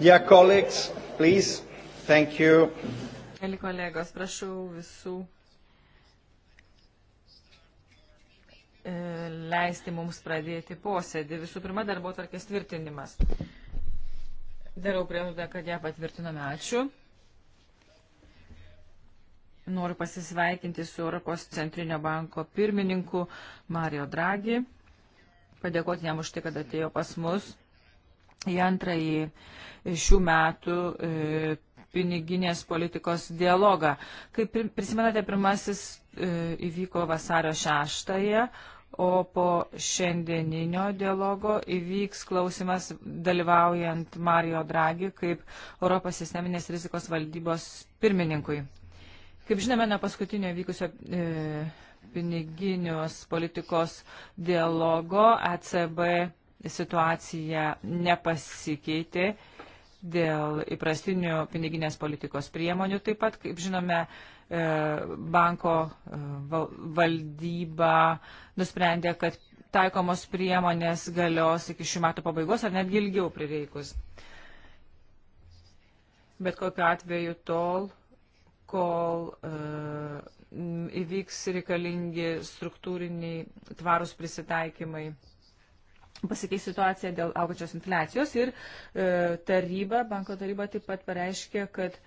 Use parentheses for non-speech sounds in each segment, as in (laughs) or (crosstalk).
Dear colleagues, please, thank you. Mėly kolegos, prašau visų e, leisti mums pradėti posėdį. Visų pirma, darbo tarkės tvirtinimas. Darau prielaidą, kad ją patvirtinome. Ačiū. Noriu pasisveikinti su Europos centrinio banko pirmininku Mario Draghi. Padėkoti jam už tai, kad atėjo pas mus į antrąjį šių metų e, piniginės politikos dialogą. Kaip prisimenate, pirmasis e, įvyko vasario šeštąją, o po šiandieninio dialogo įvyks klausimas dalyvaujant Mario Draghi kaip Europos sisteminės rizikos valdybos pirmininkui. Kaip žinome, ne paskutinio vykusio e, piniginios politikos dialogo ECB situacija nepasikeitė dėl įprastinių piniginės politikos priemonių. Taip pat, kaip žinome, e, banko e, valdyba nusprendė, kad taikomos priemonės galios iki šių metų pabaigos ar netgi ilgiau prireikus. Bet kokiu atveju tol, kol uh, įvyks reikalingi struktūriniai tvarūs prisitaikymai pasikeis situacija dėl augančios infliacijos ir e, taryba, banko taryba taip pat pareiškė, kad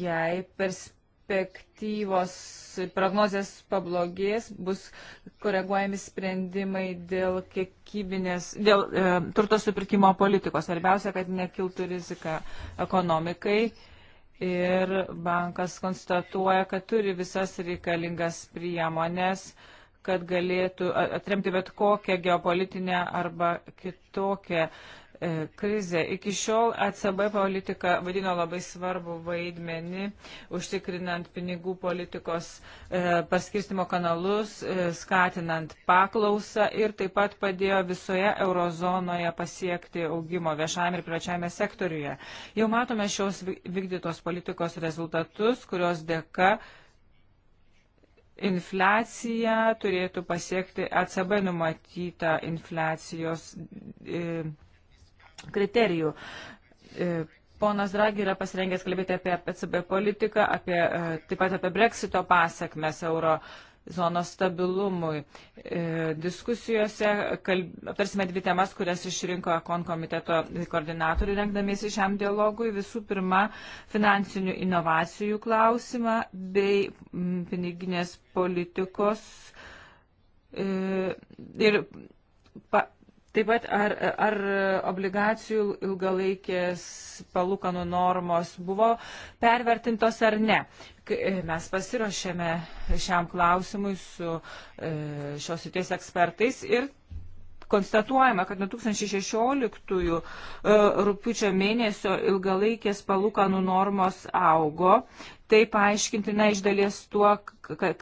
jei perspektyvos prognozės pablogės, bus koreguojami sprendimai dėl kiekybinės, dėl e, turto supirkimo politikos. Svarbiausia, kad nekiltų rizika ekonomikai. Ir bankas konstatuoja, kad turi visas reikalingas priemonės, uh, kad galėtų atremti bet kokią geopolitinę arba kitokią e, krizę. Iki šiol ECB politika vadino labai svarbu vaidmenį, užtikrinant pinigų politikos e, paskirstimo kanalus, e, skatinant paklausą ir taip pat padėjo visoje eurozonoje pasiekti augimo viešajame ir privačiajame sektoriuje. Jau matome šios vykdytos politikos rezultatus, kurios dėka infliacija turėtų pasiekti ECB numatytą infliacijos e, kriterijų. E, ponas Dragi yra pasirengęs kalbėti apie ECB politiką, apie, e, taip pat apie breksito pasiekmes euro zonos stabilumui. E, diskusijose kalb... aptarsime dvi temas, kurias išrinko Ekon komiteto koordinatorių rengdamiesi šiam dialogui. Visų pirma, finansinių inovacijų klausimą bei piniginės politikos e, ir pa Taip pat ar, ar obligacijų ilgalaikės palūkanų normos buvo pervertintos ar ne. E, mes pasiruošėme šiam klausimui su e, šios įties ekspertais ir konstatuojama, kad nuo 2016 e, rūpiučio mėnesio ilgalaikės palūkanų normos augo. Tai paaiškintina iš dalies tuo,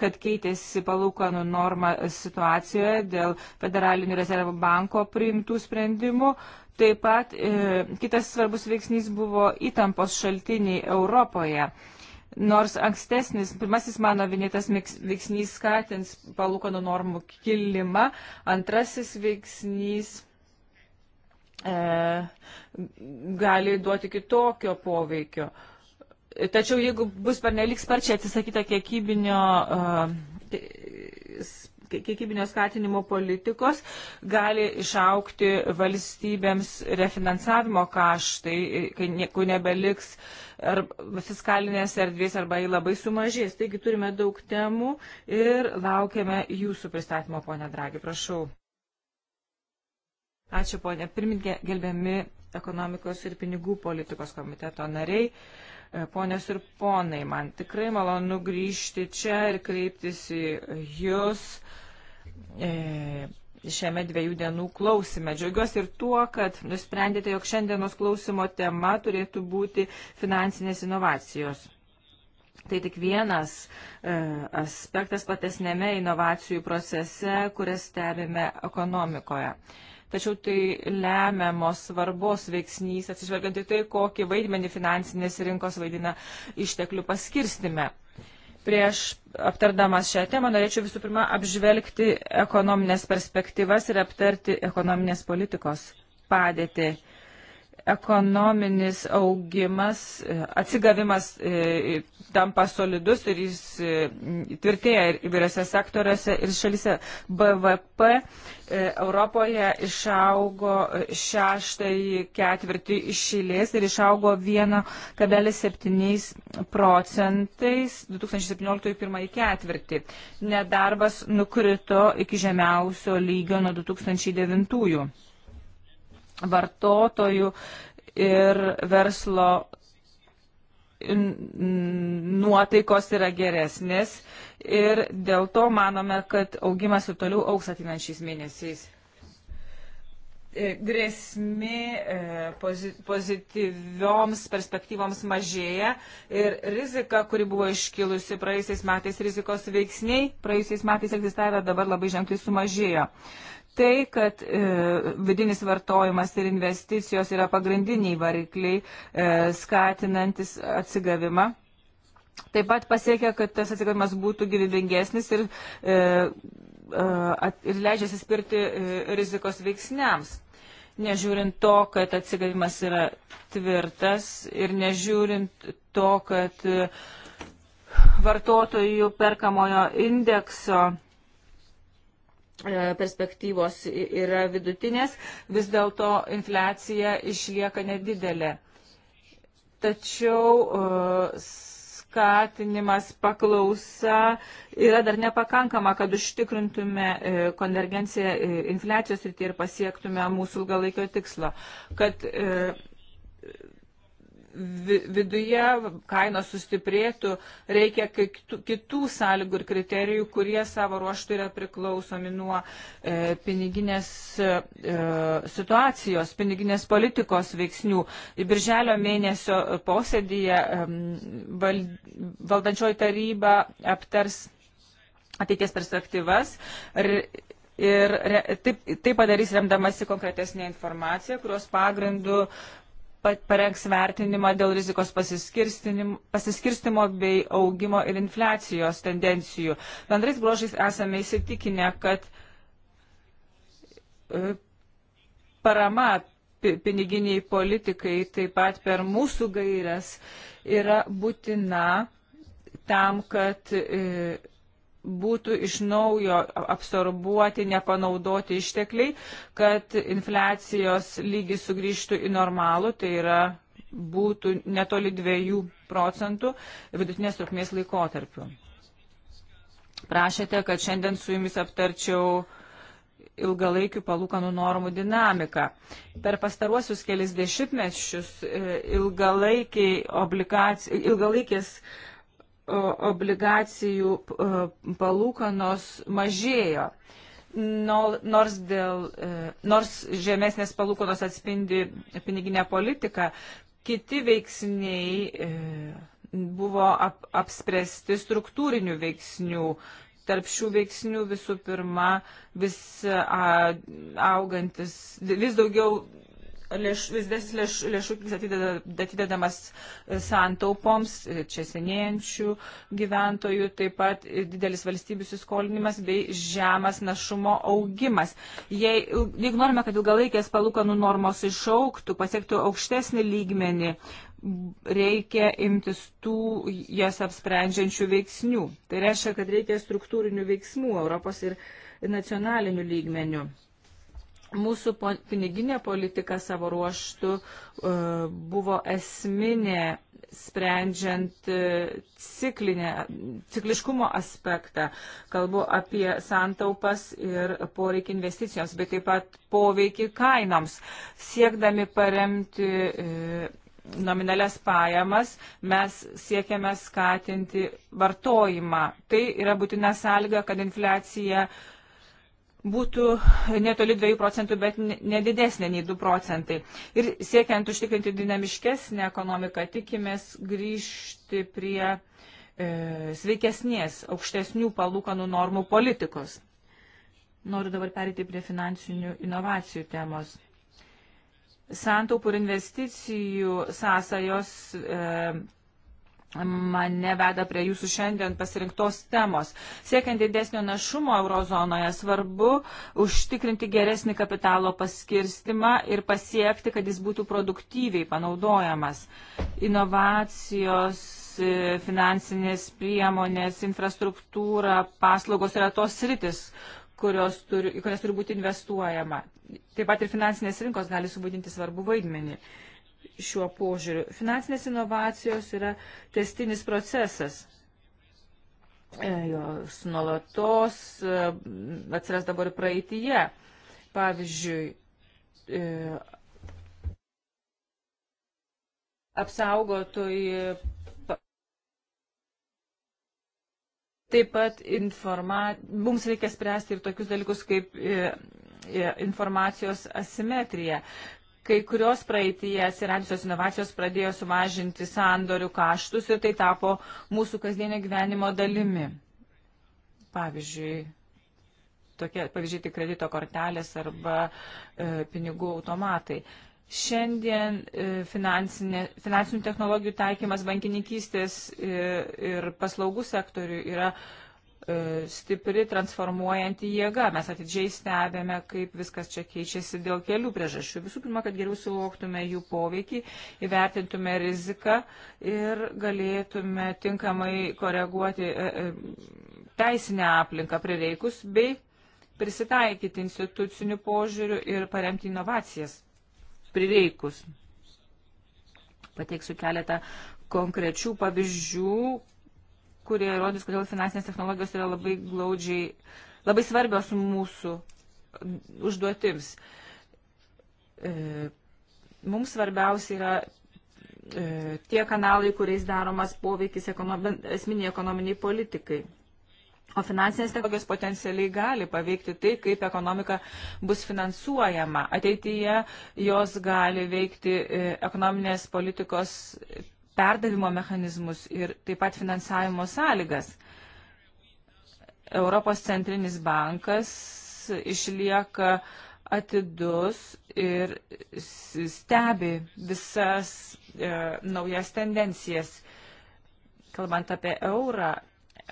kad keitėsi palūkanų norma situacijoje dėl Federalinių rezervų banko priimtų sprendimų. Taip pat e, kitas svarbus veiksnys buvo įtampos šaltiniai Europoje. E, Nors ankstesnis, pirmasis mano minėtas veiksnys skatins palūkanų normų kilimą, antrasis veiksnys e, gali duoti kitokio poveikio. Tačiau jeigu bus pernelik sparčiai atsisakyta kiekybinio e, kiekybinio skatinimo politikos gali išaukti valstybėms refinansavimo kaštai, kai nieko nebeliks ar fiskalinės erdvės arba jį labai sumažės. Taigi turime daug temų ir laukiame jūsų pristatymo, ponia Dragi. Prašau. Ačiū, ponia. Pirmint, gelbėmi ekonomikos ir pinigų politikos komiteto nariai. Ponės ir ponai, man tikrai malonu grįžti čia ir kreiptis į Jūs e, šiame dviejų dienų klausime. Džiaugiuosi ir tuo, kad nusprendėte, jog šiandienos klausimo tema turėtų būti finansinės inovacijos. Tai tik vienas e, aspektas platesnėme inovacijų procese, kurias stebime ekonomikoje. E, tačiau tai lemiamos svarbos veiksnys, atsižvelgiant į tai, kokį vaidmenį finansinės rinkos vaidina išteklių paskirstime. Prieš aptardamas šią temą norėčiau visų pirma apžvelgti ekonominės perspektyvas ir aptarti ekonominės politikos padėtį ekonominis augimas, e, atsigavimas e, tampa solidus ir jis e, tvirtėja įvairiose sektoriuose ir šalyse. BVP Europoje išaugo šeštąjį ketvirtį išėlės ir išaugo 1,7 procentais 2017 pirmąjį ketvirtį. Nedarbas nukrito iki žemiausio lygio nuo 2009. -ųjų vartotojų ir verslo nuotaikos yra geresnės ir dėl to manome, kad augimas ir toliau auks ateinančiais mėnesiais. E, Grėsmi e, pozityvioms perspektyvoms mažėja ir rizika, kuri buvo iškilusi praėjusiais metais, rizikos veiksniai praėjusiais metais egzistavę dabar labai ženkliai sumažėjo tai, kad e, vidinis vartojimas ir investicijos yra pagrindiniai varikliai e, skatinantis atsigavimą. Taip pat pasiekia, kad tas atsigavimas būtų gyvybingesnis ir, e, e at, ir leidžia suspirti e, rizikos veiksniams. Nežiūrint to, kad atsigavimas yra tvirtas ir nežiūrint to, kad e, vartotojų perkamojo indekso E, perspektyvos yra vidutinės, vis dėlto infliacija išlieka nedidelė. Tačiau e, skatinimas paklausa yra dar nepakankama, kad užtikrintume e, konvergenciją infliacijos rytį ir pasiektume mūsų ilgalaikio tikslo. Kad viduje kainos sustiprėtų, reikia kitų sąlygų ir kriterijų, kurie savo ruoštų yra priklausomi nuo e, piniginės e, situacijos, piniginės politikos veiksnių. Birželio mėnesio posėdėje e, val, valdančioji taryba aptars ateities perspektyvas. Ir, Ir re, taip, taip padarys remdamasi konkretesnė informacija, kurios pagrindu uh, parengs vertinimą dėl rizikos pasiskirstimo bei augimo ir infliacijos tendencijų. Bendrais bruožais esame įsitikinę, kad e, parama piniginiai politikai taip pat per mūsų gairias yra būtina tam, kad e, būtų iš naujo absorbuoti, nepanaudoti ištekliai, kad infliacijos lygis sugrįžtų į normalų, tai yra būtų netoli 2 procentų vidutinės trukmės laikotarpių. Prašėte, kad šiandien su jumis aptarčiau ilgalaikių palūkanų normų dinamiką. Per pastaruosius kelis dešimtmečius e, ilgalaikės obligacijų palūkanos mažėjo. Nors, dėl, e, nors žemesnės palūkanos atspindi piniginę politiką, kiti veiksniai e, buvo ap, apspręsti struktūrinių veiksnių. Tarp šių veiksnių visų pirma vis a, augantis, vis daugiau lėš, vis dėlis lėš, lėšukis atidedamas e, santaupoms, e, čia senėjančių gyventojų, taip pat didelis valstybių suskolinimas bei žemas našumo augimas. Jei, jeigu norime, kad ilgalaikės palūkanų normos išauktų, pasiektų aukštesnį lygmenį, reikia imtis tų jas apsprendžiančių veiksnių. Tai reiškia, kad reikia struktūrinių veiksmų Europos ir nacionalinių lygmenių. Mūsų piniginė politika savo ruoštų e, buvo esminė sprendžiant e, ciklinę, cikliškumo aspektą. Kalbu apie santaupas ir poreikį investicijoms, bet taip pat poveikį kainoms. Siekdami paremti e, nominalias pajamas, mes siekiame skatinti vartojimą. Tai yra būtina sąlyga, kad infliacija uh, būtų netoli 2 procentų, bet nedidesnė nei 2 procentai. Ir siekiant užtikrinti dinamiškesnę ekonomiką, tikimės grįžti prie e, sveikesnės, aukštesnių palūkanų normų politikos. Noriu dabar perėti prie finansinių inovacijų temos. Santaupų ir investicijų sąsajos e, mane veda prie jūsų šiandien pasirinktos temos. Siekiant didesnio našumo eurozonoje svarbu užtikrinti geresnį kapitalo paskirstimą ir pasiekti, kad jis būtų produktyviai panaudojamas. Inovacijos, e, finansinės priemonės, infrastruktūra, paslaugos yra tos sritis, kurios turi, kurias turi būti investuojama. Taip pat ir finansinės rinkos gali subūdinti svarbu vaidmenį šiuo požiūriu. Finansinės inovacijos yra testinis procesas. E, jos nuolatos e, atsiras dabar praeitįje. Pavyzdžiui, e, apsaugotojai taip pat informa... mums reikia spręsti ir tokius dalykus kaip informacijos asimetrija. Kai kurios praeitie atsiradusios inovacijos pradėjo sumažinti sandorių kaštus ir tai tapo mūsų kasdienio gyvenimo dalimi. Pavyzdžiui, tokie pavyzdžiai tai kredito kortelės arba e, pinigų automatai. Šiandien e, finansinių technologijų taikymas bankininkystės e, ir paslaugų sektoriui yra E, stipri transformuojanti jėga. Mes atidžiai stebėme, kaip viskas čia keičiasi dėl kelių priežasčių. Visų pirma, kad geriau suvoktume jų poveikį, įvertintume riziką ir galėtume tinkamai koreguoti e, e, teisinę aplinką prireikus bei prisitaikyti institucinių požiūrių ir paremti inovacijas prireikus. Pateiksiu keletą konkrečių pavyzdžių, kurie įrodys, kodėl finansinės technologijos yra labai glaudžiai, labai svarbios mūsų e, užduotims. E, mums svarbiausia yra e, tie kanalai, kuriais daromas poveikis ekonomi, esminiai ekonominiai politikai. O finansinės technologijos potencialiai gali paveikti tai, kaip ekonomika bus finansuojama. Ateityje jos gali veikti ekonominės politikos perdavimo mechanizmus ir taip pat finansavimo sąlygas. Europos centrinis bankas išlieka atidus ir stebi visas e, naujas tendencijas. Kalbant apie eurą,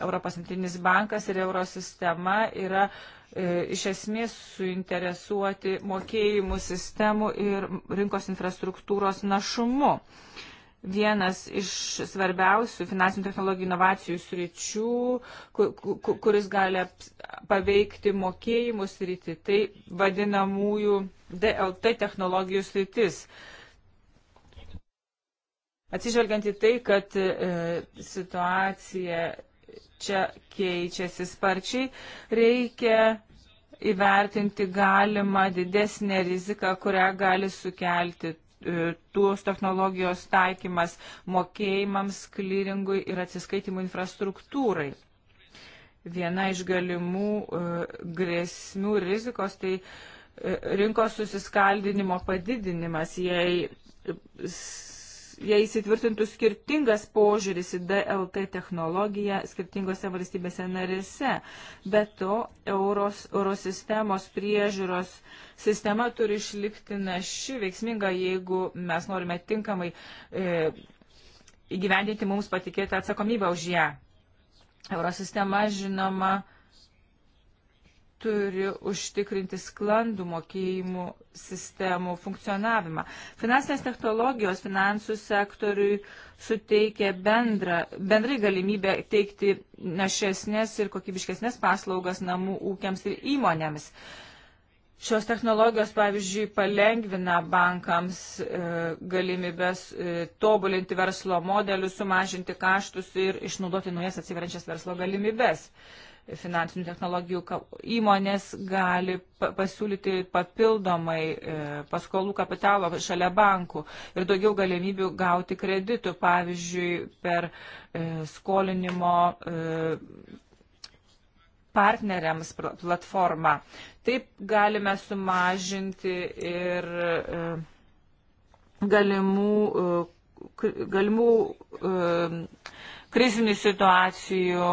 Europos centrinis bankas ir eurosistema yra e, iš esmės suinteresuoti mokėjimų sistemų ir rinkos infrastruktūros našumu. E, vienas iš svarbiausių finansinių technologijų inovacijų sričių, kuris gali paveikti mokėjimų sritį, tai vadinamųjų DLT technologijų sritis. Atsižvelgiant į tai, kad e, situacija čia keičiasi sparčiai, reikia įvertinti galimą didesnę riziką, kurią gali sukelti E, tos technologijos taikymas mokėjimams, klyringui ir atsiskaitimų infrastruktūrai. Viena iš galimų e, grėsmių rizikos tai e, rinkos susiskaldinimo padidinimas, jei jei įsitvirtintų skirtingas požiūris į DLT technologiją skirtingose valstybėse narise. Be to, euros, eurosistemos priežiūros sistema turi išlikti naši, veiksminga, jeigu mes norime tinkamai e, įgyvendinti mums patikėtą atsakomybę už ją. Eurosistema, žinoma, turi užtikrinti sklandų mokėjimų sistemų funkcionavimą. Finansinės technologijos finansų sektoriui suteikia bendra, bendrai galimybę teikti našesnės ir kokybiškesnės paslaugas namų ūkiams ir įmonėms. Šios technologijos, pavyzdžiui, palengvina bankams e, galimybės e, tobulinti verslo modelius, sumažinti kaštus ir išnaudoti naujas atsiverančias verslo galimybės. E, finansinių technologijų įmonės gali pasiūlyti papildomai e, paskolų kapitalo šalia bankų ir daugiau galimybių gauti kreditų, pavyzdžiui, per e, skolinimo e, partneriams platformą. Taip galime sumažinti ir galimų, galimų krizinių situacijų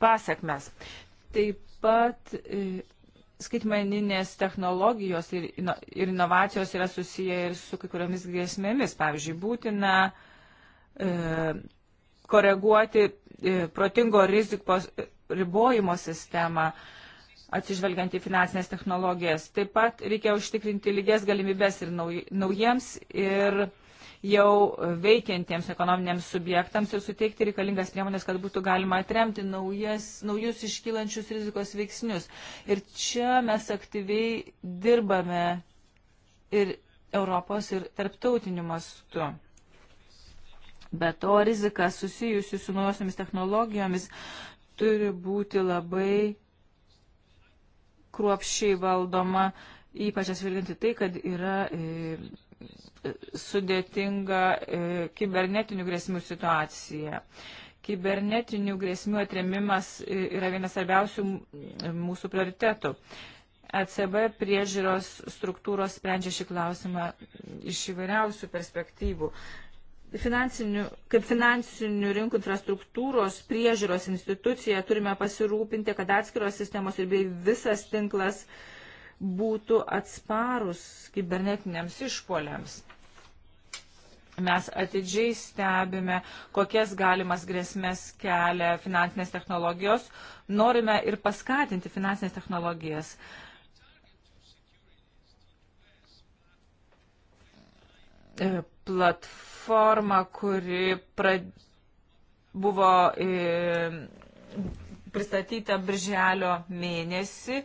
pasiekmes. Taip pat e, skaitmeninės technologijos ir, ir inovacijos yra susiję ir su kai kuriomis grėsmėmis. Pavyzdžiui, būtina e, koreguoti e, protingo rizikos e, ribojimo sistemą atsižvelgiant į finansinės technologijas. Taip pat reikia užtikrinti lygias galimybės ir nauj, naujiems ir jau veikiantiems ekonominiams subjektams ir suteikti reikalingas priemonės, kad būtų galima atremti naujas, naujus iškylančius rizikos veiksnius. Ir čia mes aktyviai dirbame ir Europos, ir tarptautiniu mastu. Be to, rizika susijusi su naujosiamis technologijomis turi būti labai kruopščiai valdoma, ypač atsvilginti tai, kad yra e, sudėtinga e, kibernetinių grėsmių situacija. Kibernetinių grėsmių atremimas e, yra vienas svarbiausių e, mūsų prioritetų. ECB priežiūros struktūros sprendžia šį klausimą iš įvairiausių perspektyvų. Finansinių, kaip finansinių rinkų infrastruktūros priežiūros institucija turime pasirūpinti, kad atskiros sistemos ir bei visas tinklas uh, būtų atsparus kibernetiniams išpoliams. Mes atidžiai stebime, kokias galimas grėsmės kelia finansinės technologijos. Norime ir paskatinti finansinės technologijas. E, platforma, kuri prad... buvo e, pristatyta birželio mėnesį,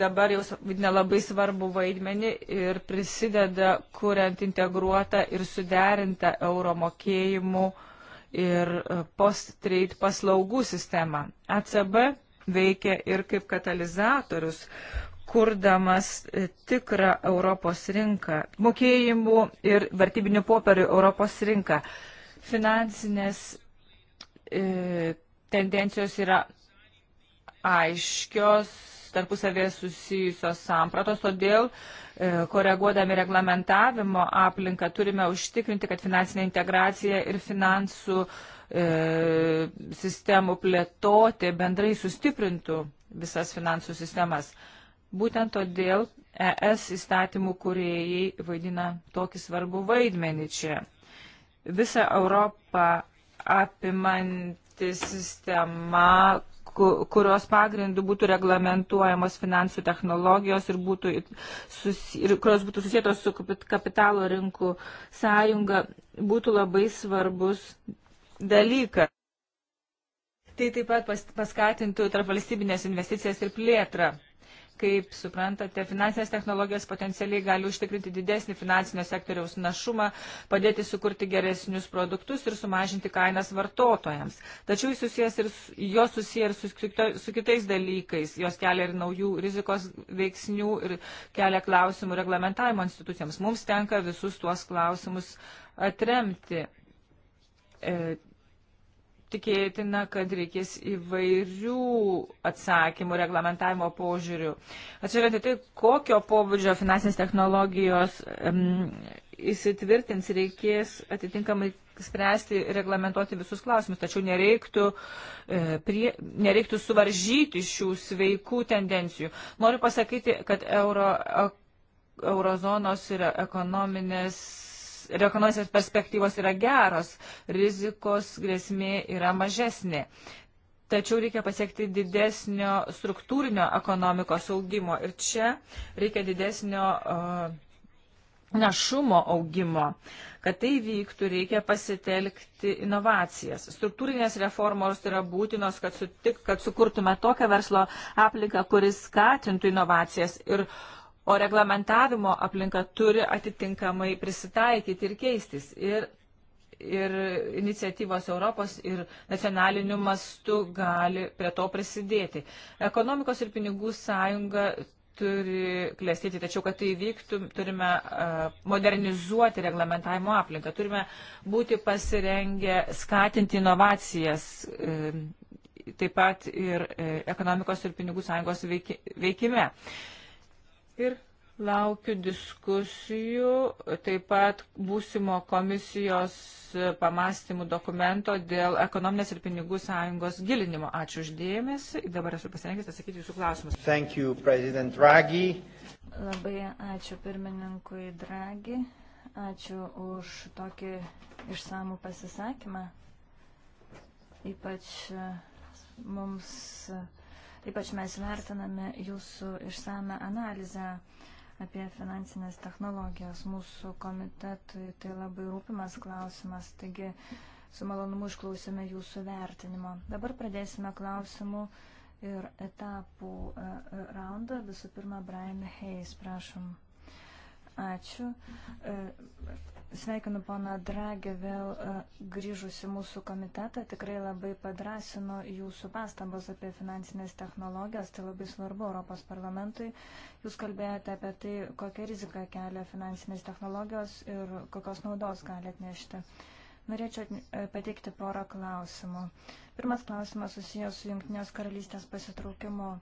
dabar jau vaidina labai svarbu vaidmenį ir prisideda kuriant integruotą ir suderintą euro mokėjimų ir e, post-trade paslaugų sistemą. ACB veikia ir kaip katalizatorius, kurdamas e, tikrą Europos rinką, mokėjimų ir vertybinių popierių Europos rinką. Finansinės e, tendencijos yra aiškios tarpusavėje susijusios sampratos, todėl e, koreguodami reglamentavimo aplinką turime užtikrinti, kad finansinė integracija ir finansų e, sistemų plėtoti bendrai sustiprintų visas finansų sistemas. Būtent todėl ES įstatymų kuriejai vaidina tokį svarbų vaidmenį čia. Visą Europą apimanti sistema, kurios pagrindų būtų reglamentuojamos finansų technologijos ir, būtų susi, ir kurios būtų susijėtos su kapitalo rinkų sąjunga, būtų labai svarbus dalykas. Tai taip pat paskatintų tarp valstybinės investicijas ir plėtrą. Kaip suprantate, finansinės technologijos potencialiai gali užtikrinti didesnį finansinio sektoriaus našumą, padėti sukurti geresnius produktus ir sumažinti kainas vartotojams. Tačiau jis susijęs ir, jos susiję ir su, su kitais dalykais. Jos kelia ir naujų rizikos veiksnių ir kelia klausimų reglamentavimo institucijams. Mums tenka visus tuos klausimus atremti. E, tikėtina, kad reikės įvairių atsakymų reglamentavimo požiūrių. Atsižvelgiant į tai, kokio pobūdžio finansinės technologijos um, įsitvirtins, reikės atitinkamai spręsti, reglamentuoti visus klausimus, tačiau nereiktų, e, prie, nereiktų suvaržyti šių sveikų tendencijų. Noriu pasakyti, kad euro, e, eurozonos ir ekonominės ir ekonominės perspektyvos yra geros, rizikos grėsmė yra mažesnė. Tačiau reikia pasiekti didesnio struktūrinio ekonomikos augimo ir čia reikia didesnio uh, našumo augimo. Kad tai vyktų, reikia pasitelkti inovacijas. Struktūrinės reformos yra būtinos, kad, sutik, kad sukurtume tokią verslo aplinką, kuris skatintų inovacijas ir O reglamentavimo aplinka turi atitinkamai prisitaikyti ir keistis. Ir, ir iniciatyvos Europos ir nacionaliniu mastu gali prie to prisidėti. Ekonomikos ir pinigų sąjunga turi klėstyti, tačiau kad tai vyktų, turime modernizuoti reglamentavimo aplinką, turime būti pasirengę skatinti inovacijas, e, taip pat ir e, ekonomikos ir pinigų sąjungos veikime ir laukiu diskusijų, taip pat būsimo komisijos pamastymų dokumento dėl ekonominės ir pinigų sąjungos gilinimo. Ačiū uždėmesi. Dabar esu pasirengęs atsakyti jūsų klausimus. Thank you, President Draghi. Labai ačiū pirmininkui Draghi. Ačiū už tokį išsamų pasisakymą. Ypač mums. Uh, Ypač mes vertiname jūsų išsame analizę apie finansinės technologijas. Mūsų komitetui tai labai rūpimas klausimas, taigi su malonumu išklausime jūsų vertinimo. Dabar pradėsime klausimų ir etapų e, e, raundą. Visų pirma, Brian Hayes, prašom. Ačiū. E, sveikinu pana Dragė vėl e, grįžusi mūsų komitetą. Tikrai labai padrasino jūsų pastabos apie finansinės technologijas. Tai labai svarbu Europos parlamentui. Jūs kalbėjote apie tai, kokią riziką kelia finansinės technologijos ir kokios naudos gali atnešti. Norėčiau e, pateikti porą klausimų. Pirmas klausimas susijęs su Junktinės karalystės pasitraukimu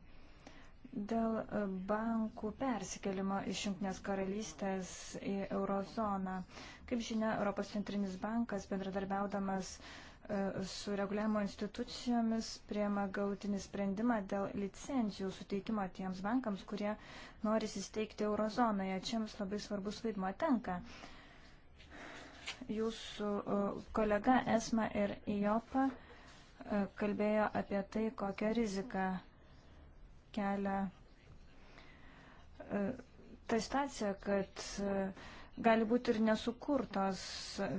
dėl e, bankų persikelimo iš Junktinės karalystės į eurozoną. Kaip žinia, Europos centrinis bankas bendradarbiaudamas e, su reguliavimo institucijomis priema galutinį sprendimą dėl licencijų suteikimo tiems bankams, kurie nori įsteigti eurozonoje. Čia jums labai svarbus vaidmo tenka. Jūsų e, kolega Esma ir Ijopa kalbėjo apie tai, kokią riziką kelia e, ta situacija, kad e, gali būti ir nesukurtos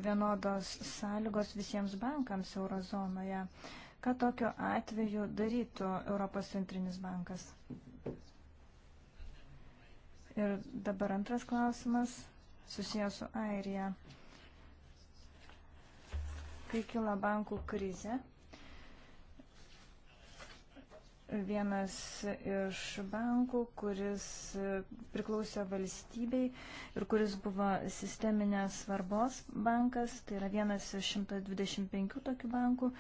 vienodos sąlygos visiems bankams eurozonoje. Ką tokiu atveju darytų Europos centrinis bankas? Ir dabar antras klausimas susijęs su Airija. Kai kila bankų krizė, vienas iš bankų, kuris priklausė valstybei ir kuris buvo sisteminės svarbos bankas, tai yra vienas iš 125 tokių bankų.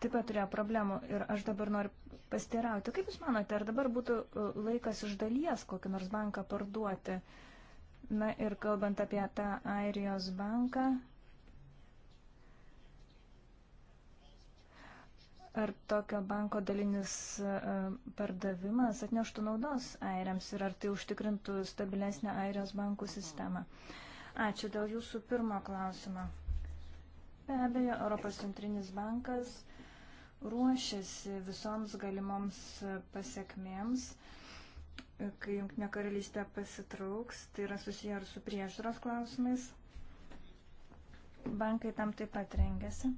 Taip pat turėjo problemų ir aš dabar noriu pastirauti. Kaip Jūs manote, ar dabar būtų e, laikas iš dalies kokį nors banką parduoti? Na ir kalbant apie tą Airijos banką, Ar tokio banko dalinis e, pardavimas atneštų naudos airiams ir ar tai užtikrintų stabilesnę airijos bankų sistemą? Ačiū dėl jūsų pirmo klausimo. Be abejo, Europos centrinis bankas ruošiasi visoms galimoms pasiekmėms, kai Junktinė karalystė pasitrauks, tai yra susiję ir su priežiūros klausimais. Bankai tam taip pat rengiasi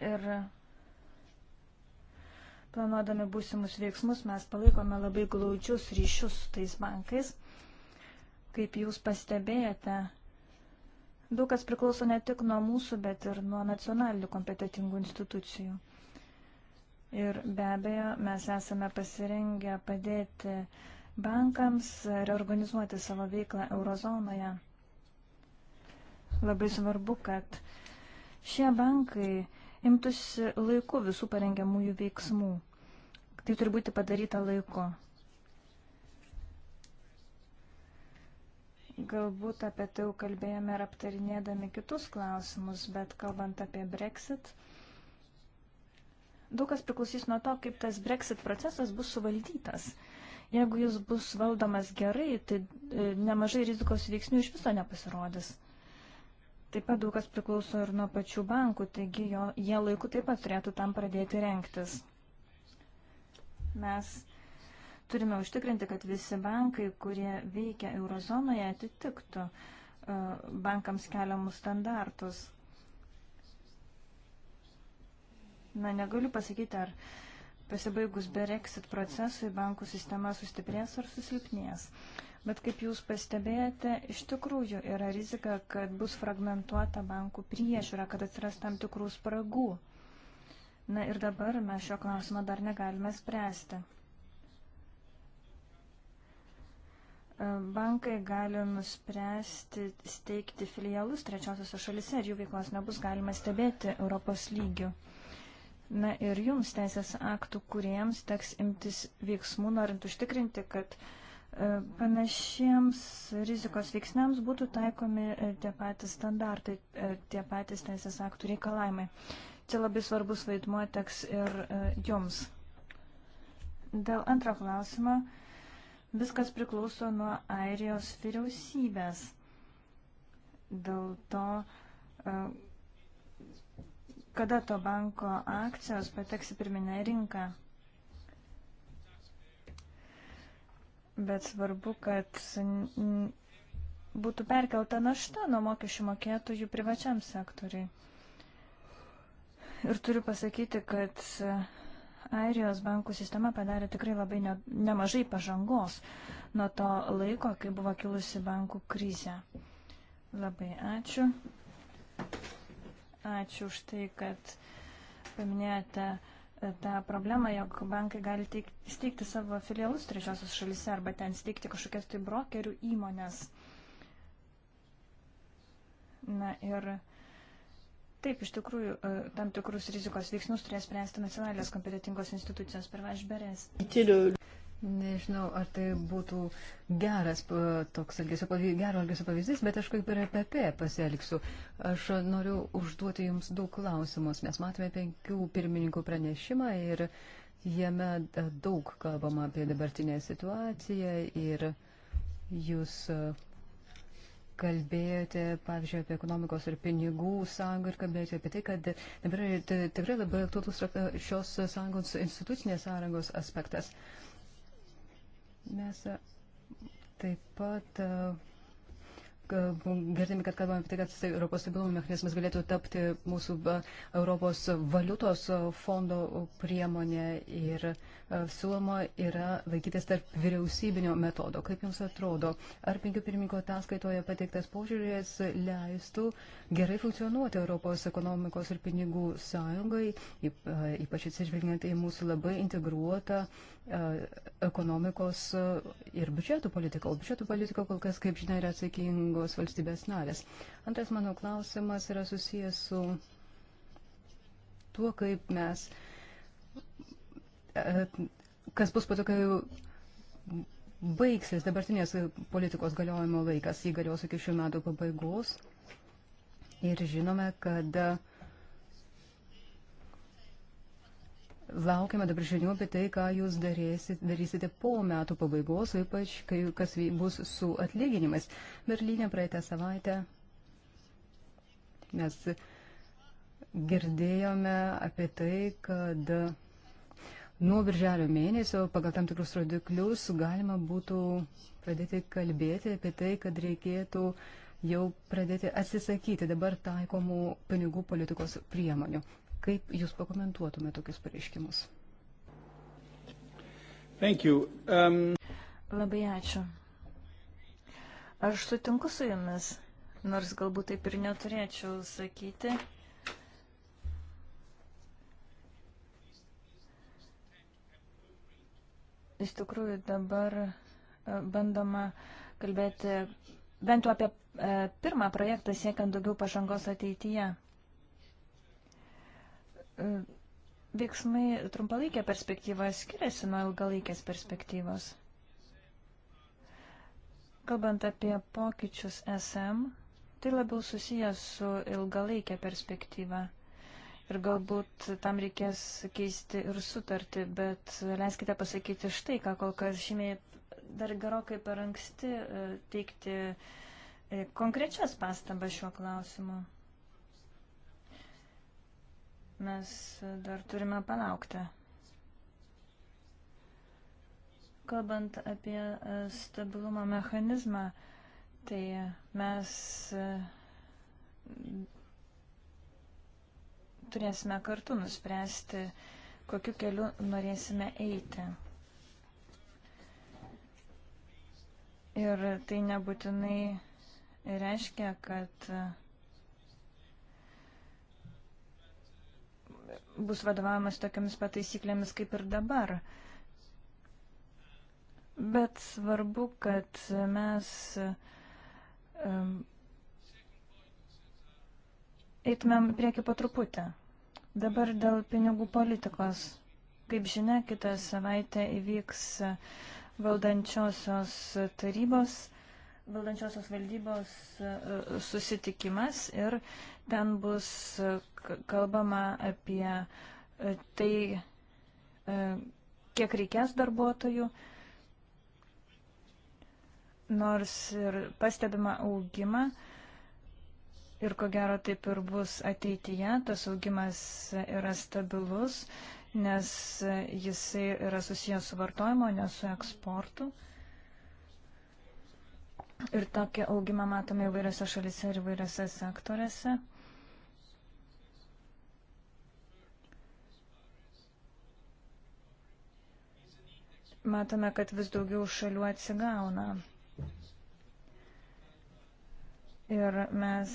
ir planuodami būsimus veiksmus mes palaikome labai glaudžius ryšius su tais bankais. Kaip jūs pastebėjote, daug kas priklauso ne tik nuo mūsų, bet ir nuo nacionalinių kompetitingų institucijų. Ir be abejo, mes esame pasirengę padėti bankams reorganizuoti savo veiklą eurozonoje. Labai svarbu, kad šie bankai imtųsi laiku visų parengiamųjų veiksmų. Tai turi būti padaryta laiku. Galbūt apie tai jau kalbėjome ir aptarinėdami kitus klausimus, bet kalbant apie Brexit, daug kas priklausys nuo to, kaip tas Brexit procesas bus suvaldytas. Jeigu jis bus valdomas gerai, tai e, nemažai rizikos veiksnių iš viso nepasirodys. Taip pat daug kas priklauso ir nuo pačių bankų, taigi jo, jie laiku taip pat turėtų tam pradėti renktis. Mes turime užtikrinti, kad visi bankai, kurie veikia eurozonoje, atitiktų e, bankams keliamus standartus. Na, negaliu pasakyti, ar pasibaigus Brexit procesui bankų sistema sustiprės ar susilpnės. Uh, Bet kaip jūs pastebėjote, iš tikrųjų yra rizika, kad bus fragmentuota bankų priežiūra, kad atsiras tam tikrų spragų. Na ir dabar mes šio klausimo dar negalime spręsti. E, bankai gali nuspręsti steigti filialus trečiosiose šalise ir jų veiklos nebus galima stebėti Europos lygių. Na ir jums teisės aktų kuriems teks imtis veiksmų, norint užtikrinti, kad uh, E, panašiems rizikos veiksniams būtų taikomi e, tie patys standartai, e, tie patys teisės aktų reikalavimai. Čia labai svarbus vaidmuo teks ir jums. Dėl antro klausimo viskas priklauso nuo Airijos vyriausybės. Dėl to, kada to banko akcijos pateks į pirminę rinką. bet svarbu, kad būtų perkelta našta nuo mokesčių mokėtojų privačiam sektoriai. Ir turiu pasakyti, kad Airijos bankų sistema padarė tikrai labai ne, nemažai pažangos nuo to laiko, kai buvo kilusi bankų krizė. Labai ačiū. Ačiū už tai, kad paminėjote tą problemą, jog bankai gali teik, steigti savo filialus trečiosios šalise arba ten steigti kažkokias tai brokerių įmonės. Na ir taip, iš tikrųjų, e, tam tikrus rizikos veiksmus turės spręsti nacionalinės kompetitingos institucijos per važberės. Nežinau, ar tai būtų geras e, toks elgesio, gero elgesio pavyzdys, bet aš kaip ir EPP pasielgsiu. Aš noriu užduoti Jums daug klausimus. Mes matome penkių pirmininkų pranešimą ir jame e, daug kalbama apie dabartinę situaciją ir Jūs e, kalbėjote, pavyzdžiui, apie ekonomikos ir pinigų sąjungą ir kalbėjote apie tai, kad dabar tikrai labai aktuolus šios sąjungos institucinės sąjungos aspektas. Uh, Mes e, taip pat e, girdime, kad kalbame apie tai, kad Europos stabilumo mechanizmas galėtų tapti mūsų e, Europos valiutos fondo priemonė ir siūloma yra laikytis tarp vyriausybinio metodo. Kaip Jums atrodo, ar penkių pirmininko ataskaitoje pateiktas požiūrės leistų gerai funkcionuoti Europos ekonomikos ir pinigų sąjungai, ypač atsižvelgiant į mūsų labai integruotą E, ekonomikos e, ir biudžeto politika. O biudžeto politika kol kas, kaip žinia, yra atsakingos valstybės narės. Antras mano klausimas yra susijęs su tuo, kaip mes, e, kas bus po to, kai baigsis dabartinės politikos galiojimo laikas, jį galios iki šių metų pabaigos. Ir žinome, kad uh, Laukiame dabar žinių apie tai, ką jūs darėsit, darysite po metų pabaigos, ypač kai, kas bus su atlyginimais. Berlyne praeitą savaitę mes girdėjome apie tai, kad nuo birželio mėnesio pagal tam tikrus rodiklius galima būtų pradėti kalbėti apie tai, kad reikėtų jau pradėti atsisakyti dabar taikomų pinigų politikos priemonių. Kaip Jūs pakomentuotumėte tokius pareiškimus? Um... Labai ačiū. Aš sutinku su Jumis, nors galbūt taip ir neturėčiau sakyti. Iš tikrųjų dabar e, bandoma kalbėti bent jau apie e, pirmą projektą siekiant daugiau pažangos ateityje. E, veiksmai trumpalaikė perspektyva skiriasi nuo ilgalaikės perspektyvos. Kalbant apie pokyčius SM, tai labiau susijęs su ilgalaikė perspektyva. Ir galbūt tam reikės keisti ir sutartį, bet leiskite pasakyti štai, ką kol kas žymiai dar gerokai per anksti e, teikti e, konkrečias pastabas šiuo klausimu. Mes dar turime palaukti. Kalbant apie e, stabilumo mechanizmą, tai mes e, turėsime kartu nuspręsti, kokiu keliu norėsime eiti. Ir tai nebūtinai reiškia, kad bus vadovavimas tokiamis pataisyklėmis kaip ir dabar. Bet svarbu, kad mes um, eitumėm prieki po truputį. Dabar dėl pinigų politikos. Kaip žinia, kitą savaitę įvyks valdančiosios tarybos, valdančiosios valdybos e, susitikimas ir Ten bus e, kalbama apie e, tai, e, kiek reikės darbuotojų. Nors ir pastebima augimą, ir ko gero taip ir bus ateityje, tas augimas yra stabilus, nes jisai yra susijęs su vartojimo, ne su eksportu. Ir tokį augimą matome įvairiose šalise ir įvairiose sektorėse. matome, kad vis daugiau šalių atsigauna. Ir mes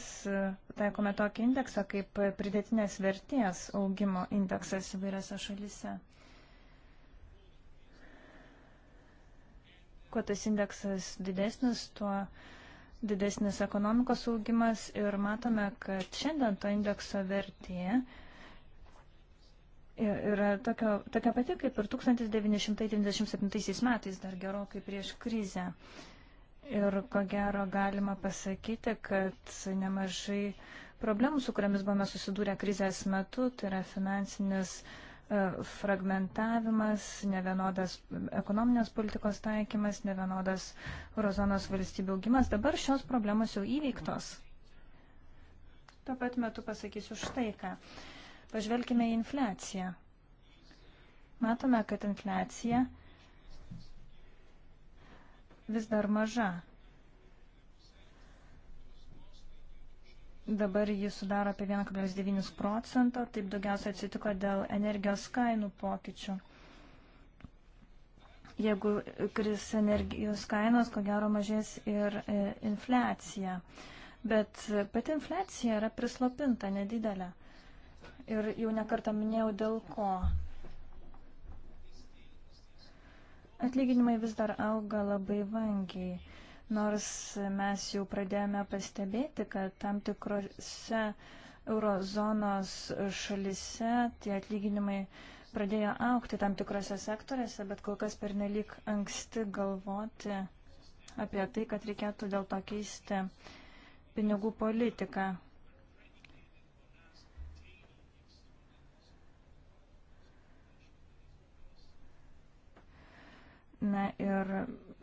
taikome tokį indeksą kaip pridėtinės vertės augimo indeksas įvairiose šalise. Kuo tas indeksas didesnis, tuo didesnis ekonomikos augimas ir matome, kad šiandien to indekso vertė yra tokio, tokia pati kaip ir 1997 metais, dar gerokai prieš krizę. Ir ko gero galima pasakyti, kad nemažai problemų, su kuriamis buvome susidūrę krizės metu, tai yra finansinis e, fragmentavimas, nevienodas ekonominės politikos taikymas, nevienodas eurozonos valstybių augimas. Dabar šios problemos jau įveiktos. Tuo pat metu pasakysiu štai ką. Uh, Pažvelkime į infliaciją. Matome, kad infliacija vis dar maža. Dabar jis sudaro apie 1,9 procento, taip daugiausia atsitiko dėl energijos kainų pokyčių. Jeigu kris energijos kainos, ko gero mažės ir e, infliacija. Bet e, pati infliacija yra prislopinta, nedidelė ir jau nekartą minėjau dėl ko. Atlyginimai vis dar auga labai vangiai, nors mes jau pradėjome pastebėti, kad tam tikrose eurozonos šalise tie atlyginimai pradėjo aukti tam tikrose sektoriuose, bet kol kas pernelyg anksti galvoti apie tai, kad reikėtų dėl to keisti pinigų politiką. Na ir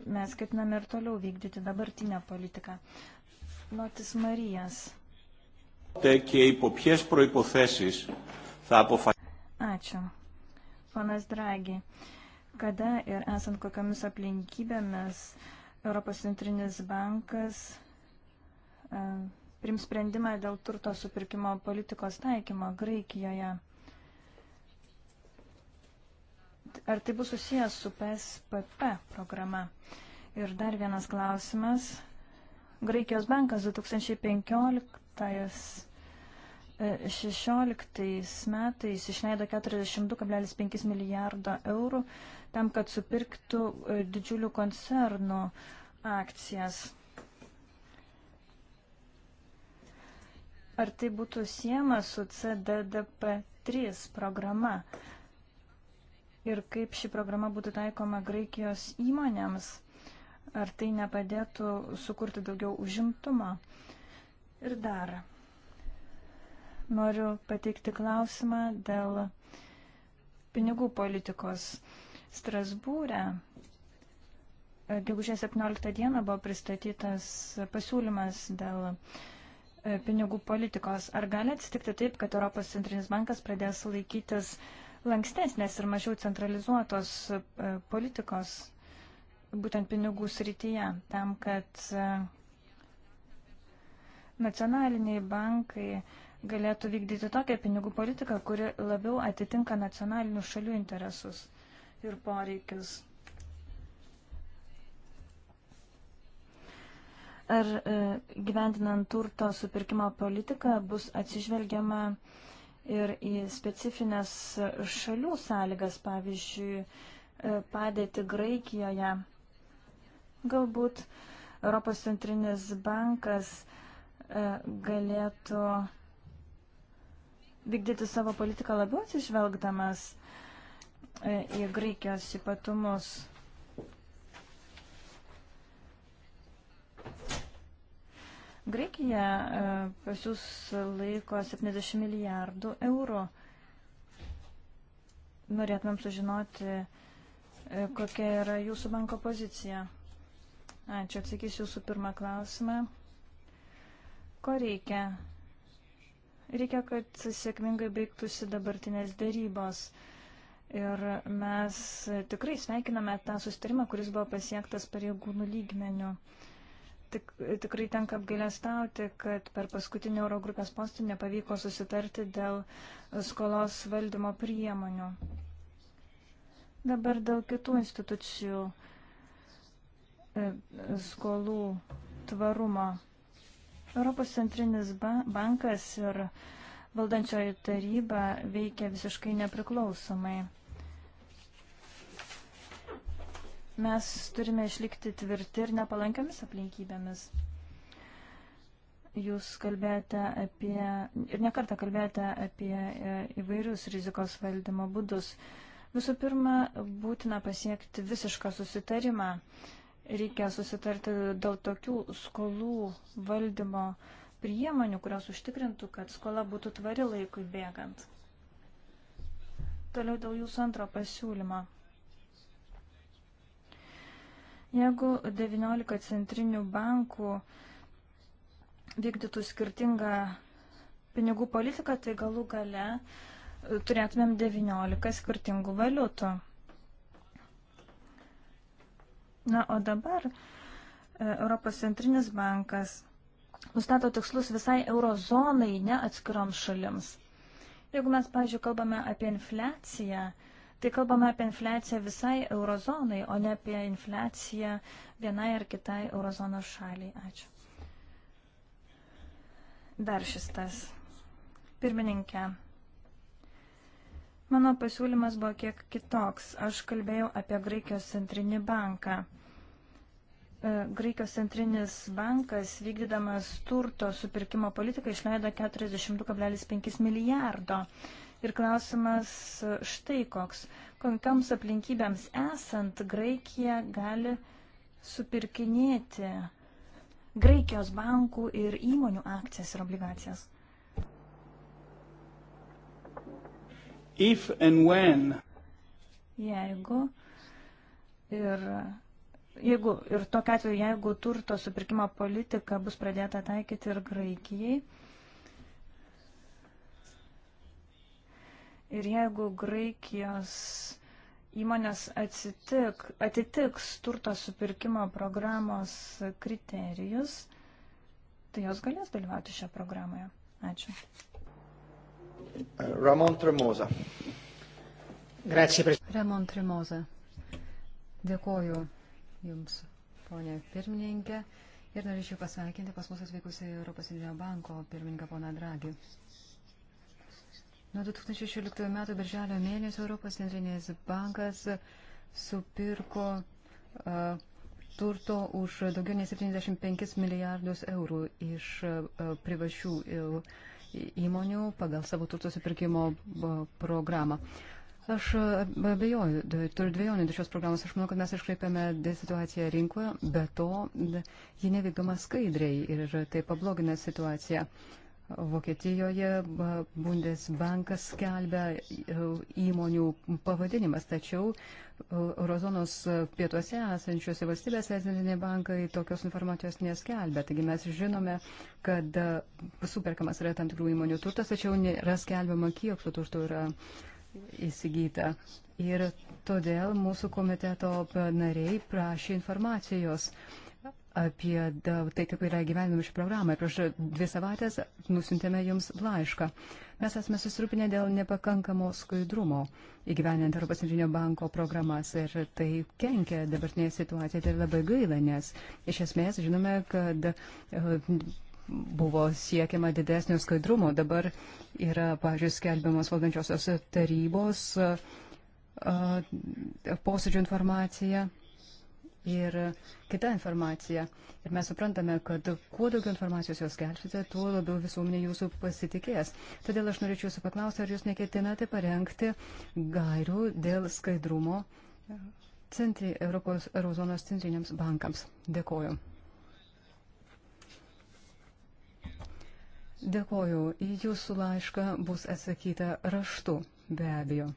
mes ketiname ir toliau vykdyti dabartinę politiką. Notis Marijas. Ačiū. Ponas Dragi, kada ir esant kokiamis aplinkybėmis Europos centrinis bankas e, prims sprendimą dėl turto supirkimo politikos taikymo Graikijoje? ar tai bus susijęs su PSPP programa? Ir dar vienas klausimas. Graikijos bankas 2015-2016 metais išleido 42,5 milijardo eurų tam, kad supirktų e, didžiulių koncernų akcijas. Ar tai būtų siema su CDDP 3 programa? ir kaip ši programa būtų taikoma Graikijos įmonėms. Ar tai nepadėtų sukurti daugiau užimtumo? Ir dar noriu pateikti klausimą dėl pinigų politikos. Strasbūrė e, gegužės 17 dieną buvo pristatytas pasiūlymas dėl e, pinigų politikos. Ar gali atsitikti taip, kad Europos centrinis bankas pradės laikytis uh, lankstesnės ir mažiau centralizuotos e, politikos būtent pinigų srityje, tam, kad e, nacionaliniai bankai galėtų vykdyti tokią pinigų politiką, kuri labiau atitinka nacionalinių šalių interesus ir poreikius. Ar e, gyvendinant turto supirkimo politiką bus atsižvelgiama uh, ir į specifines šalių sąlygas, pavyzdžiui, e, padėti Graikijoje. Galbūt Europos centrinis bankas e, galėtų vykdyti savo politiką labiau atsižvelgdamas e, į Graikijos ypatumus. Graikija e, pasiūs laiko 70 milijardų eurų. Norėtumėm sužinoti, e, kokia yra jūsų banko pozicija. Ačiū, atsakysiu jūsų pirmą klausimą. Ko reikia? Reikia, kad sėkmingai baigtųsi dabartinės darybos. Ir mes tikrai sveikiname tą sustarimą, kuris buvo pasiektas pareigūnų lygmenių. Uh, Tik, tikrai tenka apgailestauti, kad per paskutinį Eurogrupės postą nepavyko susitarti dėl skolos valdymo priemonių. Dabar dėl kitų institucijų e, skolų tvarumo. Europos centrinis bankas ir valdančioji taryba veikia visiškai nepriklausomai. mes turime išlikti tvirti ir nepalankiamis aplinkybėmis. Jūs kalbėjote apie, ir nekartą kalbėjote apie e, įvairius rizikos valdymo būdus. Visų pirma, būtina pasiekti visišką susitarimą. Reikia susitarti dėl tokių skolų valdymo priemonių, kurios užtikrintų, kad skola būtų tvari laikui bėgant. Toliau dėl jūsų antro pasiūlymo. Jeigu 19 centrinių bankų vykdytų skirtingą pinigų politiką, tai galų gale e, turėtumėm 19 skirtingų valiutų. Na, o dabar e, Europos centrinis bankas nustato tikslus visai eurozonai, ne atskiroms šalims. Jeigu mes, pavyzdžiui, kalbame apie infliaciją, Tai kalbame apie infliaciją visai eurozonai, o ne apie infliaciją vienai ar kitai eurozonos šaliai. Ačiū. Dar šis tas. Pirmininkė. Mano pasiūlymas buvo kiek kitoks. Aš kalbėjau apie Graikijos centrinį banką. E, Graikijos centrinis bankas, vykdydamas turto supirkimo politiką, išleido 42,5 milijardo. Ir klausimas štai koks. Kokiams aplinkybėms esant Graikija gali supirkinėti Graikijos bankų ir įmonių akcijas ir obligacijas? If and when. Jeigu ir Jeigu ir tokia atveju, jeigu turto supirkimo politika bus pradėta taikyti ir Graikijai, Ir jeigu Graikijos įmonės atsitik, atitiks turto supirkimo programos kriterijus, tai jos galės dalyvauti šią programoje. Ačiū. Ramon Tremoza. Grazie, prezidentė. Ramon Tremoza. Dėkoju Jums, ponė pirmininkė. Ir norėčiau pasveikinti pas mus atvykusią Europos Indijos banko pirmininką poną Dragį. Nuo 2016 m. birželio mėnesio Europos centrinės bankas supirko uh, turto už daugiau nei 75 milijardus eurų iš uh, privačių uh, įmonių pagal savo turto supirkimo programą. Aš abejoju, turiu dviejonių dėl šios programos. Aš manau, kad mes iškreipiame situaciją rinkoje, be to ji nevykdoma skaidriai ir tai pablogina situaciją. Uh, Vokietijoje Bundesbankas skelbia e, įmonių pavadinimas, tačiau e, Eurozonos pietuose esančiose valstybės centriniai bankai tokios informacijos neskelbia. Taigi mes žinome, kad e, superkamas yra tam tikrų įmonių turtas, tačiau nėra skelbiama, kiek to turto yra įsigyta. Ir todėl mūsų komiteto nariai prašė informacijos apie tai, kaip yra gyvenime šį programą. Prieš dvi savaitės nusintėme jums laišką. Mes esame susirūpinę dėl nepakankamo skaidrumo įgyvenant Europos centrinio banko programas ir tai kenkia dabartinėje situacijoje. Tai labai gaila, nes iš esmės žinome, kad e, buvo siekiama didesnio skaidrumo. Dabar yra, pažiūrėjau, skelbiamos valdančiosios tarybos e, e, posėdžio informacija ir kita informacija. Ir mes suprantame, kad kuo daugiau informacijos jūs skelbsite, tuo labiau visuomenė jūsų pasitikės. Todėl aš norėčiau jūsų paklausti, ar jūs neketinate parengti gairių dėl skaidrumo centri, Europos Eurozonos centriniams bankams. Dėkoju. Dėkoju. Į jūsų laišką bus atsakyta raštu, be abejo.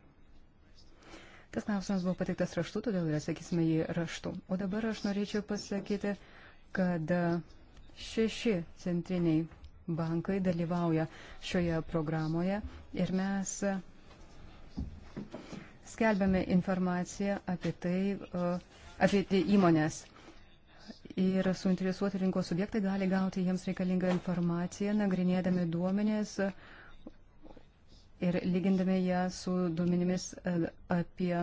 Tas klausimas buvo pateiktas raštu, todėl ir atsakysime jį raštu. O dabar aš norėčiau pasakyti, kad šeši centriniai bankai dalyvauja šioje programoje ir mes skelbiame informaciją apie tai, apie tai įmonės. Ir suinteresuoti rinkos subjektai gali gauti jiems reikalingą informaciją, nagrinėdami duomenės, uh, ir lygindami ją su duomenimis e, apie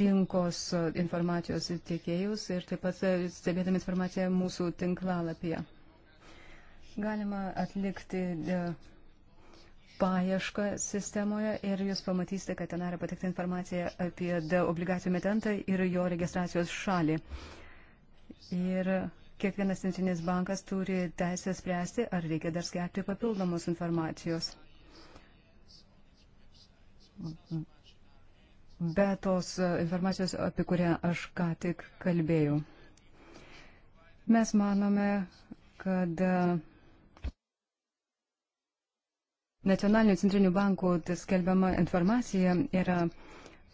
rinkos e, informacijos tiekėjus ir taip pat e, stebėdami informaciją mūsų tinklalapyje. Galima atlikti paiešką sistemoje ir jūs pamatysite, kad ten yra patekta informacija apie obligacijų metentą ir jo registracijos šalį. Ir kiekvienas centrinis bankas turi teisę spręsti, ar reikia dar skelbti papildomos informacijos be tos e, informacijos, apie kurią aš ką tik kalbėjau. Mes manome, kad e, nacionalinių centrinių bankų skelbiama informacija yra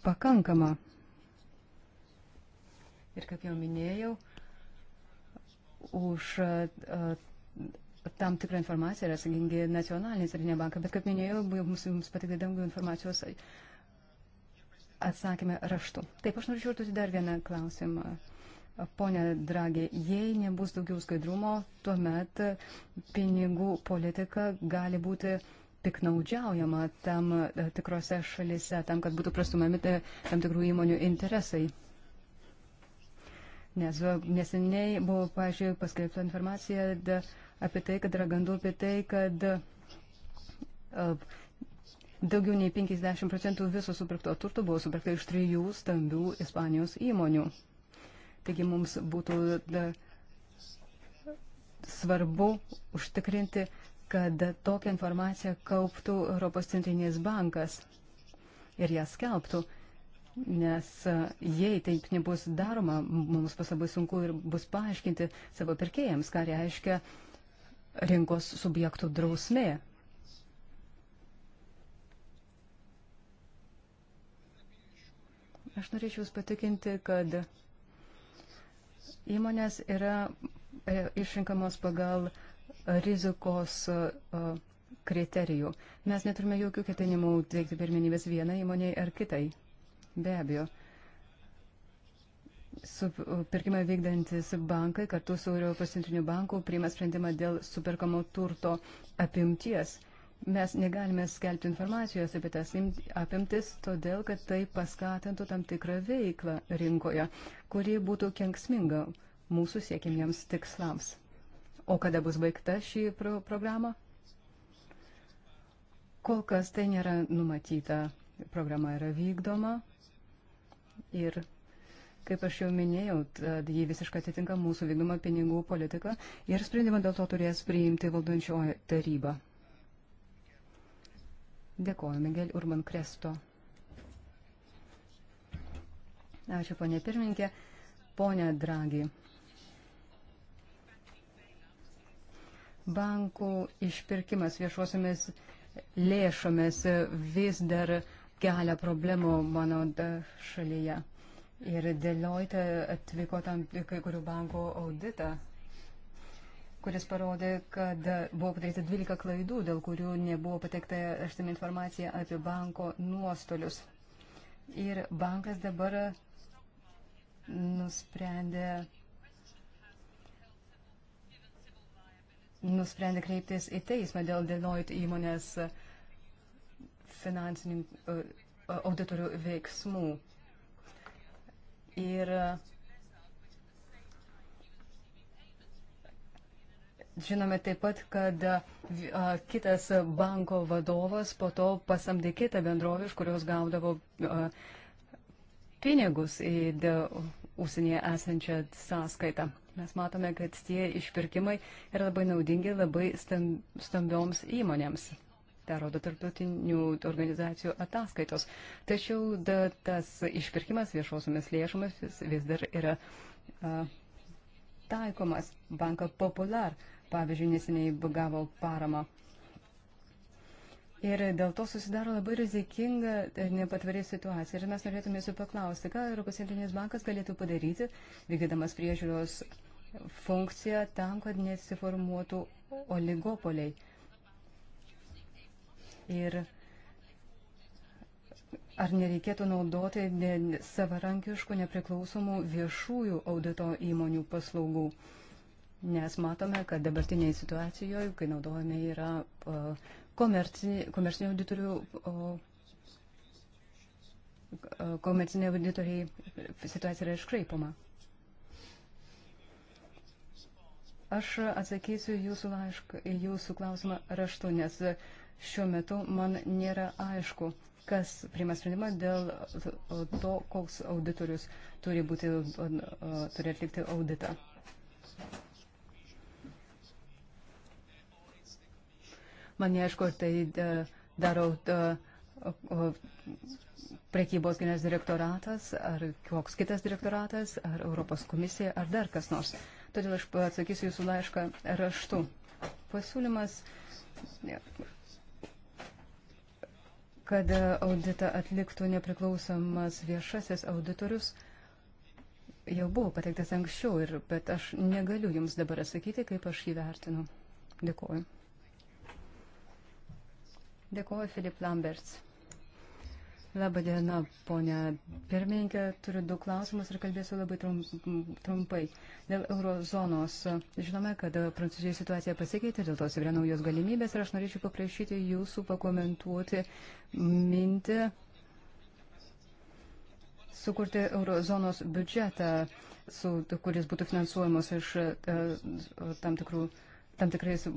pakankama. Ir kaip jau minėjau, už e, tam tikrą informaciją yra atsakingi nacionaliniai centriniai bankai, bet kaip minėjau, mums, mums patikė daugiau informacijos atsakymę raštu. Taip, aš noriu žiūrėti dar vieną klausimą. Pone Dragė, jei nebus daugiau skaidrumo, tuomet pinigų politika gali būti piknaudžiaujama tam e, tikrose šalise, tam, kad būtų prastumami e, tam tikrų įmonių interesai. Nes e, neseniai buvo, pažiūrėjau, paskelbta informacija apie tai, kad yra gandų apie tai, kad e, daugiau nei 50 procentų viso supirkto turto buvo supirkta iš trijų stambių Ispanijos įmonių. Taigi mums būtų da, e, svarbu užtikrinti, kad tokią informaciją kauptų Europos centrinės bankas ir ją skelbtų. Nes e, jei taip nebus daroma, mums pas labai sunku ir bus paaiškinti savo pirkėjams, ką reiškia uh, rinkos subjektų drausmė. Aš norėčiau Jūs patikinti, kad įmonės yra e, išrinkamos pagal rizikos e, kriterijų. Mes neturime jokių ketinimų teikti pirminybės vienai įmoniai ar kitai. Be abejo, su pirkimą vykdantis bankai kartu su Europos centriniu banku priima sprendimą dėl superkamo turto apimties. Mes negalime skelbti informacijos apie tas apimtis, todėl kad tai paskatintų tam tikrą veiklą rinkoje, kuri būtų kenksminga mūsų siekimiems tikslams. O kada bus baigta šį pro programą? Kol kas tai nėra numatyta. Programa yra vykdoma ir Kaip aš jau minėjau, jį visiškai atitinka mūsų vykdoma pinigų politika ir sprendimą dėl to turės priimti valdančioji taryba. Dėkoju, Miguel Urban Kresto. Ačiū, ponė pirmininkė. Pone Dragi. Bankų išpirkimas viešuosiamis lėšomis vis dar kelia problemų mano šalyje. Ir Deloitte atvyko tam kai kurių bankų auditą, kuris parodė, kad buvo padaryta 12 klaidų, dėl kurių nebuvo patekta aštami informacija apie banko nuostolius. Ir bankas dabar nusprendė, nusprendė kreiptis į teismą dėl Deloitte įmonės finansinių e, auditorių veiksmų. Ir žinome taip pat, kad kitas banko vadovas po to pasamdė kitą bendrovę, iš kurios gaudavo pinigus į užsienyje esančią sąskaitą. Mes matome, kad tie išpirkimai yra labai naudingi labai stambioms įmonėms tą rodo tarptautinių organizacijų ataskaitos. Tačiau da, tas išpirkimas viešosiomis lėšomis vis, vis dar yra a, taikomas. Banka Popular, pavyzdžiui, neseniai gavo paramą. Ir dėl to susidaro labai rizikinga ir e, nepatvari situacija. Ir mes norėtume jūsų paklausti, ką Europos centrinis bankas galėtų padaryti, vykdydamas priežiūros funkciją tam, kad nesiformuotų oligopoliai. Ir ar nereikėtų naudoti savarankiškų, nepriklausomų viešųjų audito įmonių paslaugų? Nes matome, kad dabartinėje situacijoje, kai naudojame yra komerciniai auditorių komerciniai auditoriai situacija yra iškraipoma. Aš atsakysiu jūsų, laišką, jūsų klausimą raštu, nes uh, šiuo metu man nėra aišku, kas priima sprendimą dėl to, koks auditorius turi, būti, turi atlikti auditą. Man neaišku, tai e, daro e, prekybos genės direktoratas, ar koks kitas direktoratas, ar Europos komisija, ar dar kas nors. Todėl aš atsakysiu jūsų laišką raštu. Pasiūlymas kad auditą atliktų nepriklausomas viešasis auditorius, jau buvo pateiktas anksčiau, ir, bet aš negaliu jums dabar atsakyti, kaip aš jį vertinu. Dėkuoju. Dėkuoju, Filip Lamberts. Labadiena, ponia pirmininkė, turiu du klausimus ir kalbėsiu labai trumpai. Dėl eurozonos. Žinome, kad Prancūzijoje situacija pasikeitė, dėl to atsiveria naujos galimybės ir aš norėčiau paprašyti jūsų pakomentuoti mintį sukurti eurozonos biudžetą, su, kuris būtų finansuojamos iš e, tam, tikrų, tam, tikrais,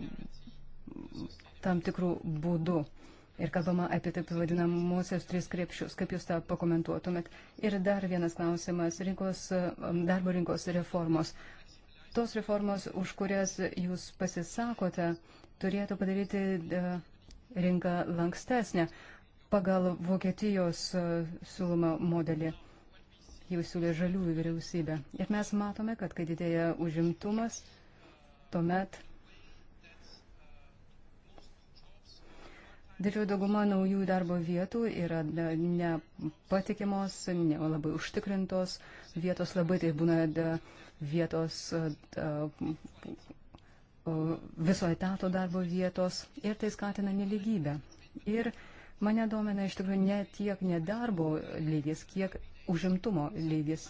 tam tikrų būdų. Ir kalbama apie taip vadinamosios tris krepšius. Kaip jūs tą pakomentuotumėt? Ir dar vienas klausimas - rinkos, um, darbo rinkos reformos. Tos reformos, už kurias jūs pasisakote, turėtų padaryti e, rinką lankstesnę pagal Vokietijos e, siūlomą modelį. Jau siūlė žaliųjų vyriausybė. Ir mes matome, kad kai didėja užimtumas, tuomet Didžioji dauguma naujų darbo vietų yra nepatikimos, nelabai užtikrintos vietos, labai tai būna vietos viso etato darbo vietos ir tai skatina neligybę. Ir mane domina iš tikrųjų ne tiek nedarbo lygis, kiek užimtumo lygis.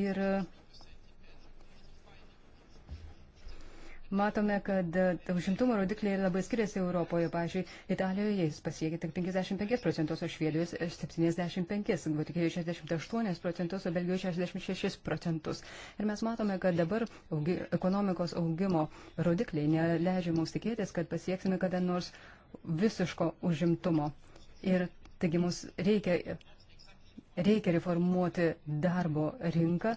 Ir matome, kad e, užimtumo rodikliai labai skiriasi Europoje. Pavyzdžiui, Italijoje jis pasiekia tik 55 procentus, o Švedijoje 75, Vokietijoje 68 procentus, o Belgijoje 66 procentus. Ir mes matome, kad dabar augi, ekonomikos augimo rodikliai neleidžia mums tikėtis, kad pasieksime kada nors visiško užimtumo. Ir taigi mums reikia reikia reformuoti darbo rinką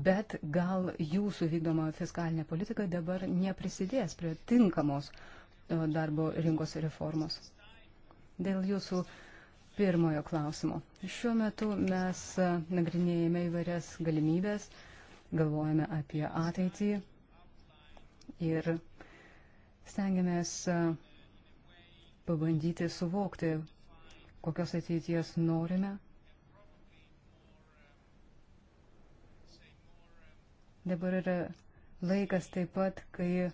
bet gal jūsų vykdoma fiskalinė politika dabar neprisidės prie tinkamos e, darbo rinkos reformos. Dėl jūsų pirmojo klausimo. Šiuo metu mes e, nagrinėjame įvairias galimybės, galvojame apie ateitį ir stengiamės e, pabandyti suvokti, kokios ateities norime Dabar yra laikas taip pat, kai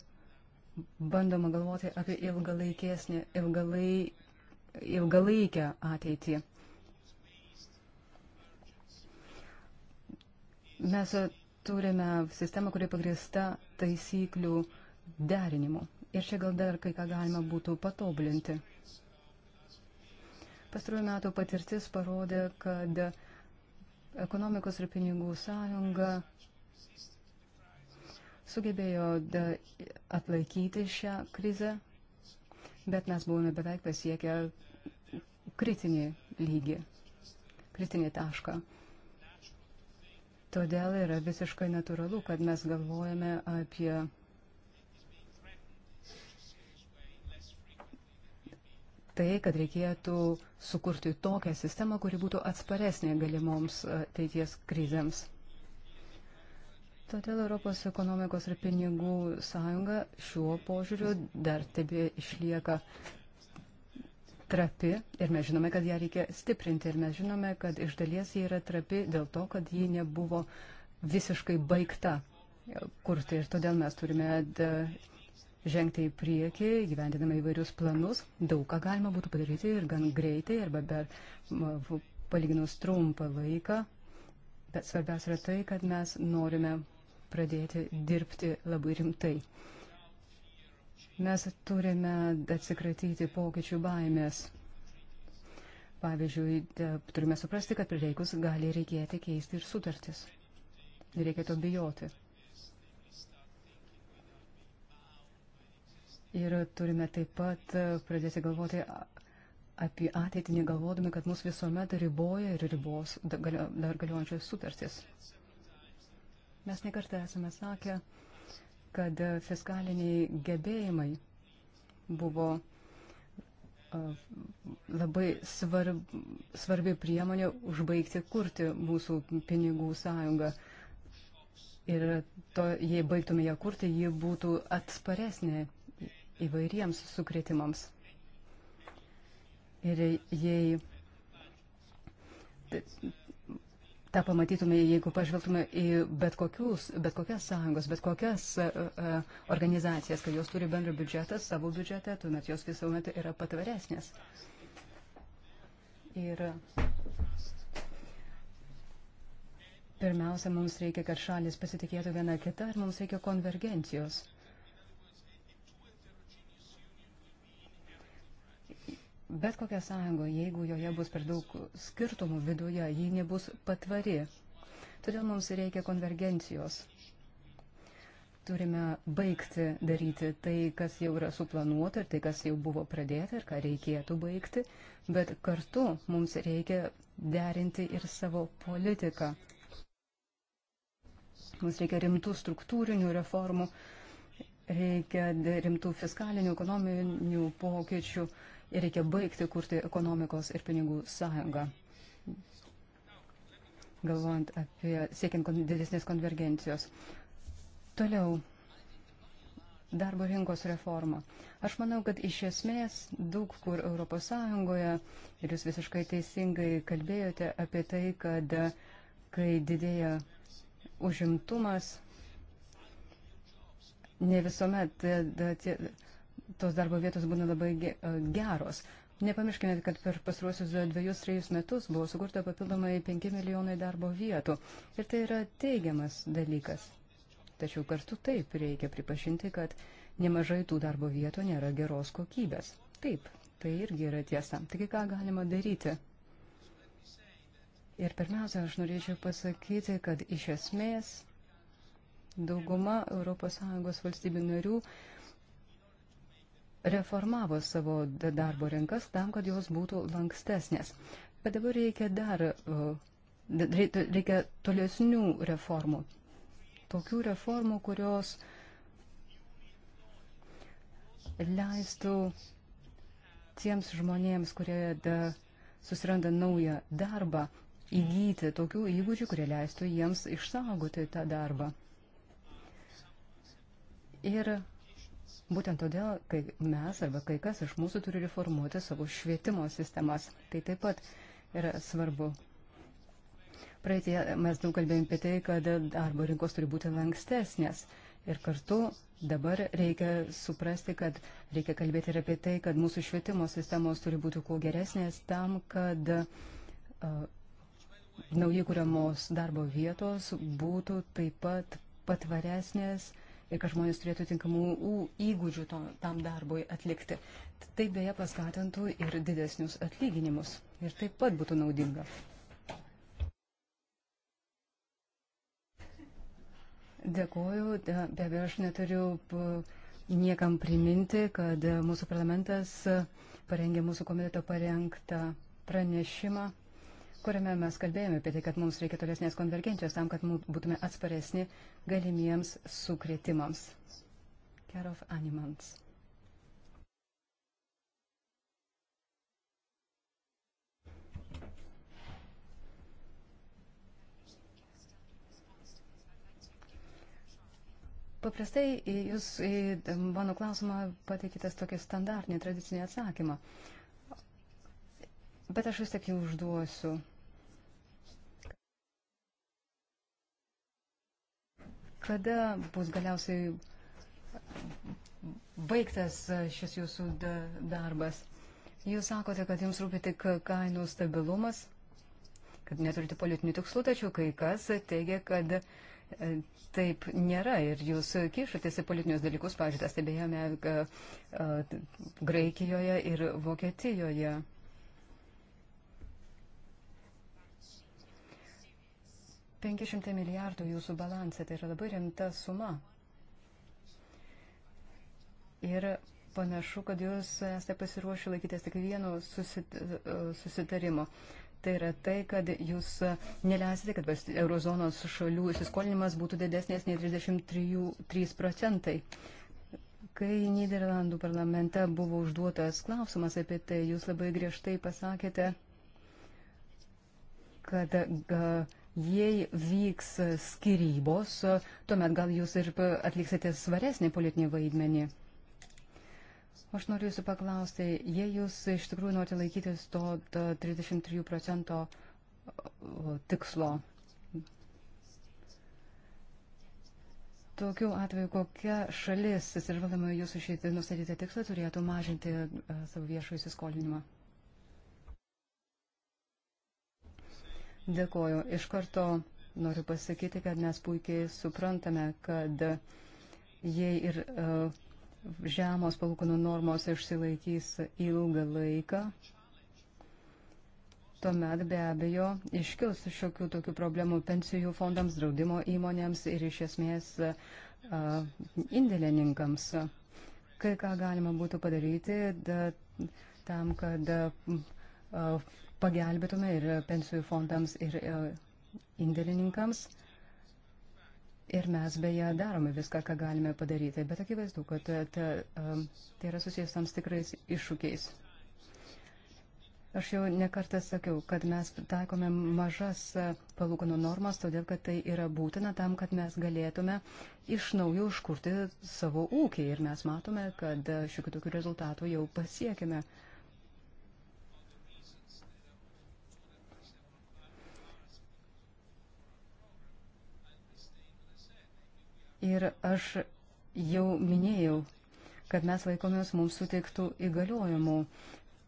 bandoma galvoti apie ilgalaikesnį, ilgalai, ilgalaikę ateitį. Mes turime sistemą, kuri pagrįsta taisyklių derinimu. Ir čia gal dar kai ką galima būtų patobulinti. Pastarųjų metų patirtis parodė, kad ekonomikos ir pinigų sąjunga sugebėjo atlaikyti šią krizę, bet mes buvome beveik pasiekę kritinį lygį, kritinį tašką. Todėl yra visiškai natūralu, kad mes galvojame apie tai, kad reikėtų sukurti tokią sistemą, kuri būtų atsparesnė galimoms ateities krizėms. Todėl Europos ekonomikos ir pinigų sąjunga šiuo požiūriu dar tebe išlieka trapi ir mes žinome, kad ją reikia stiprinti ir mes žinome, kad iš dalies ji yra trapi dėl to, kad ji nebuvo visiškai baigta kurti ir todėl mes turime žengti į priekį, gyvendiname įvairius planus, daug ką galima būtų padaryti ir gan greitai, arba per palyginus trumpą laiką, bet svarbiausia yra tai, kad mes norime pradėti dirbti labai rimtai. Mes turime atsikratyti pokyčių baimės. Pavyzdžiui, turime suprasti, kad prireikus gali reikėti keisti ir sutartis. Reikia to bijoti. Ir turime taip pat e, pradėti galvoti apie ateitį, negalvodami, kad mus visuomet riboja ir ribos dar galiojančios sutartis. Mes nekartą esame sakę, kad fiskaliniai gebėjimai buvo labai svarb, svarbi priemonė užbaigti kurti mūsų pinigų sąjungą. Ir to, jei baigtume ją kurti, ji būtų atsparesnė įvairiems sukretimams. Ir jei tą pamatytume, jeigu pažvelgtume į bet, kokius, bet kokias sąjungos, bet kokias e, e, organizacijas, kad jos turi bendrą biudžetą, savo biudžetą, tuomet jos visuomet yra patvaresnės. Ir pirmiausia, mums reikia, kad šalis pasitikėtų viena kita ir mums reikia konvergencijos. bet kokia sąjunga, jeigu joje bus per daug skirtumų viduje, ji nebus patvari. Todėl mums reikia konvergencijos. Turime baigti daryti tai, kas jau yra suplanuota ir tai, kas jau buvo pradėta ir ką reikėtų baigti, bet kartu mums reikia derinti ir savo politiką. Mums reikia rimtų struktūrinių reformų, reikia rimtų fiskalinių, ekonominių pokyčių, uh, ir reikia baigti kurti ekonomikos ir pinigų sąjungą. Galvojant apie siekiant didesnės konvergencijos. Toliau. Darbo rinkos reforma. Aš manau, kad iš esmės daug kur ES, ir jūs visiškai teisingai kalbėjote apie tai, kad kai didėja užimtumas, ne visuomet tie, tie, tos darbo vietos būna labai e, geros. Nepamirškime, kad per pastruosius dviejus, trejus metus buvo sukurta papildomai 5 milijonai darbo vietų. Ir tai yra teigiamas dalykas. Tačiau kartu taip reikia pripažinti, kad nemažai tų darbo vietų nėra geros kokybės. Taip, tai irgi yra tiesa. Taigi ką galima daryti? Ir pirmiausia, aš norėčiau pasakyti, kad iš esmės dauguma ES valstybių narių reformavo savo darbo rinkas tam, kad jos būtų lankstesnės. Bet dabar reikia dar, reikia tolesnių reformų. Tokių reformų, kurios leistų tiems žmonėms, kurie da, susiranda naują darbą, įgyti tokių įgūdžių, kurie leistų jiems išsaugoti tą darbą. Ir Būtent todėl, kai mes arba kai kas iš mūsų turi reformuoti savo švietimo sistemas, tai taip pat yra svarbu. Praeitie mes daug kalbėjom apie tai, kad darbo rinkos turi būti lankstesnės. Ir kartu dabar reikia suprasti, kad reikia kalbėti ir apie tai, kad mūsų švietimo sistemos turi būti kuo geresnės tam, kad uh, naujai kuriamos darbo vietos būtų taip pat patvaresnės uh, ir kad žmonės turėtų tinkamų įgūdžių to, tam darbui atlikti. Tai beje paskatintų ir didesnius atlyginimus ir taip pat būtų naudinga. Dėkuoju, be abejo, aš neturiu niekam priminti, kad mūsų parlamentas parengė mūsų komiteto parengtą pranešimą kuriame mes kalbėjome apie tai, kad mums reikia tolesnės konvergencijos tam, kad būtume atsparesni galimiems sukretimams. Care of animals. Paprastai jūs į mano klausimą pateikite tokį standartinį tradicinį atsakymą bet aš vis tiek jau užduosiu. Kada bus galiausiai baigtas šis jūsų darbas? Jūs sakote, kad jums rūpi tik kainų stabilumas, kad neturite politinių tikslų, tačiau kai kas teigia, kad e, Taip nėra ir jūs kišatės į politinius dalykus, pažiūrėjau, stebėjome e, e, Graikijoje ir Vokietijoje. 500 milijardų jūsų balansą, tai yra labai rimta suma. Ir panašu, kad jūs esate pasiruošę laikytis tik vieno susit, susitarimo. Tai yra tai, kad jūs neleisite, kad eurozonos šalių įsiskolinimas būtų didesnės nei 33 procentai. Kai Niderlandų parlamente buvo užduotas klausimas apie tai, jūs labai griežtai pasakėte, kad jei vyks skirybos, tuomet gal jūs ir atliksite svaresnį politinį vaidmenį. Aš noriu jūsų paklausti, jei jūs iš tikrųjų norite laikytis to, to 33 procento tikslo, tokiu atveju kokia šalis, atsižvelgdama jūsų šitą nustatytą tikslą, turėtų mažinti e, savo viešo įsiskolinimą? Dėkoju. Iš karto noriu pasakyti, kad mes puikiai suprantame, kad jei ir uh, žemos palūkanų normos išsilaikys ilgą laiką, tuomet be abejo iškils šiokių tokių problemų pensijų fondams, draudimo įmonėms ir iš esmės e, indėlininkams. Kai ką galima būtų padaryti da, tam, kad a, e, pagelbėtume ir pensijų fondams, ir e, indėlininkams. Ir mes beje darome viską, ką galime padaryti, bet akivaizdu, kad e, tai yra susijęs tam tikrais iššūkiais. Aš jau nekartą sakiau, kad mes taikome mažas e, palūkanų normas, todėl kad tai yra būtina tam, kad mes galėtume iš naujo užkurti savo ūkį. Ir mes matome, kad šių kitokių rezultatų jau pasiekime. Uh, Ir aš jau minėjau, kad mes laikomės mums suteiktų įgaliojimų.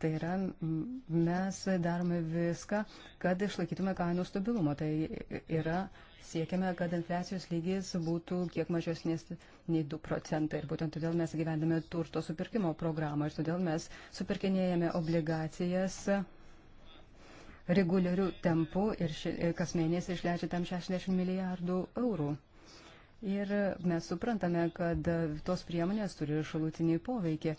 Tai yra, mes darome viską, kad išlaikytume kainų stabilumą. Tai yra, siekiame, kad infliacijos lygis būtų kiek mažesnės nei 2 procentai. Ir būtent todėl mes gyvendame turto supirkimo programą. Ir todėl mes supirkinėjame obligacijas reguliarių tempų ir ši, kas mėnesį išleidžia tam 60 milijardų eurų. Ir mes suprantame, kad tos priemonės turi šalutinį poveikį.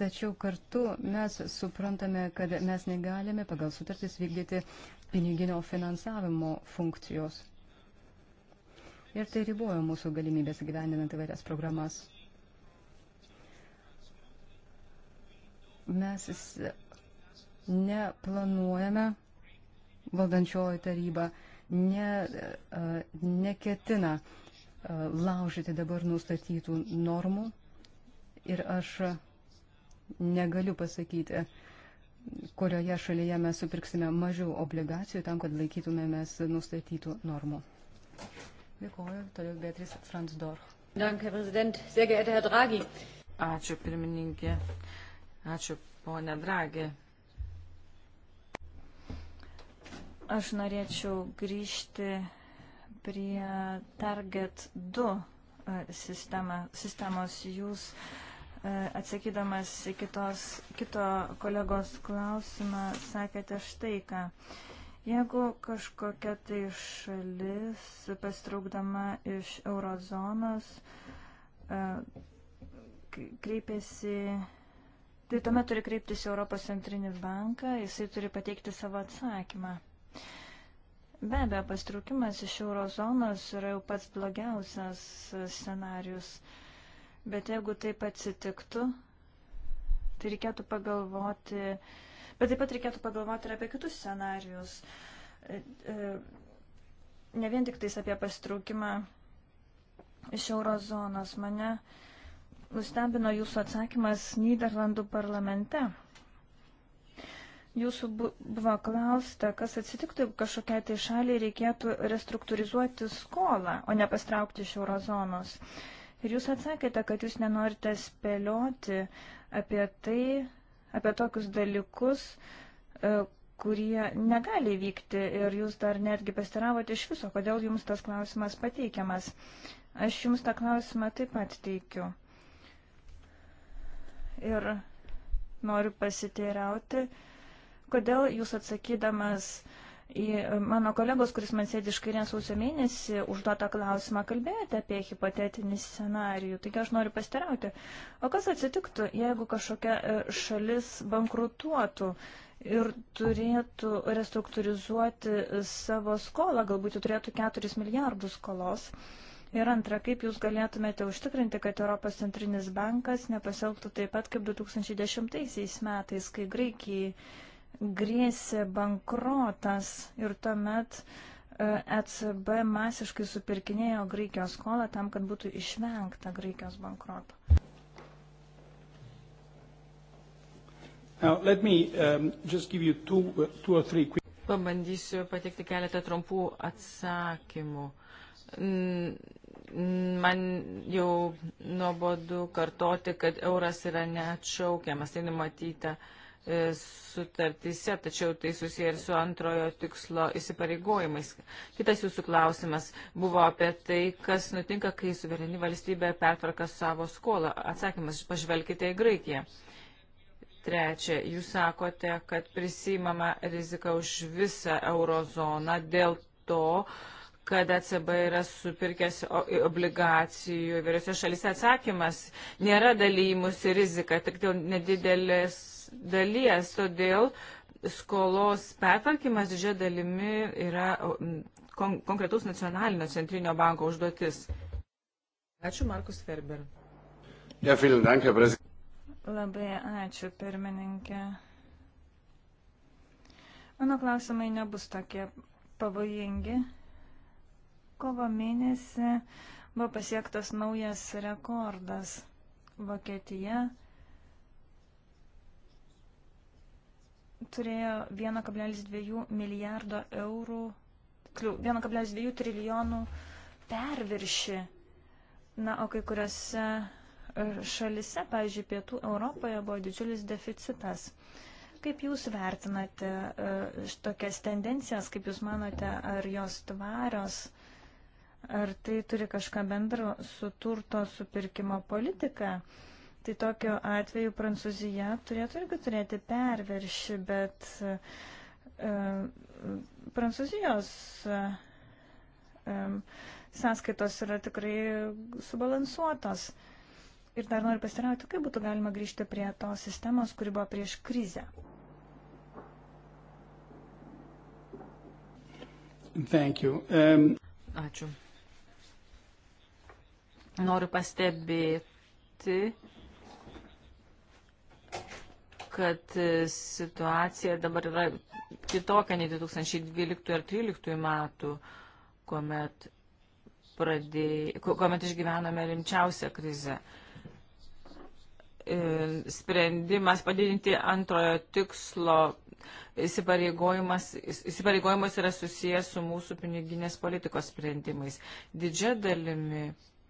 Tačiau kartu mes suprantame, kad mes negalime pagal sutartis vykdyti piniginio finansavimo funkcijos. Ir tai ribojo mūsų galimybės gyveninant įvairias programas. Mes neplanuojame valdančioji taryba ne, e, neketina e, laužyti dabar nustatytų normų ir aš negaliu pasakyti, kurioje šalyje mes supirksime mažiau obligacijų tam, kad laikytumėmės nustatytų normų. Dėkuoju, toliau Beatrice Franzdorf. Danke, Prezident. Sehr geehrter Herr Draghi. Ačiū, pirmininkė. Ačiū, ponė Draghi. Aš norėčiau grįžti prie Target 2 e, sistema, sistemos. Jūs e, atsakydamas į kitos, kito kolegos klausimą sakėte štai ką. Jeigu kažkokia tai šalis pastraukdama iš eurozonos e, kreipiasi Tai tuomet turi kreiptis Europos centrinį banką, jisai turi pateikti savo atsakymą. Be abejo, pastraukimas iš eurozonos yra jau pats blogiausias scenarius. Bet jeigu taip atsitiktų, tai reikėtų pagalvoti, bet taip pat reikėtų pagalvoti ir apie kitus scenarius. E, e, ne vien tik tais apie pastraukimą iš eurozonos. Mane nustebino jūsų atsakymas Niderlandų parlamente. Jūsų buvo klausta, kas atsitiktų, jeigu kažkokiai tai šaliai reikėtų restruktūrizuoti skolą, o ne pastraukti iš eurozonos. Ir jūs atsakėte, kad jūs nenorite spėlioti apie tai, apie tokius dalykus, e, kurie negali vykti ir jūs dar netgi pastiravote iš viso, kodėl jums tas klausimas pateikiamas. Aš jums tą klausimą taip pat teikiu. Ir noriu pasiteirauti, uh, Kodėl jūs atsakydamas į mano kolegos, kuris man sėdi iš kairės sausio mėnesį, užduotą klausimą kalbėjote apie hipotetinį scenarijų. Taigi aš noriu pastirauti, o kas atsitiktų, jeigu kažkokia e, šalis bankrutuotų? ir turėtų restruktūrizuoti e, savo skolą, galbūt jų turėtų 4 milijardus skolos. Ir antra, kaip jūs galėtumėte užtikrinti, kad Europos centrinis bankas nepasilgtų taip pat kaip 2010 metais, kai Graikijai grėsė bankrotas ir tuomet ECB e masiškai supirkinėjo Graikijos skolą tam, kad būtų išvengta Graikijos bankroto. Now, let me um, just give you two, two or three quick... Pabandysiu pateikti keletą trumpų atsakymų. Man jau nuobodu kartoti, kad euras yra neatšaukiamas, tai numatyta uh, E, sutartyse, tačiau tai susiję ir su antrojo tikslo įsipareigojimais. Kitas jūsų klausimas buvo apie tai, kas nutinka, kai suvereni valstybė pertvarka savo skolą. Atsakymas, pažvelkite į Graikiją. Trečia, jūs sakote, kad prisimama rizika už visą eurozoną dėl to, kad ECB yra supirkęs obligacijų įvairiose šalise. Atsakymas nėra dalymusi rizika, tik dėl nedidelės dalies, todėl skolos pertvarkymas didžia dalimi yra kon konkretus nacionalinio centrinio banko užduotis. Ačiū, Markus Ferber. Ja, dank, Labai ačiū, pirmininkė. Mano klausimai nebus tokie pavojingi. Kovo mėnesį buvo pasiektas naujas rekordas. Vokietija turėjo 1,2 milijardo eurų, 1,2 trilijonų perviršį. Na, o kai kuriuose e, šalise, pavyzdžiui, pietų Europoje buvo didžiulis deficitas. Kaip Jūs vertinate e, tokias tendencijas, kaip Jūs manote, ar jos tvarios, ar tai turi kažką bendro su turto supirkimo politika? Uh, tai tokiu atveju Prancūzija turėtų irgi turėti perviršį, bet e, Prancūzijos e, e, sąskaitos yra tikrai subalansuotos. Ir dar noriu pasirauti, kaip būtų galima grįžti prie tos sistemos, kuri buvo prieš krizę. Thank you. Um... Ačiū. Noriu pastebėti, kad situacija dabar yra kitokia nei 2012 ar 2013 metų, kuomet, pradėj, kuomet išgyvenome rimčiausią krizę sprendimas padidinti antrojo tikslo įsipareigojimas yra susijęs su mūsų piniginės politikos sprendimais. Didžia dalimi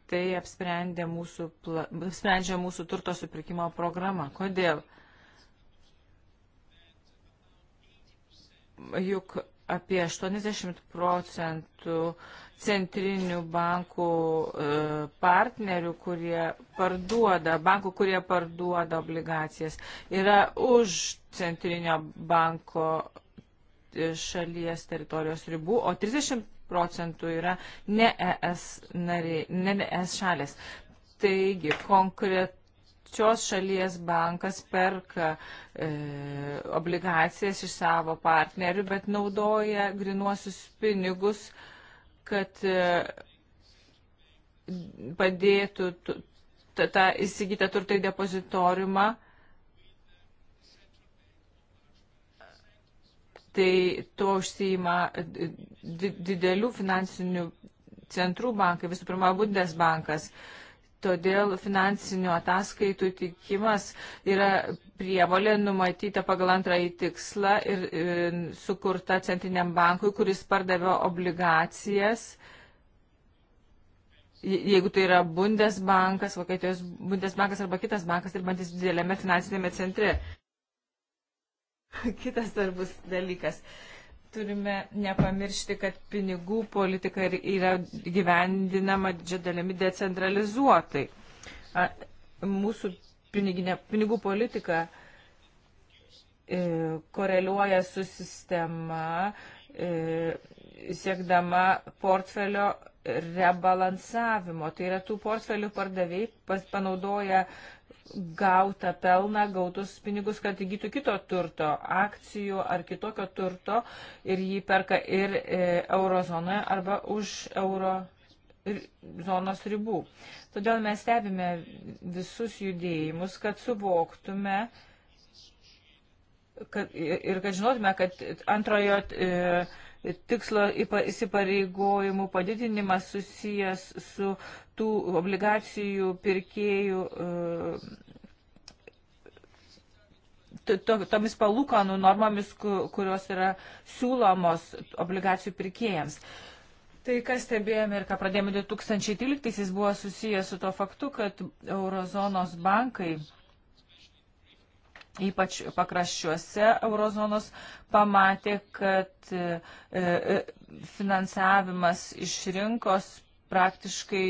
tai apsprendžia mūsų, pla, mūsų turto supirkimo programą. Kodėl? juk apie 80 procentų centrinių bankų e, partnerių, kurie parduoda, bankų, kurie parduoda obligacijas, yra už centrinio banko e, šalies teritorijos ribų, o 30 procentų yra ne ES, nariai, ne ES šalės. Taigi, konkret, pačios šalies bankas perka e, obligacijas iš savo partnerių, bet naudoja grinuosius pinigus, kad e, padėtų tą įsigytą turtą į depozitoriumą. Tai tuo užsijima e, didelių finansinių centrų bankai, visų pirma, Bundesbankas. bankas Todėl finansinių ataskaitų tikimas yra prievalė numatyta pagal antrąjį tikslą ir, ir e, sukurta Centriniam bankui, kuris pardavė obligacijas. Jeigu tai yra Bundesbankas, Vokietijos Bundesbankas arba kitas bankas dirbantis didelėme finansinėme centre. (laughs) Kitas svarbus dalykas. Uh, turime nepamiršti, kad pinigų politika yra gyvendinama didžiadalimi decentralizuotai. Mūsų piniginė, pinigų politika e, koreliuoja su sistema, e, siekdama portfelio rebalansavimo. Tai yra tų portfelių pardavėjai panaudoja gautą pelną, gautus pinigus, kad įgytų kito turto, akcijų ar kitokio turto ir jį perka ir e, eurozonoje arba už euro zonos ribų. Todėl mes stebime visus judėjimus, kad suvoktume kad, ir kad žinotume, kad antrojo e, tikslo įsipareigojimų padidinimas susijęs su tų obligacijų pirkėjų e, tomis palūkanų normomis, kurios yra siūlomos obligacijų pirkėjams. Tai, kas stebėjome ir ką pradėjome 2013, jis buvo susijęs su to faktu, kad eurozonos bankai ypač pakraščiuose eurozonos, pamatė, kad e, e, finansavimas iš rinkos praktiškai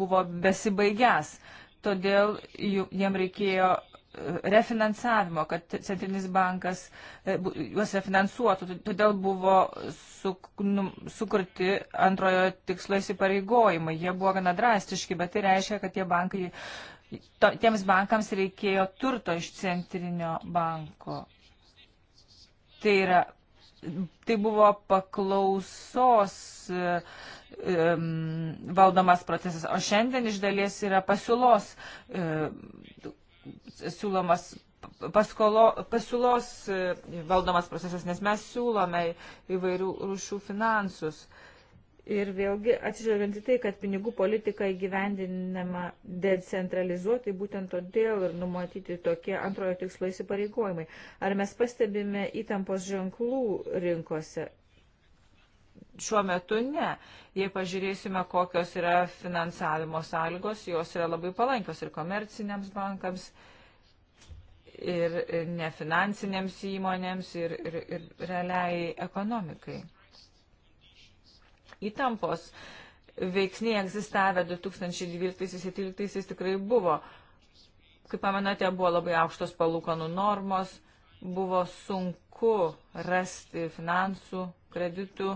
buvo besibaigęs. Todėl jiem reikėjo e, refinansavimo, kad Centrinis bankas juos refinansuotų. Todėl buvo suk, nu, sukurti antrojo tikslo įsipareigojimai. Jie buvo gana drastiški, bet tai reiškia, kad tie bankai to, tiems bankams reikėjo turto iš centrinio banko. Tai, yra, tai buvo paklausos um, valdomas procesas, o šiandien iš dalies yra pasiūlos, um, siūlomas paskolo, pasiūlos e, valdomas procesas, nes mes siūlome įvairių rūšių finansus. Uh, Ir vėlgi atsižvelgiant į tai, kad pinigų politika įgyvendinama decentralizuotai, būtent todėl ir numatyti tokie antrojo tikslo įsipareigojimai. Ar mes pastebime įtampos ženklų rinkose? Šiuo metu ne. Jei pažiūrėsime, kokios yra finansavimo sąlygos, jos yra labai palankios ir komerciniams bankams, ir nefinansinėms įmonėms, ir, ir, ir realiai ekonomikai įtampos veiksniai egzistavę 2012-2013 tikrai buvo. Kaip pamenate, buvo labai aukštos palūkanų normos, buvo sunku rasti finansų, kreditų.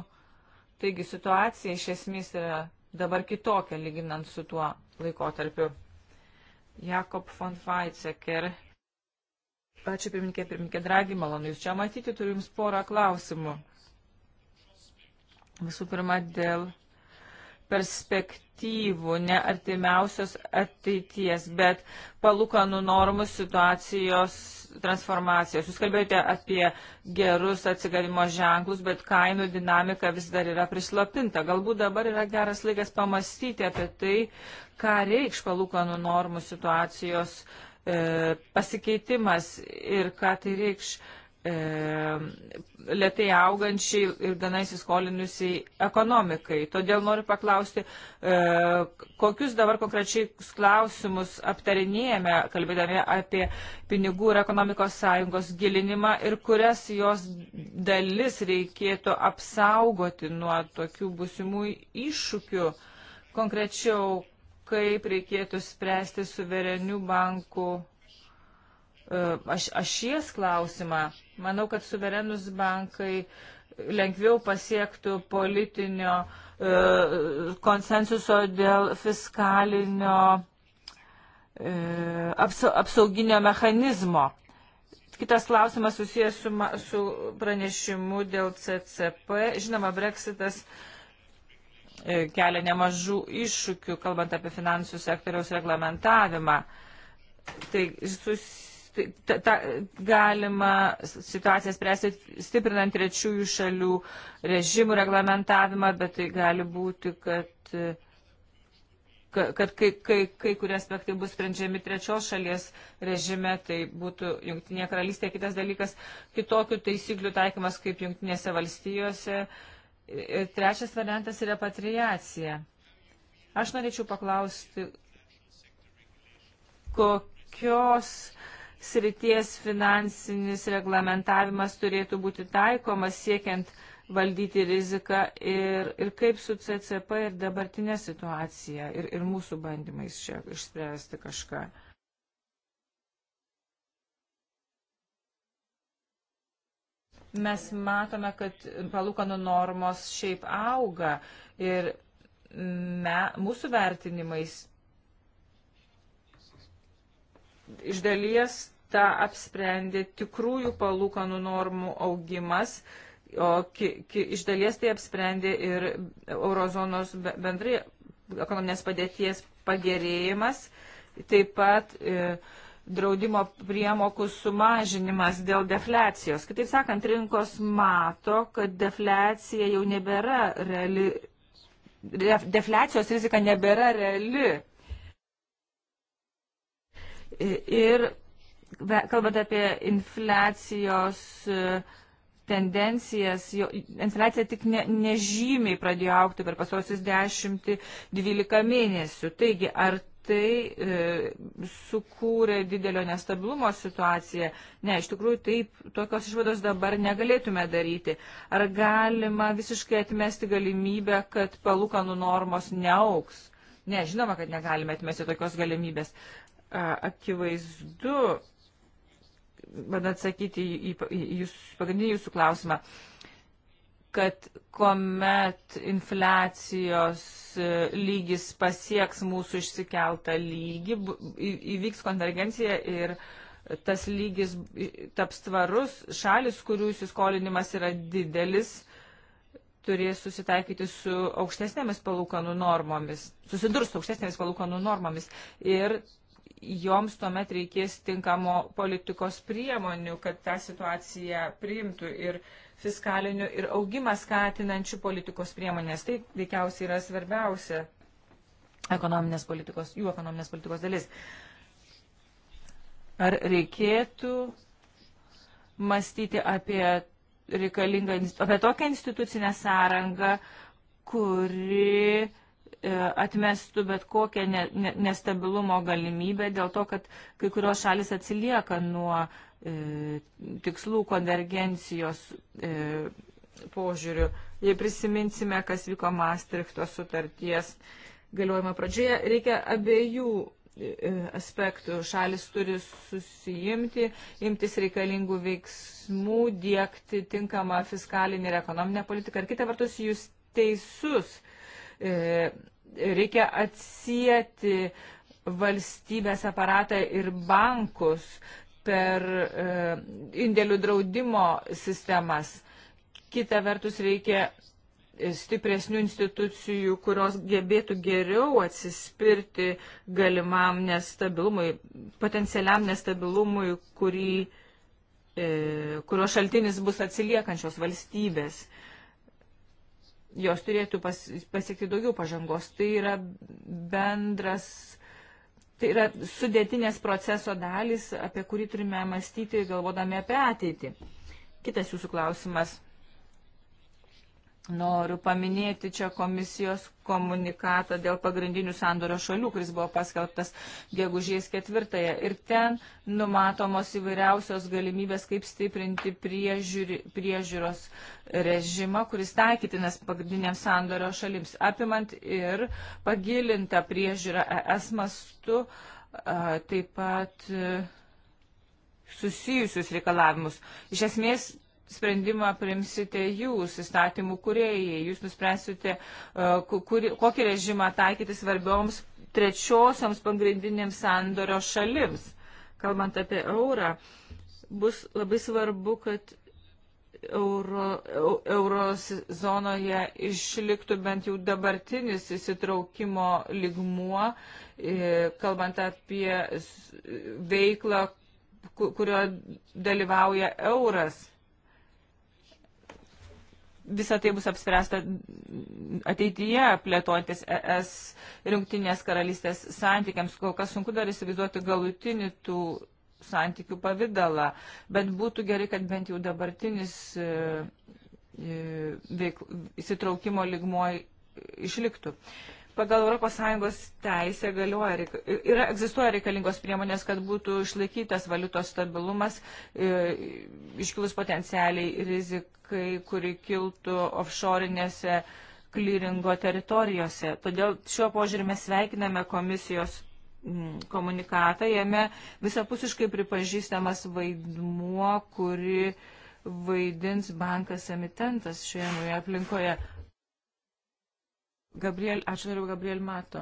Taigi situacija iš esmės yra dabar kitokia lyginant su tuo laikotarpiu. Jakob von Weizsäcker. Ačiū pirminkė, pirminkė Dragi, malonu Jūs čia matyti, turiu Jums porą klausimų. Visų pirma, dėl perspektyvų, ne artimiausios ateities, bet palūkanų normų situacijos transformacijos. Jūs kalbėjote apie gerus atsigavimo ženklus, bet kainų dinamika vis dar yra prislapinta. Galbūt dabar yra geras laikas pamastyti apie tai, ką reikš palūkanų normų situacijos e, pasikeitimas ir ką tai reikš. E, e, lietai augančiai ir gana įsiskolinusiai ekonomikai. Todėl noriu paklausti, e, kokius dabar konkrečiai klausimus aptarinėjame, kalbėdami apie pinigų ir ekonomikos sąjungos gilinimą ir kurias jos dalis reikėtų apsaugoti nuo tokių busimų iššūkių. Konkrečiau, kaip reikėtų spręsti suverenių bankų E, aš, ašies klausimą. Manau, kad suverenus bankai lengviau pasiektų politinio e, konsensuso dėl fiskalinio e, apsauginio mechanizmo. Kitas klausimas susijęs su, su pranešimu dėl CCP. Žinoma, Brexitas e, kelia nemažų iššūkių, kalbant apie finansų sektoriaus reglamentavimą. Tai sus, ta, ta, galima situaciją spręsti stiprinant trečiųjų šalių režimų reglamentavimą, bet tai gali būti, kad, kad, kad kai, kai, kai kurie aspektai bus sprendžiami trečios šalies režime, tai būtų Junktinė karalystė. Kitas dalykas, kitokių taisyklių taikymas kaip Junktinėse valstijose. Ir e, trečias variantas yra patriacija. Aš norėčiau paklausti, kokios srities finansinis reglamentavimas turėtų būti taikomas siekiant valdyti riziką ir, ir kaip su CCP ir dabartinė situacija ir, ir mūsų bandymais čia išspręsti kažką. Mes matome, kad palūkanų normos šiaip auga ir me, mūsų vertinimais iš dalies kartą apsprendė tikrųjų palūkanų normų augimas, o ki, ki, iš dalies tai apsprendė ir eurozonos bendrai ekonominės padėties pagerėjimas, taip pat e, draudimo priemokų sumažinimas dėl defliacijos. Kitaip sakant, rinkos mato, kad defliacija jau nebėra reali, defliacijos rizika nebėra reali. Ir kalbant apie infliacijos e, tendencijas, jo, infliacija tik ne, nežymiai pradėjo aukti per pasosius 10-12 mėnesių. Taigi, ar tai e, sukūrė didelio nestabilumo situaciją. Ne, iš tikrųjų taip, tokios išvados dabar negalėtume daryti. Ar galima visiškai atmesti galimybę, kad palūkanų normos neauks? Ne, žinoma, kad negalime atmesti tokios galimybės. Akivaizdu, bandant atsakyti į, į, į jūsų, pagrindinį jūsų klausimą, kad kuomet infliacijos e, lygis pasieks mūsų išsikeltą lygį, įvyks konvergencija ir tas lygis taps tvarus, šalis, kurių įsiskolinimas yra didelis, turės susitaikyti su aukštesnėmis palūkanų normomis, susidurs su aukštesnėmis palūkanų normomis ir joms tuomet reikės tinkamo politikos priemonių, kad tą situaciją priimtų ir fiskalinių, ir augimą skatinančių politikos priemonės. Tai veikiausiai yra svarbiausia ekonominės politikos, jų ekonominės politikos dalis. Ar reikėtų mąstyti apie reikalingą, apie tokią institucinę sąrangą, kuri E, atmestų bet kokią ne, ne, nestabilumo galimybę dėl to, kad kai kurios šalis atsilieka nuo e, tikslų konvergencijos e, požiūrių. Jei prisiminsime, kas vyko Maastrichto sutarties galiojimo pradžioje, reikia abiejų e, aspektų. Šalis turi susijimti, imtis reikalingų veiksmų, dėkti tinkamą fiskalinį ir ekonominę politiką. Ir kita vertus, jūs teisus. E, reikia atsijėti valstybės aparatą ir bankus per e, indėlių draudimo sistemas. Kita vertus reikia stipresnių institucijų, kurios gebėtų geriau atsispirti galimam nestabilumui, potencialiam nestabilumui, kurį, e, kurio šaltinis bus atsiliekančios valstybės. E, jos turėtų pas, pasiekti daugiau pažangos. Tai yra bendras, tai yra sudėtinės proceso dalis, apie kurį turime mąstyti, galvodami apie ateitį. Kitas jūsų klausimas – Noriu paminėti čia komisijos komunikatą dėl pagrindinių sandorio šalių, kuris buvo paskelbtas gegužės ketvirtąją. Ir ten numatomos įvairiausios galimybės, kaip stiprinti priežiūri, priežiūros režimą, kuris taikytinas pagrindiniams sandorio šalims, apimant ir pagilintą priežiūrą ES mastu, taip pat e, susijusius reikalavimus. Iš esmės sprendimą primsite jūs, įstatymų kuriejai, jūs nuspręsite, e, kuri, kokį režimą taikyti svarbioms trečiosioms pagrindinėms sandorio šalims. Kalbant apie eurą, bus labai svarbu, kad euro, eurozonoje išliktų bent jau dabartinis įsitraukimo ligmuo, e, kalbant apie veiklą, kurio dalyvauja euras visą tai bus apspręsta ateityje plėtojantis ES rinktinės karalystės santykiams. Kol kas sunku dar įsivaizduoti galutinį tų santykių pavydalą, bet būtų gerai, kad bent jau dabartinis e, e, įsitraukimo ligmuo išliktų. Pagal ES teisę galioja, yra, egzistuoja reikalingos priemonės, kad būtų išlaikytas valiutos stabilumas, e, iškilus potencialiai rizikai, kuri kiltų offshore'inėse klyringo teritorijose. Todėl šiuo požiūrį mes sveikiname komisijos mm, komunikatą, jame visapusiškai pripažįstamas vaidmuo, kuri vaidins bankas emitentas šioje naujoje aplinkoje. Gabriel, ačiū toliau, Gabriel Mato.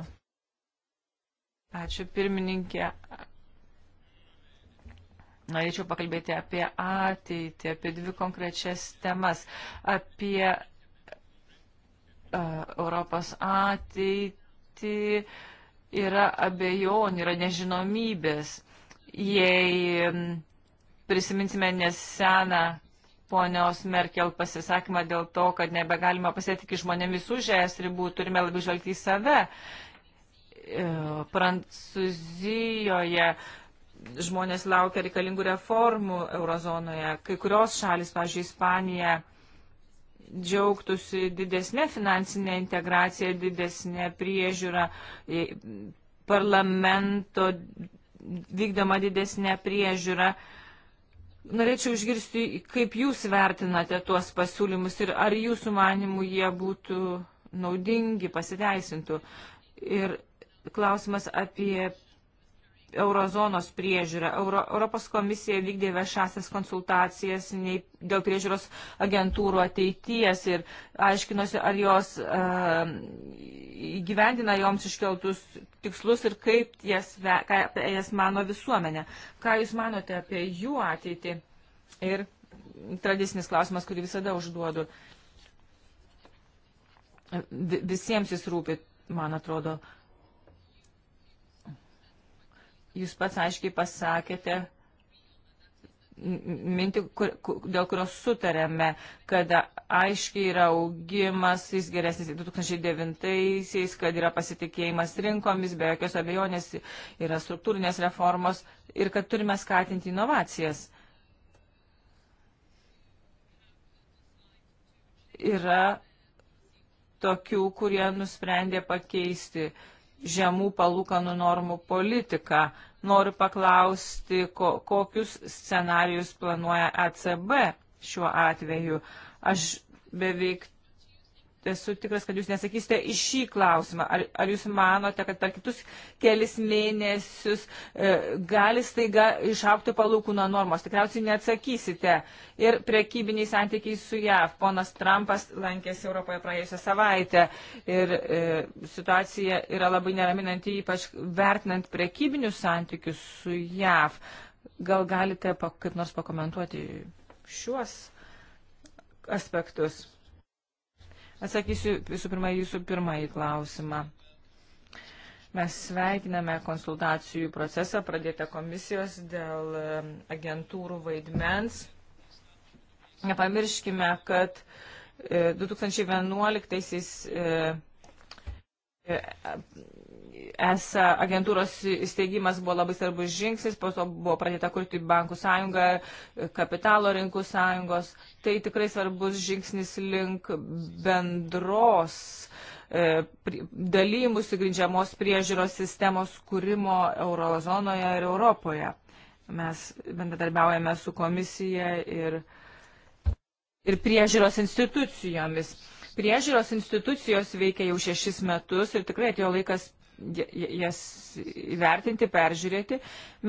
Ačiū pirmininkė. Norėčiau pakalbėti apie ateitį, apie dvi konkrečias temas, apie uh, Europos ateitį yra abejonė, yra nežinomybės. Jei prisiminsime neseną ponios Merkel pasisakymą dėl to, kad nebegalima pasitikti žmonėmis už es ribų, turime labiau žvelgti į save. E, Prancūzijoje žmonės laukia reikalingų reformų eurozonoje. Kai kurios šalis, pavyzdžiui, Ispanija, džiaugtųsi didesnė finansinė integracija, didesnė priežiūra, e, parlamento vykdoma didesnė priežiūra. E, Norėčiau išgirsti, kaip jūs vertinate tuos pasiūlymus ir ar jūsų manimų jie būtų naudingi, pasiteisintų. Ir klausimas apie eurozonos priežiūrą. Euro, Europos komisija vykdė viešasias konsultacijas nei, dėl priežiūros agentūrų ateities ir aiškinosi, ar jos e, įgyvendina e, joms iškeltus tikslus ir kaip jas, ką, jas mano visuomenė. Ką Jūs manote apie jų ateitį? Ir tradicinis klausimas, kurį visada užduodu. Visiems jis rūpi, man atrodo. Uh, Jūs pats aiškiai pasakėte mintį, kur, kur, dėl kurios sutarėme, kad aiškiai yra augimas, jis geresnis 2009-aisiais, kad yra pasitikėjimas rinkomis, be jokios abejonės yra struktūrinės reformos ir kad turime skatinti inovacijas. Yra tokių, kurie nusprendė pakeisti uh, žemų palūkanų normų politiką. Noriu paklausti, ko, kokius scenarius planuoja ECB šiuo atveju. Aš beveik esu tikras, kad jūs nesakysite į šį klausimą. Ar, ar jūs manote, kad per kitus kelis mėnesius e, gali staiga išaukti palūkūno normos? Tikriausiai neatsakysite. Ir priekybiniai santykiai su JAV. Ponas Trumpas lankėsi Europoje praėjusią savaitę ir e, situacija yra labai neraminanti, ypač vertinant priekybinius santykius su JAV. Gal galite pa, kaip nors pakomentuoti šiuos aspektus? Atsakysiu visų pirma jūsų pirmąjį klausimą. Mes sveikiname konsultacijų procesą pradėtą komisijos dėl agentūrų vaidmens. Nepamirškime, kad 2011-aisiais e, ESA agentūros įsteigimas buvo labai svarbus žingsnis, po to buvo pradėta kurti bankų sąjungą, kapitalo rinkų sąjungos. Tai tikrai svarbus žingsnis link bendros e, dalymų sugrindžiamos priežiūros sistemos kūrimo eurozonoje ir Europoje. Mes bendradarbiaujame su komisija ir, ir priežiūros institucijomis priežiūros institucijos veikia jau šešis metus ir tikrai atėjo laikas jas įvertinti, peržiūrėti.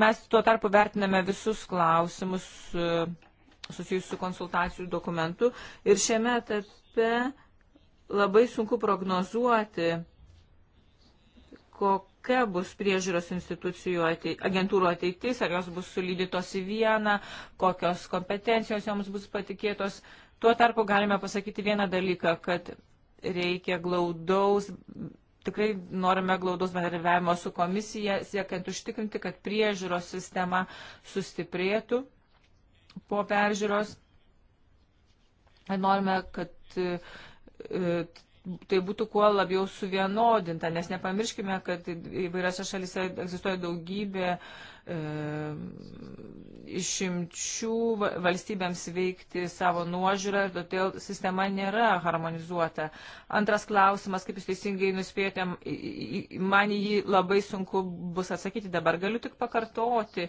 Mes tuo tarpu vertiname visus klausimus e, susijusių konsultacijų dokumentų ir šiame etape labai sunku prognozuoti, kokia bus priežiūros institucijų atei, agentūrų ateitis, ar jos bus sulydytos į vieną, kokios kompetencijos joms bus patikėtos. Tuo tarpu galime pasakyti vieną dalyką, kad reikia glaudaus tikrai norime glaudos bendradarbiavimo su komisija, siekiant užtikrinti, kad priežiūros sistema sustiprėtų po peržiūros. Norime, kad e, tai būtų kuo labiau suvienodinta, nes nepamirškime, kad įvairiose šalise egzistuoja daugybė e, išimčių valstybėms veikti savo nuožiūrą ir todėl sistema nėra harmonizuota. Antras klausimas, kaip jūs teisingai nuspėjote, man jį labai sunku bus atsakyti dabar. Galiu tik pakartoti,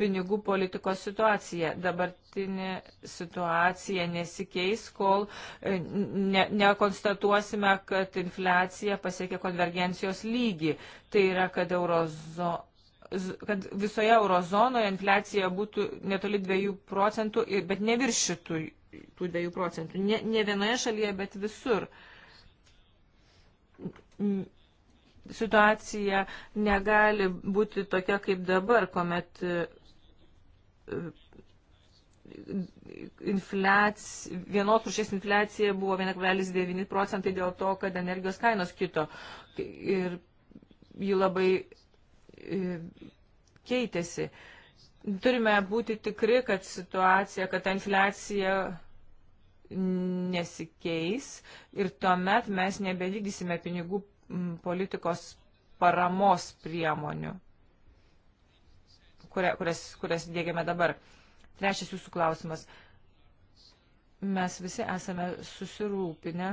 pinigų politikos situacija. Dabartinė situacija nesikeis, kol e, ne, nekonstatuosime, kad infliacija pasiekė konvergencijos lygį. Tai yra, kad, eurozo, kad visoje eurozonoje infliacija būtų netoli 2 procentų, bet neviršytų tų 2 procentų. Ne, ne vienoje šalyje, bet visur. Situacija negali būti tokia kaip dabar, kuomet infliac, vienos rušės infliacija buvo 1,9 procentai dėl to, kad energijos kainos kito ir ji labai e, keitėsi. Turime būti tikri, kad situacija, kad ta infliacija nesikeis ir tuomet mes nebevykdysime pinigų politikos paramos priemonių kuria, kurias, kurias dėgiame dabar. Trečias jūsų klausimas. Mes visi esame susirūpinę.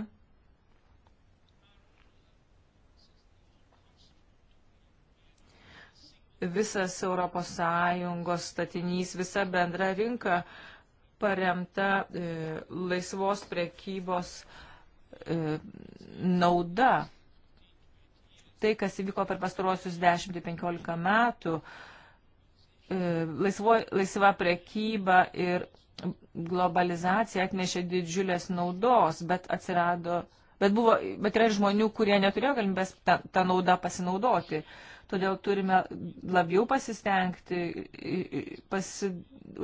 Visas Europos Sąjungos statinys, visa bendra rinka paremta e, laisvos prekybos e, nauda. Tai, kas įvyko per pastaruosius 10-15 tai metų, e, laisvo, laisva prekyba ir globalizacija atnešė didžiulės naudos, bet atsirado, bet, buvo, bet yra žmonių, kurie neturėjo galimybės tą, tą naudą pasinaudoti. Todėl turime labiau pasistengti, pasi,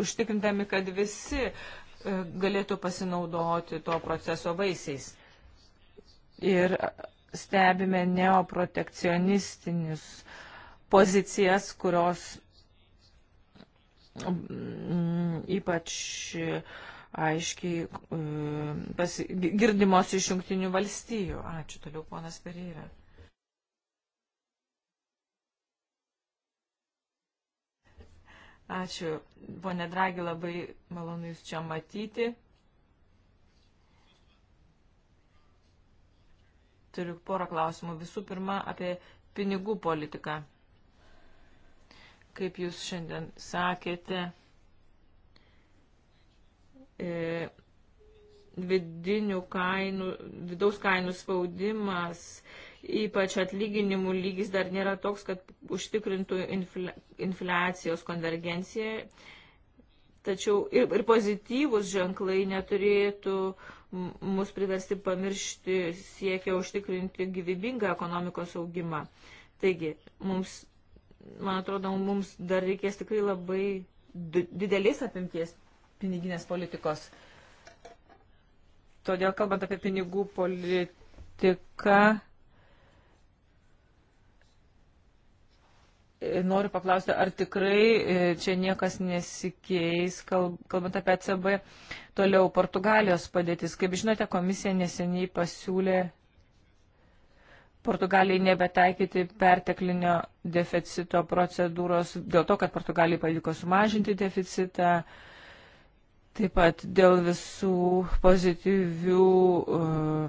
užtikrintami, kad visi e, galėtų pasinaudoti to proceso vaisiais. Ir stebime neoprotekcionistinius pozicijas, kurios Mm, ypač e, aiškiai e, pas, girdimos iš jungtinių valstijų. Ačiū toliau, ponas Pereira. Ačiū, ponė Dragi, labai malonu Jūs čia matyti. Turiu porą klausimų. Visų pirma, apie pinigų politiką kaip jūs šiandien sakėte, e, vidinių kainų, vidaus kainų spaudimas, ypač atlyginimų lygis dar nėra toks, kad užtikrintų infle, infliacijos konvergenciją. Tačiau ir, ir pozityvus ženklai neturėtų mus priversti pamiršti siekia užtikrinti gyvybingą ekonomikos augimą. Taigi, mums man atrodo, mums dar reikės tikrai labai didelės apimties piniginės politikos. Todėl, kalbant apie pinigų politiką, noriu paklausti, ar tikrai e, čia niekas nesikeis, kalbant apie ECB. Toliau Portugalijos padėtis. Kaip žinote, komisija neseniai pasiūlė Portugalijai nebetaikyti perteklinio deficito procedūros dėl to, kad Portugalijai pavyko sumažinti deficitą, taip pat dėl visų pozityvių uh,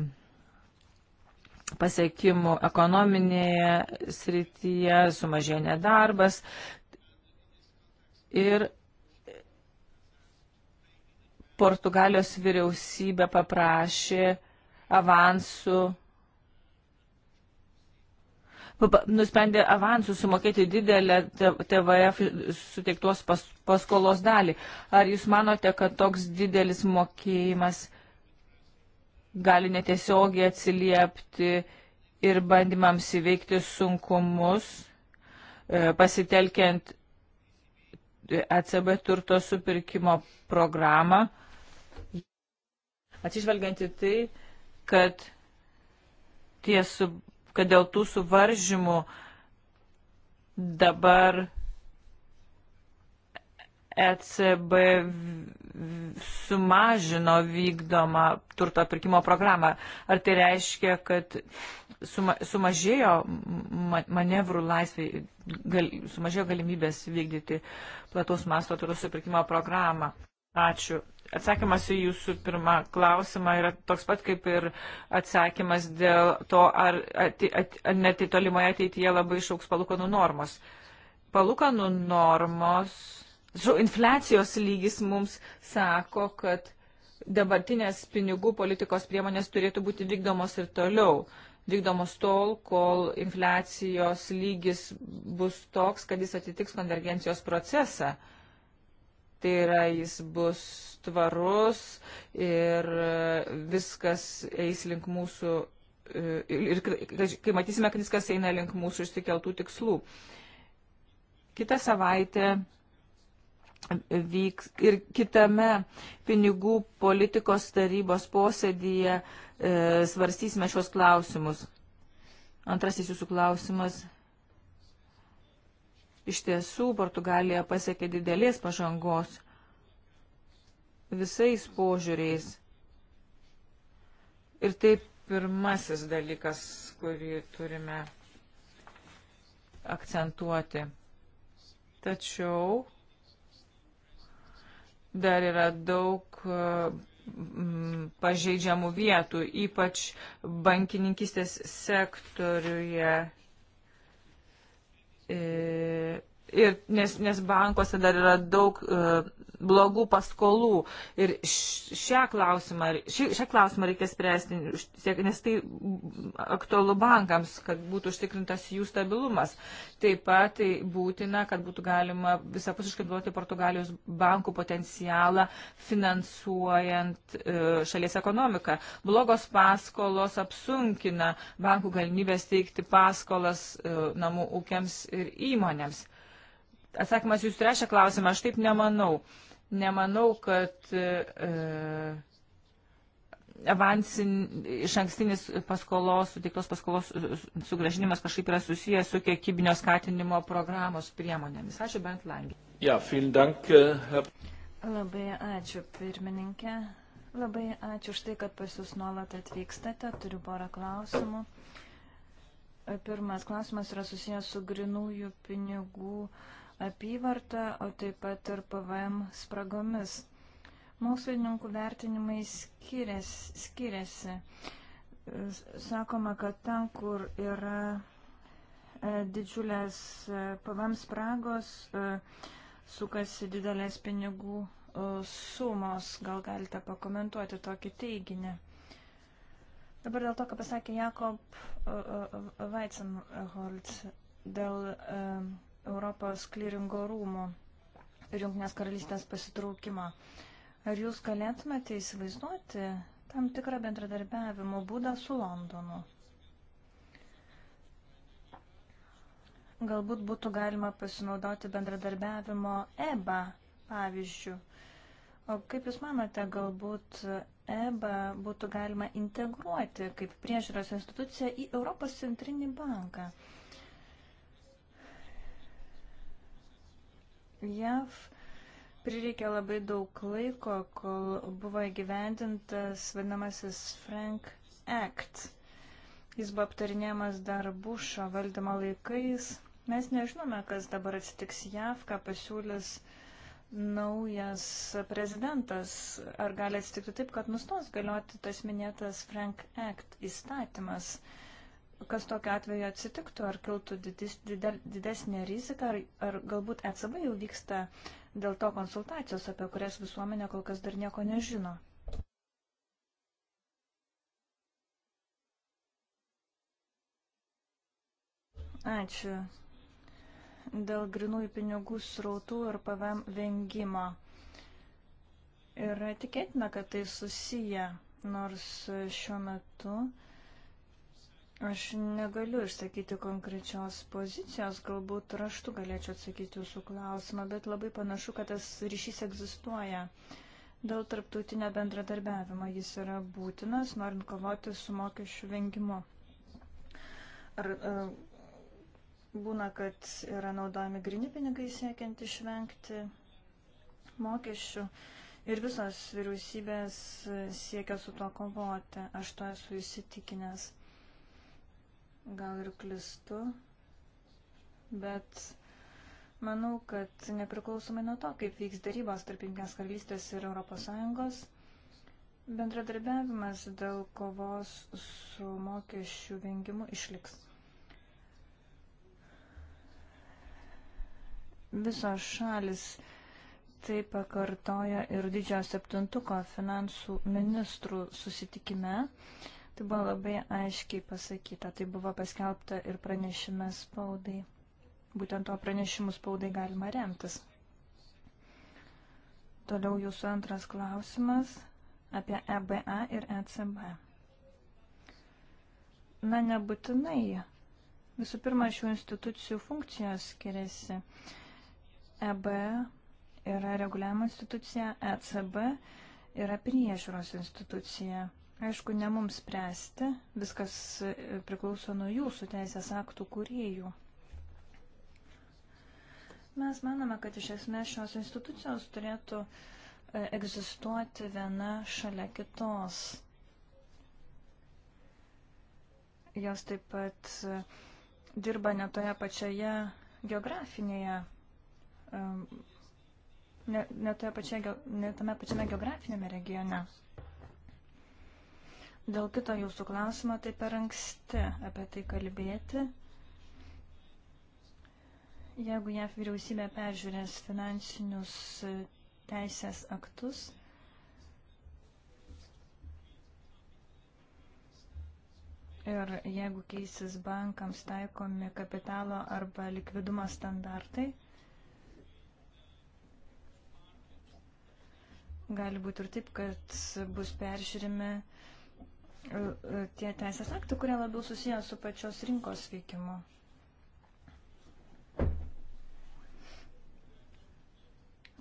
pasiekimų ekonominėje srityje, sumažėjo nedarbas ir Portugalijos vyriausybė paprašė avansų nusprendė avansų sumokėti didelę TVF suteiktos pas, paskolos dalį. Ar jūs manote, kad toks didelis mokėjimas gali netiesiogiai atsiliepti ir bandymams įveikti sunkumus, e, pasitelkiant ECB turto supirkimo programą, atsižvelgiant į tai, kad tie su kad dėl tų suvaržymų dabar ECB sumažino vykdomą turto pirkimo programą. Ar tai reiškia, kad suma, sumažėjo manevrų laisvė, gal, sumažėjo galimybės vykdyti plataus masto turto supirkimo programą? Ačiū. Atsakymas į jūsų pirmą klausimą yra toks pat kaip ir atsakymas dėl to, ar ati, at, netitolimoje ateityje labai išauks palūkanų normos. Palūkanų normos, žinau, infliacijos lygis mums sako, kad dabartinės pinigų politikos priemonės turėtų būti vykdomos ir toliau. Vykdomos tol, kol infliacijos lygis bus toks, kad jis atitiks konvergencijos procesą. Uh, Tai yra, jis bus tvarus ir e, viskas eis link mūsų, e, ir kai matysime, kad viskas eina link mūsų išsikeltų tikslų. Kita savaitė vyks ir kitame pinigų politikos tarybos posėdyje e, svarstysime šios klausimus. Antrasis jūsų klausimas Iš tiesų, Portugalija pasiekė didelės pažangos visais požiūriais. Ir tai pirmasis dalykas, kurį turime akcentuoti. Tačiau dar yra daug mm, pažeidžiamų vietų, ypač bankininkistės sektoriuje E, ir, nes, nes bankuose dar yra daug uh, blogų paskolų. Ir šią klausimą, šį, šią klausimą reikia spręsti, nes tai aktualu bankams, kad būtų užtikrintas jų stabilumas. Taip pat tai būtina, kad būtų galima visapusiškai duoti Portugalijos bankų potencialą finansuojant e, šalies ekonomiką. Blogos paskolos apsunkina bankų galimybės teikti paskolas e, namų ūkiams ir įmonėms. Atsakymas jūsų trečią klausimą, aš taip nemanau. Uh, Nemanau, kad e, e, avansin, iš ankstinis paskolos, sutiktos paskolos e, sugražinimas kažkaip yra susijęs su kiekybinio skatinimo programos priemonėmis. Ačiū bent langį. Ja, dank, e, her... Labai ačiū, pirmininkė. Labai ačiū už tai, kad pas jūs nuolat atvykstate. Turiu porą klausimų. Pirmas klausimas yra susijęs su grinųjų pinigų uh, apyvarta, o taip pat ir PVM spragomis. Mokslininkų vertinimai skiriasi. skiriasi. Sakoma, kad ten, kur yra e, didžiulės e, PVM spragos, e, sukasi didelės pinigų sumos. Gal galite pakomentuoti tokį teiginį? Dabar dėl to, ką pasakė Jakob Weizenholz, dėl Europos kliringo rūmų ir Junknės karalystės pasitraukimą. Ar jūs galėtumėte įsivaizduoti tam tikrą bendradarbiavimo būdą su Londonu? Galbūt būtų galima pasinaudoti bendradarbiavimo EBA pavyzdžių. O kaip Jūs manote, galbūt EBA būtų galima integruoti kaip priežiūros instituciją į Europos centrinį banką? JAV prireikė labai daug laiko, kol buvo įgyvendintas vadinamasis Frank Act. Jis buvo aptarinėjamas dar Bušo valdymo laikais. Mes nežinome, kas dabar atsitiks JAV, ką pasiūlys naujas prezidentas. Ar gali atsitikti taip, kad nustos galioti tas minėtas Frank Act įstatymas? Uh, kas tokiu atveju atsitiktų, ar kiltų didis, didel, didesnė rizika, ar, ar galbūt ECB jau vyksta dėl to konsultacijos, apie kurias visuomenė kol kas dar nieko nežino. Ačiū. Dėl grinųjų pinigų srautų ir PVM vengimo. Ir tikėtina, kad tai susiję, nors šiuo metu uh, Aš negaliu išsakyti konkrečios pozicijos, galbūt raštu galėčiau atsakyti jūsų klausimą, bet labai panašu, kad tas ryšys egzistuoja. Dėl tarptautinio bendradarbiavimo jis yra būtinas, norint kovoti su mokesčių vengimu. Ar e, būna, kad yra naudojami grini pinigai siekiant išvengti mokesčių ir visos vyriausybės siekia su tuo kovoti. Aš to esu įsitikinęs gal ir klistu, bet manau, kad nepriklausomai nuo to, kaip vyks darybos tarp Junktinės karalystės ir ES, bendradarbiavimas dėl kovos su mokesčių vengimu išliks. Visos šalis tai pakartojo ir didžiojo septintuko finansų ministrų susitikime. Mm Tai buvo labai aiškiai pasakyta, tai buvo paskelbta ir pranešime spaudai. Būtent to pranešimu spaudai galima remtis. Toliau jūsų antras klausimas apie EBA ir ECB. Na, nebūtinai. Visų pirma, šių institucijų funkcijos skiriasi. EBA yra reguliavimo institucija, ECB yra priežiūros institucija Aišku, ne mums spręsti, viskas e, priklauso nuo jūsų teisės aktų kuriejų. Mes manome, kad iš esmės šios institucijos turėtų e, egzistuoti viena šalia kitos. Jos taip pat e, dirba ne toje pačioje geografinėje, ne, ne, toje pačioje, ne tame pačiame geografinėme regione. Yes. Dėl kito jūsų klausimo tai per anksti apie tai kalbėti. Jeigu JAF vyriausybė peržiūrės finansinius teisės aktus, ir jeigu keisis bankams taikomi kapitalo arba likvidumo standartai, gali būti ir taip, kad bus peržiūrimi E, e, tie teisės aktai, kurie labiau susiję su pačios rinkos veikimu.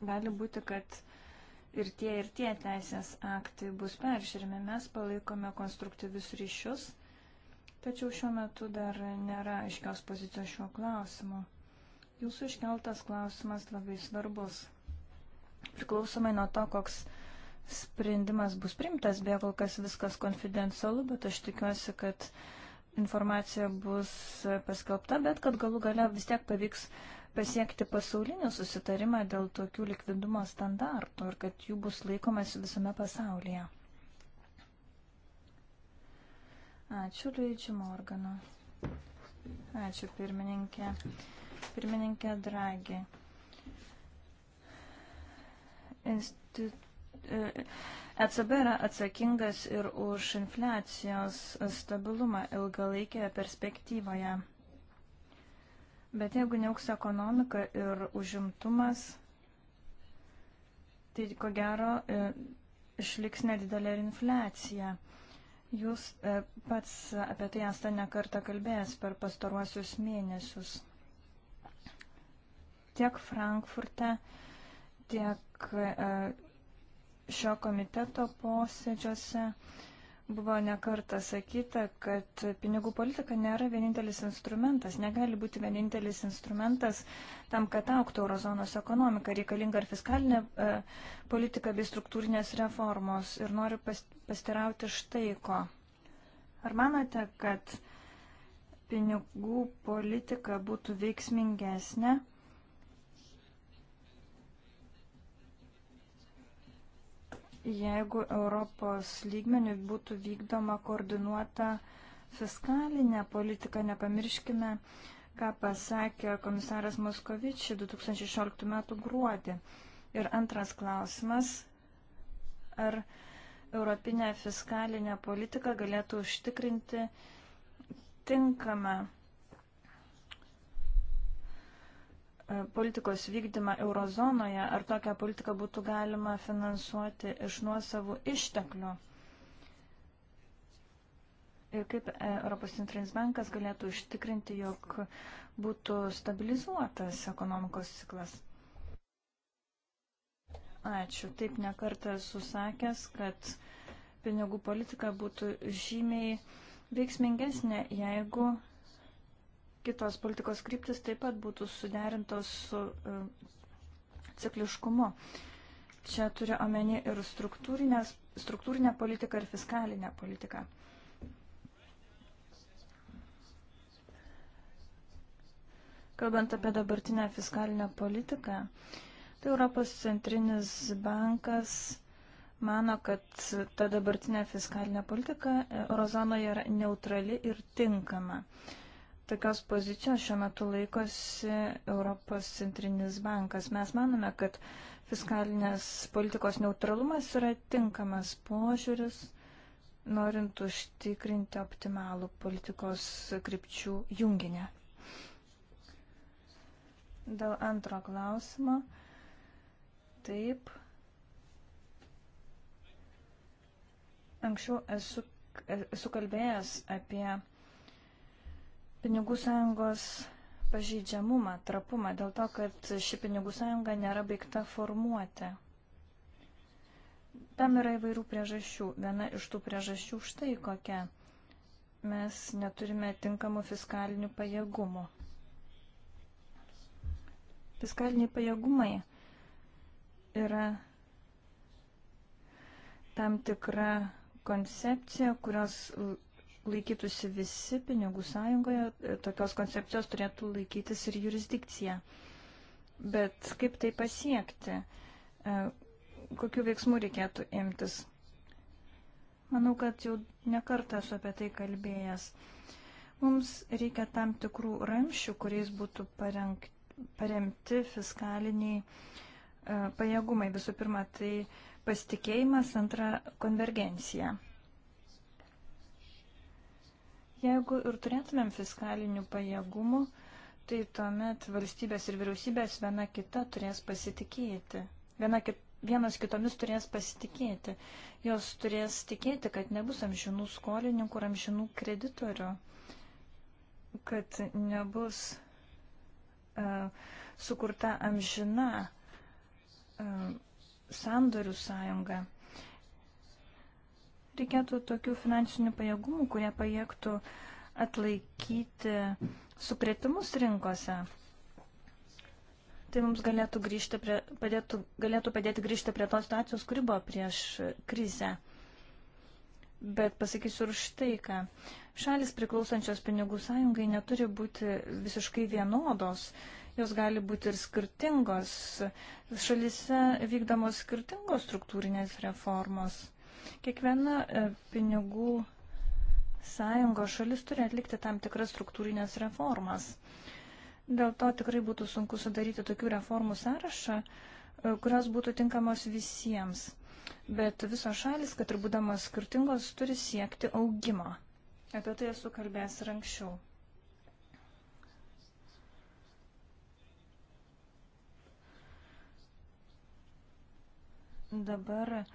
Gali būti, kad ir tie, ir tie teisės aktai bus peržiūrimi. Mes palaikome konstruktyvius ryšius, tačiau šiuo metu dar nėra aiškios pozicijos šiuo klausimu. Jūsų iškeltas klausimas labai svarbus. Priklausomai nuo to, koks sprendimas bus primtas, beje, kol kas viskas konfidencialu, bet aš tikiuosi, kad informacija bus paskelbta, bet kad galų gale vis tiek pavyks pasiekti pasaulinį susitarimą dėl tokių likvidumo standartų ir kad jų bus laikomas visame pasaulyje. Ačiū Liuidžiu Morganu. Ačiū pirmininkė. Pirmininkė Dragi. Institu ECB yra atsakingas ir už infliacijos stabilumą ilgalaikėje perspektyvoje. Bet jeigu neauks ekonomika ir užimtumas, tai ko gero išliks nedidelė ir infliacija. Jūs pats apie tai esate nekartą kalbėjęs per pastaruosius mėnesius. Tiek Frankfurte, tiek šio komiteto posėdžiuose buvo nekarta sakyta, kad pinigų politika nėra vienintelis instrumentas, negali būti vienintelis instrumentas tam, kad auktų eurozonos ekonomika, reikalinga ir fiskalinė e, politika bei struktūrinės reformos. Ir noriu pas, pastirauti štai ko. Ar manote, kad pinigų politika būtų veiksmingesnė? jeigu Europos lygmenių būtų vykdoma koordinuota fiskalinė politika, nepamirškime, ką pasakė komisaras Moskovičiai 2016 m. gruodį. Ir antras klausimas, ar europinė fiskalinė politika galėtų užtikrinti tinkamą E, politikos vykdymą eurozonoje, ar tokią politiką būtų galima finansuoti iš nuosavų išteklių. Ir kaip e, Europos centrinis bankas galėtų užtikrinti, jog būtų stabilizuotas ekonomikos ciklas. Ačiū. Taip nekartą esu sakęs, kad pinigų politika būtų žymiai veiksmingesnė, jeigu kitos politikos kryptis taip pat būtų suderintos su e, cikliškumu. Čia turi omeny ir struktūrinę politiką ir fiskalinę politiką. Kalbant apie dabartinę fiskalinę politiką, tai Europos centrinis bankas mano, kad ta dabartinė fiskalinė politika e, eurozonoje yra neutrali ir tinkama. Uh, Tokios pozicijos šiuo metu laikosi Europos centrinis bankas. Mes manome, kad fiskalinės politikos neutralumas yra tinkamas požiūris, norint užtikrinti optimalų politikos krypčių junginę. Dėl antro klausimo. Taip. Anksčiau esu, esu kalbėjęs apie pinigų sąjungos pažeidžiamumą, trapumą, dėl to, kad ši pinigų sąjunga nėra baigta formuoti. Tam yra įvairių priežasčių. Viena iš tų priežasčių štai kokia. Mes neturime tinkamų fiskalinių pajėgumų. Fiskaliniai pajėgumai yra tam tikra koncepcija, kurios laikytųsi visi pinigų sąjungoje, e, tokios koncepcijos turėtų laikytis ir jurisdikcija. Bet kaip tai pasiekti? E, kokiu veiksmu reikėtų imtis? Manau, kad jau nekartą esu apie tai kalbėjęs. Mums reikia tam tikrų ramščių, kuriais būtų parenk, paremti fiskaliniai e, pajėgumai. Visų pirma, tai pasitikėjimas, antra, konvergencija. Jeigu ir turėtumėm fiskalinių pajėgumų, tai tuomet valstybės ir vyriausybės viena kita turės pasitikėti. Viena kit, vienas kitomis turės pasitikėti. Jos turės tikėti, kad nebus amžinų skolininkų ir amžinų kreditorių, kad nebus uh, sukurta amžina uh, sandorių sąjunga. Reikėtų tokių finansinių pajėgumų, kurie pajėgtų atlaikyti sukretimus rinkose. Tai mums galėtų, prie, padėtų, galėtų padėti grįžti prie tos situacijos, kuri buvo prieš krizę. Bet pasakysiu ir štai ką. Šalis priklausančios pinigų sąjungai neturi būti visiškai vienodos jos gali būti ir skirtingos. Šalise vykdomos skirtingos struktūrinės reformos. Kiekviena e, pinigų sąjungos šalis turi atlikti tam tikras struktūrinės reformas. Dėl to tikrai būtų sunku sudaryti tokių reformų sąrašą, e, kurios būtų tinkamos visiems. Bet visos šalis, kad ir būdamos skirtingos, turi siekti augimo. Apie tai esu kalbėjęs ir anksčiau. Dabar uh,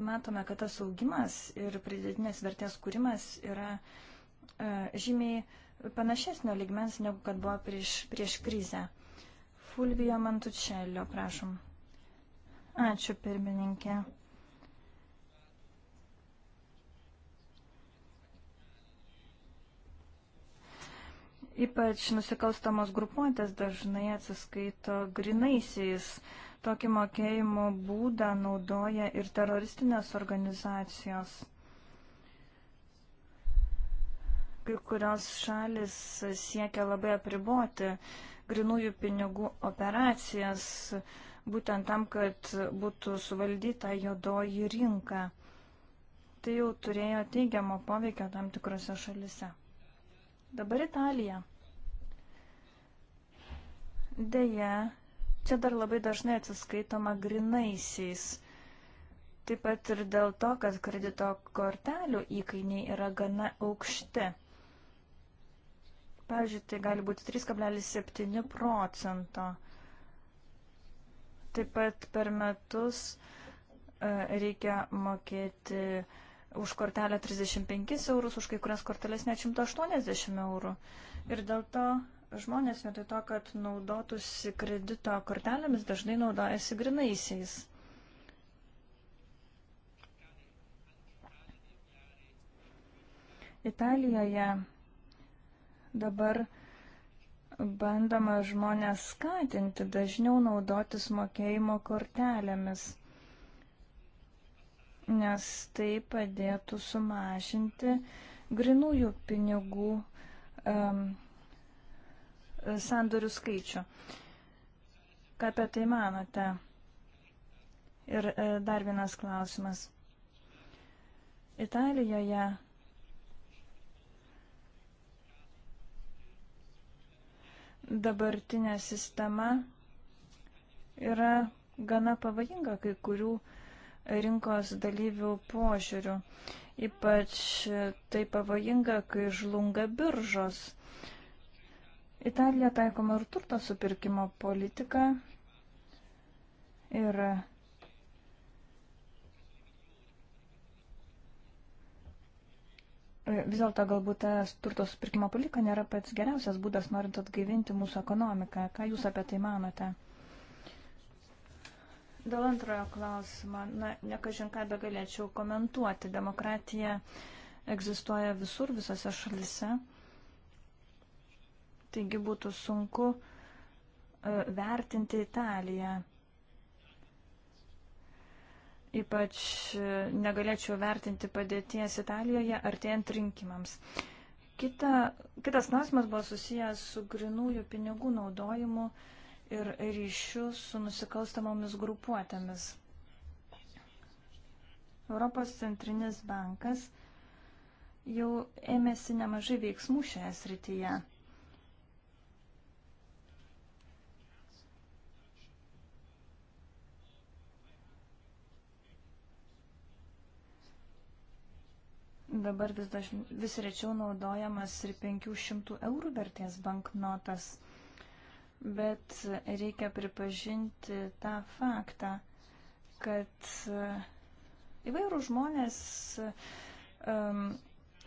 matome, kad tas augimas ir pridėtinės vertės kūrimas yra e, žymiai panašesnio ligmens, negu kad buvo prieš, prieš krizę. Fulvio Mantučelio, prašom. Ačiū, pirmininkė. Ypač nusikalstamos grupuotės dažnai atsiskaito grinaisiais Tokį mokėjimo būdą naudoja ir teroristinės organizacijos. Kai kurios šalis siekia labai apriboti grinųjų pinigų operacijas, būtent tam, kad būtų suvaldyta jodoji rinka. Tai jau turėjo teigiamo poveikio tam tikrose šalise. Dabar Italija. Deja, Čia dar labai dažnai atsiskaitoma grinaisiais. Taip pat ir dėl to, kad kredito kortelių įkainiai yra gana aukšti. Pavyzdžiui, tai gali būti 3,7 procento. Taip pat per metus e, reikia mokėti už kortelę 35 eurus, už kai kurias korteles net 180 eurų. Ir dėl to Žmonės vietoj to, kad naudotųsi kredito kortelėmis, dažnai naudojasi grinaisiais. Italijoje dabar bandoma žmonės skatinti dažniau naudotis mokėjimo kortelėmis, nes tai padėtų sumažinti grinųjų pinigų um, sandorių skaičių. Ką apie tai manote? Ir e, dar vienas klausimas. Italijoje dabartinė sistema yra gana pavojinga kai kurių rinkos dalyvių požiūrių. Ypač tai pavojinga, kai žlunga biržos. Italija taikoma ir turto supirkimo politika ir vis dėlto galbūt tas turto supirkimo politika nėra pats geriausias būdas, norint atgaivinti mūsų ekonomiką. Ką Jūs apie tai manote? Dėl antrojo klausimo, na, nekažin ką begalėčiau komentuoti. Demokratija egzistuoja visur, visose šalise taigi būtų sunku e, vertinti Italiją. Ypač e, negalėčiau vertinti padėties Italijoje artėjant rinkimams. Kita, kitas klausimas buvo susijęs su grinųjų pinigų naudojimu ir ryšiu su nusikalstamomis grupuotėmis. Europos centrinis bankas jau ėmėsi nemažai veiksmų šioje srityje. dabar vis, dažn, vis rečiau naudojamas ir 500 eurų vertės banknotas. Bet reikia pripažinti tą faktą, kad e, įvairių žmonės um,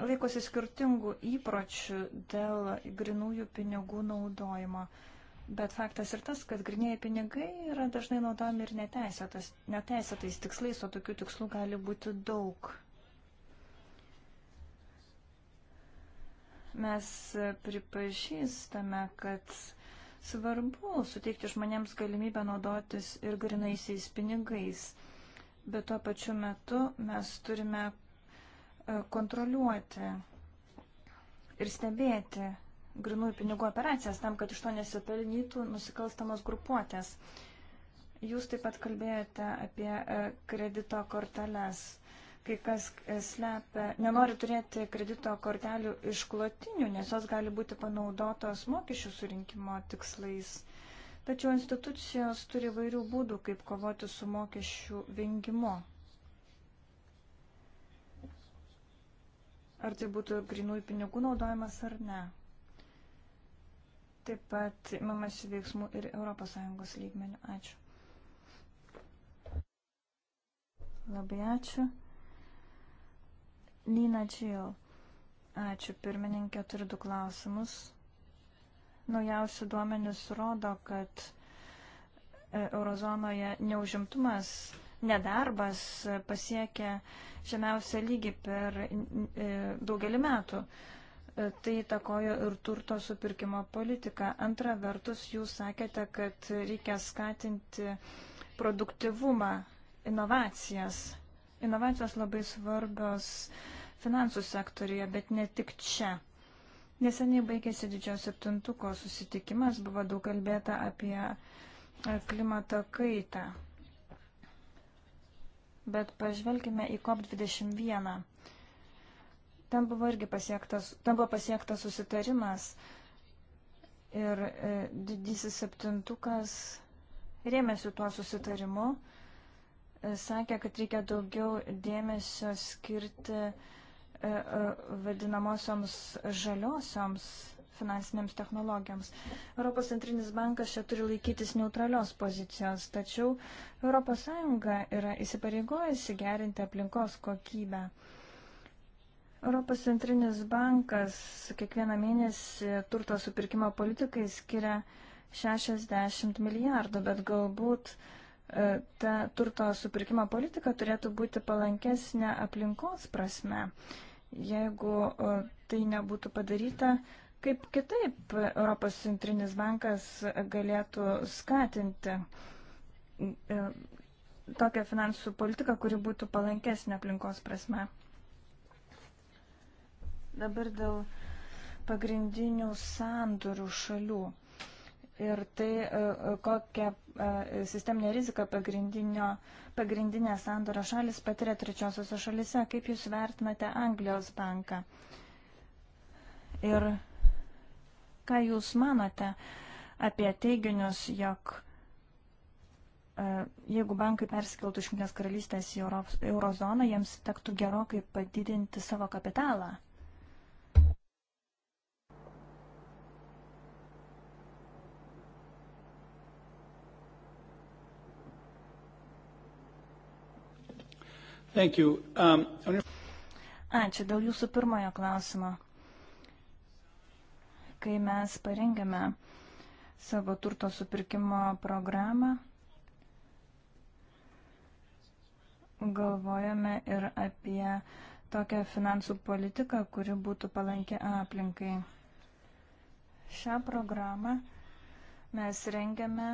laikosi skirtingų įpročių dėl grinųjų pinigų naudojimo. Bet faktas ir tas, kad grinėjai pinigai yra dažnai naudojami ir neteisėtais tikslais, o tokių tikslų gali būti daug. mes pripažįstame, kad svarbu suteikti žmonėms galimybę naudotis ir grinaisiais pinigais, bet tuo pačiu metu mes turime e, kontroliuoti ir stebėti grinųjų pinigų operacijas tam, kad iš to nesipelnytų nusikalstamos grupuotės. Jūs taip pat kalbėjote apie e, kredito korteles kai kas slepia, nenori turėti kredito kortelių išklotinių, nes jos gali būti panaudotos mokesčių surinkimo tikslais. Tačiau institucijos turi vairių būdų, kaip kovoti su mokesčių vengimu. Ar tai būtų grinųjų pinigų naudojimas ar ne. Taip pat imamasi veiksmų ir ES lygmenių. Ačiū. Labai ačiū. Nina Džil. Ačiū pirmininkė, turiu du klausimus. Naujausi duomenys rodo, kad e, eurozonoje neužimtumas, nedarbas pasiekia žemiausią lygį per e, daugelį metų. E, tai įtakojo ir turto supirkimo politiką. Antra vertus, jūs sakėte, kad reikia skatinti produktivumą, inovacijas Inovacijos labai svarbios finansų sektorija, bet ne tik čia. Neseniai baigėsi didžios septintuko susitikimas, buvo daug kalbėta apie e, klimato kaitą. Bet pažvelkime į COP21. Ten buvo irgi pasiektas, ten buvo pasiektas susitarimas ir e, didysis septintukas rėmėsi tuo susitarimu sakė, kad reikia daugiau dėmesio skirti e, e, vadinamosioms žaliosioms finansinėms technologijoms. Europos centrinis bankas čia turi laikytis neutralios pozicijos, tačiau ES yra įsipareigojusi gerinti aplinkos kokybę. Europos centrinis bankas kiekvieną mėnesį turto supirkimo politikai skiria 60 milijardų, bet galbūt uh, E, ta turto supirkimo politika turėtų būti palankesnė aplinkos prasme. Jeigu e, tai nebūtų padaryta, kaip kitaip Europos centrinis bankas galėtų skatinti e, tokią finansų politiką, kuri būtų palankesnė aplinkos prasme. Dabar dėl pagrindinių sandorių šalių ir tai, e, e, kokią e, sisteminę riziką pagrindinė sandorio šalis patiria trečiosiuose šalise. Kaip Jūs vertinate Anglijos banką? Ir ką Jūs manote apie teiginius, jog jeigu bankai persikeltų iš Junktinės karalystės į Eurozoną, jiems tektų gerokai padidinti savo kapitalą? Um, your... Ačiū dėl jūsų pirmojo klausimo. Kai mes parengėme savo turto supirkimo programą, galvojame ir apie tokią finansų politiką, kuri būtų palanki aplinkai. Šią programą mes rengiame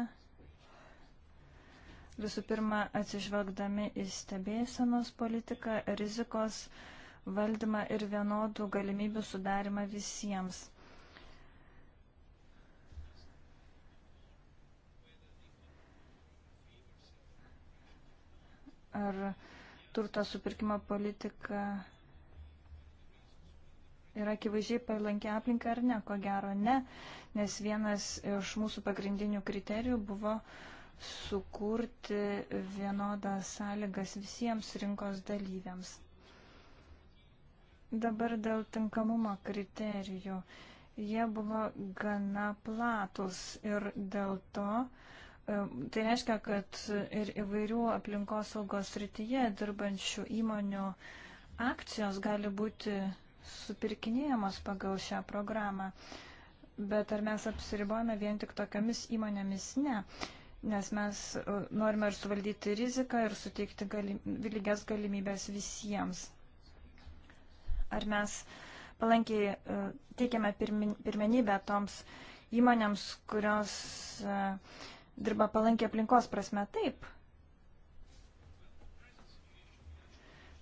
visų pirma atsižvelgdami į stebėsenos politiką, rizikos valdymą ir vienodų galimybių sudarimą visiems. Ar turto supirkimo politika yra akivaizdžiai palankia aplinka ar ne? Ko gero ne, nes vienas iš mūsų pagrindinių kriterijų buvo uh, sukurti vienodas sąlygas visiems rinkos dalyviams. Dabar dėl tinkamumo kriterijų. Jie buvo gana platus ir dėl to, e, tai reiškia, kad ir įvairių aplinkos saugos rytyje dirbančių įmonių akcijos gali būti supirkinėjamos pagal šią programą. Bet ar mes apsiribojame vien tik tokiamis įmonėmis? Ne nes mes e, norime ir suvaldyti riziką, ir suteikti galim, lygias galimybės visiems. Ar mes palankiai e, teikiame pirmenybę toms įmonėms, kurios e, dirba palankiai aplinkos prasme? Taip.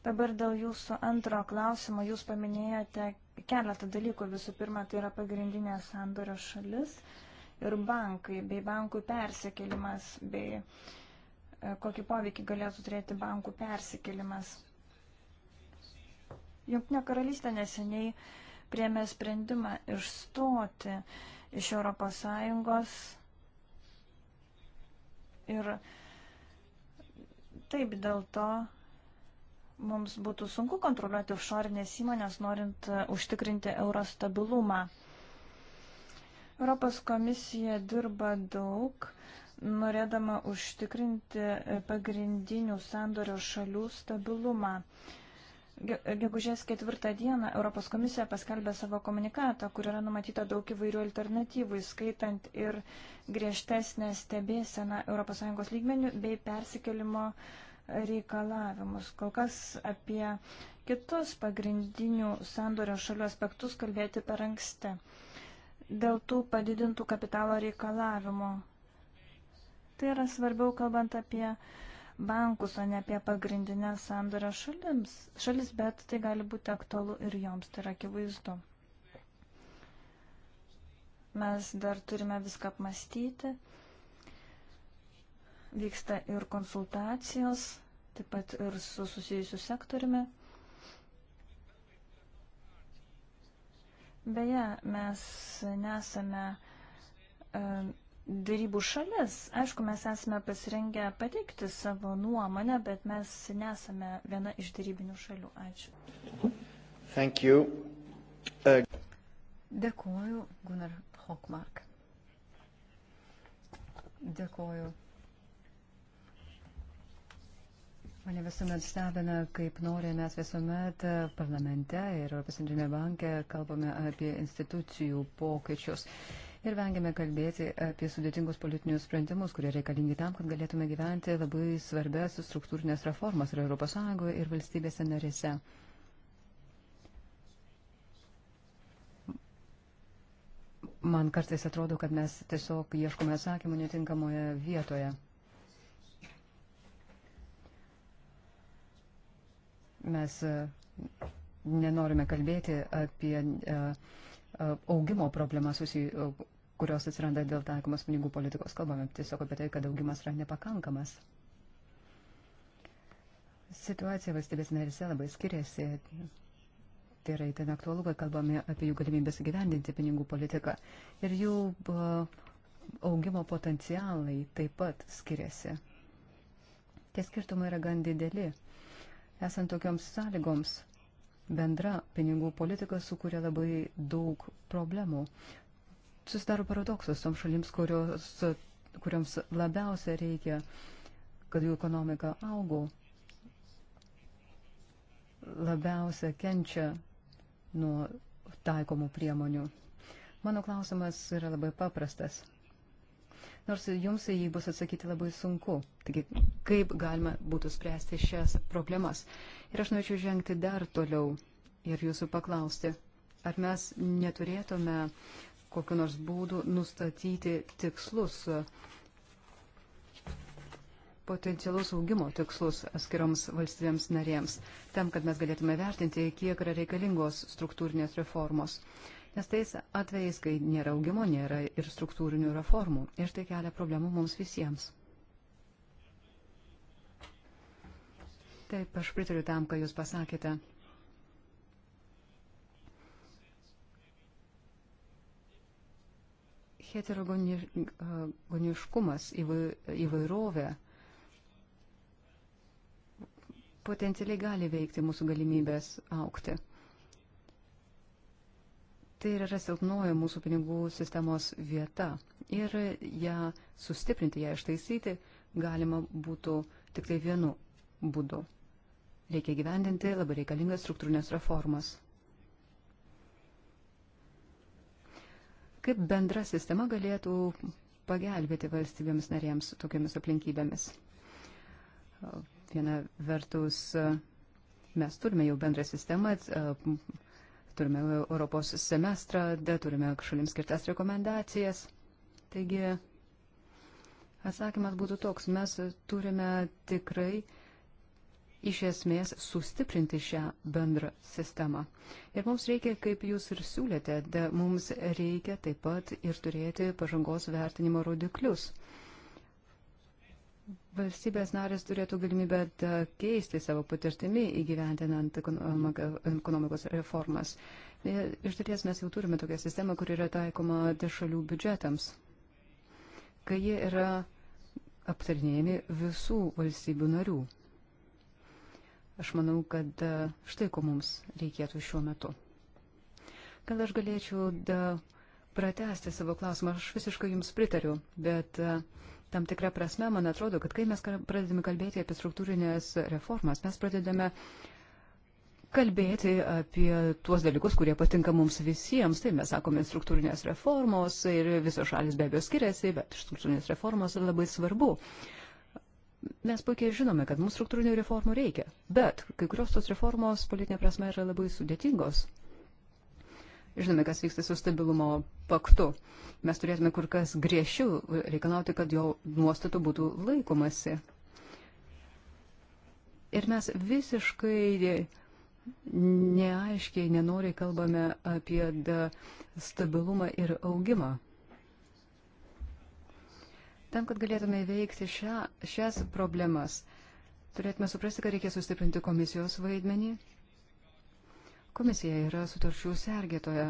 Dabar dėl jūsų antro klausimo, jūs paminėjote keletą dalykų. Visų pirma, tai yra pagrindinė sandorio šalis. Uh, ir bankai, bei bankų persikėlimas, bei e, kokį poveikį galėtų turėti bankų persikėlimas. Junktinė karalystė neseniai priemė sprendimą išstoti iš Europos Sąjungos ir taip dėl to mums būtų sunku kontroliuoti išorinės įmonės, norint e, užtikrinti euro stabilumą. Europos komisija dirba daug, norėdama užtikrinti pagrindinių sandorio šalių stabilumą. Gegužės ketvirtą dieną Europos komisija paskelbė savo komunikatą, kur yra numatyta daug įvairių alternatyvų, įskaitant ir griežtesnę stebėseną ES lygmenių bei persikelimo reikalavimus. Kol kas apie kitus pagrindinių sandorio šalių aspektus kalbėti per anksti dėl tų padidintų kapitalo reikalavimų. Tai yra svarbiau kalbant apie bankus, o ne apie pagrindinę sandorą šalims, šalis, bet tai gali būti aktualu ir joms, tai yra akivaizdu. Mes dar turime viską apmastyti. Vyksta ir konsultacijos, taip pat ir su susijusiu sektoriumi. Beje, mes nesame e, dėrybų šalis. Aišku, mes esame pasirengę pateikti savo nuomonę, bet mes nesame viena iš dėrybinių šalių. Ačiū. Thank you. Uh... Dėkuoju, Gunnar Hockmark. Dėkuoju. Mane visuomet stebina, kaip nori, mes visuomet e, parlamente ir Europos centrinė bankė kalbame apie institucijų pokyčius ir vengiame kalbėti apie sudėtingus politinius sprendimus, kurie reikalingi tam, kad galėtume gyventi labai svarbias struktūrinės reformas ir Europos Sąjungoje ir valstybėse narėse. Man kartais atrodo, kad mes tiesiog ieškome atsakymų netinkamoje vietoje. Mes e, nenorime kalbėti apie e, e, augimo problemą susijų kurios atsiranda dėl taikomos pinigų politikos. Kalbame tiesiog apie tai, kad augimas yra nepakankamas. Situacija valstybės narėse labai skiriasi. Tai yra įtin aktualu, kai kalbame apie jų galimybės gyvendinti pinigų politiką. Ir jų augimo potencialai taip pat skiriasi. Tie skirtumai yra gan dideli. Esant tokioms sąlygoms, bendra pinigų politika sukuria labai daug problemų. Susidaro paradoksas tom šalims, kurios, kurioms labiausia reikia, kad jų ekonomika augo, labiausia kenčia nuo taikomų priemonių. Mano klausimas yra labai paprastas nors jums į jį bus atsakyti labai sunku. Taigi, kaip galima būtų spręsti šias problemas? Ir aš norėčiau žengti dar toliau ir jūsų paklausti, ar mes neturėtume kokiu nors būdu nustatyti tikslus, potencialus augimo tikslus atskiroms valstybėms narėms, tam, kad mes galėtume vertinti, kiek yra reikalingos struktūrinės reformos. Nes tais atvejais, kai nėra augimo, nėra ir struktūrinių reformų. Ir tai kelia problemų mums visiems. Taip, aš pritariu tam, ką Jūs pasakėte. Heterogoniškumas, įvairovė potencialiai gali veikti mūsų galimybės aukti. Tai yra silpnoji mūsų pinigų sistemos vieta. Ir ją sustiprinti, ją ištaisyti galima būtų tik tai vienu būdu. Reikia gyvendinti labai reikalingas struktūrinės reformas. Kaip bendra sistema galėtų pagelbėti valstybėms narėms tokiamis aplinkybėmis? Viena vertus, mes turime jau bendrą sistemą turime Europos semestrą, turime šalims skirtas rekomendacijas. Taigi, atsakymas būtų toks, mes turime tikrai iš esmės sustiprinti šią bendrą sistemą. Ir mums reikia, kaip jūs ir siūlėte, mums reikia taip pat ir turėti pažangos vertinimo rodiklius. Uh, Valstybės narės turėtų galimybę e, keisti savo patirtimi įgyventinant e, ekonomikos reformas. E, iš dalies mes jau turime tokią sistemą, kur yra taikoma šalių biudžetams, kai jie yra aptarinėjami visų valstybių narių. Aš manau, kad štai ko mums reikėtų šiuo metu. Gal aš galėčiau da, pratesti savo klausimą, aš visiškai jums pritariu, bet uh, Tam tikrą prasme, man atrodo, kad kai mes pradedame kalbėti apie struktūrinės reformas, mes pradedame kalbėti apie tuos dalykus, kurie patinka mums visiems. Tai mes sakome struktūrinės reformos ir visos šalis be abejo skiriasi, bet struktūrinės reformos labai svarbu. Mes puikiai žinome, kad mums struktūrinių reformų reikia, bet kai kurios tos reformos politinė prasme yra labai sudėtingos, Žinome, kas vyksta su stabilumo paktu. Mes turėtume kur kas griežčiau reikalauti, kad jo nuostatų būtų laikomasi. Ir mes visiškai neaiškiai, nenoriai kalbame apie stabilumą ir augimą. Tam, kad galėtume veikti šią, šias problemas, turėtume suprasti, kad reikia sustiprinti komisijos vaidmenį, Komisija yra sutarčių sergėtoja.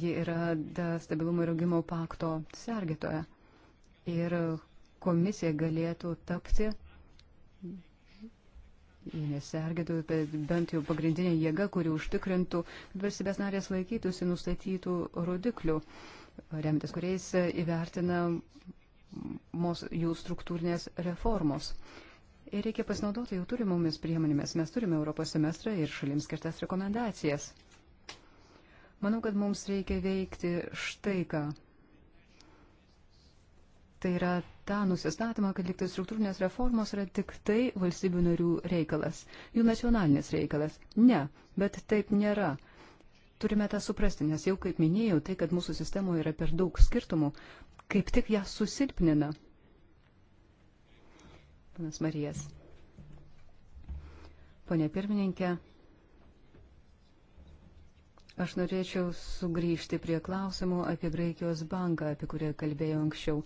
Ji yra stabilumo ir augimo pakto sergėtoja. Ir komisija galėtų tapti, jei nesergėtų, bet bent jau pagrindinė jėga, kuri užtikrintų, kad valstybės narės laikytųsi nustatytų rodiklių, remtis kuriais įvertina jų struktūrinės reformos. Ir reikia pasinaudoti jau turimomis priemonėmis. Mes turime Europos semestrą ir šalims skirtas rekomendacijas. Manau, kad mums reikia veikti štai ką. Tai yra tą nusistatymą, kad liktai struktūrinės reformos yra tik tai valstybių narių reikalas, jų nacionalinis reikalas. Ne, bet taip nėra. Turime tą suprasti, nes jau kaip minėjau, tai, kad mūsų sistemoje yra per daug skirtumų, kaip tik ją susilpnina. Panas Marijas. Pone pirmininkė, aš norėčiau sugrįžti prie klausimų apie Graikijos banką, apie kurį kalbėjau anksčiau.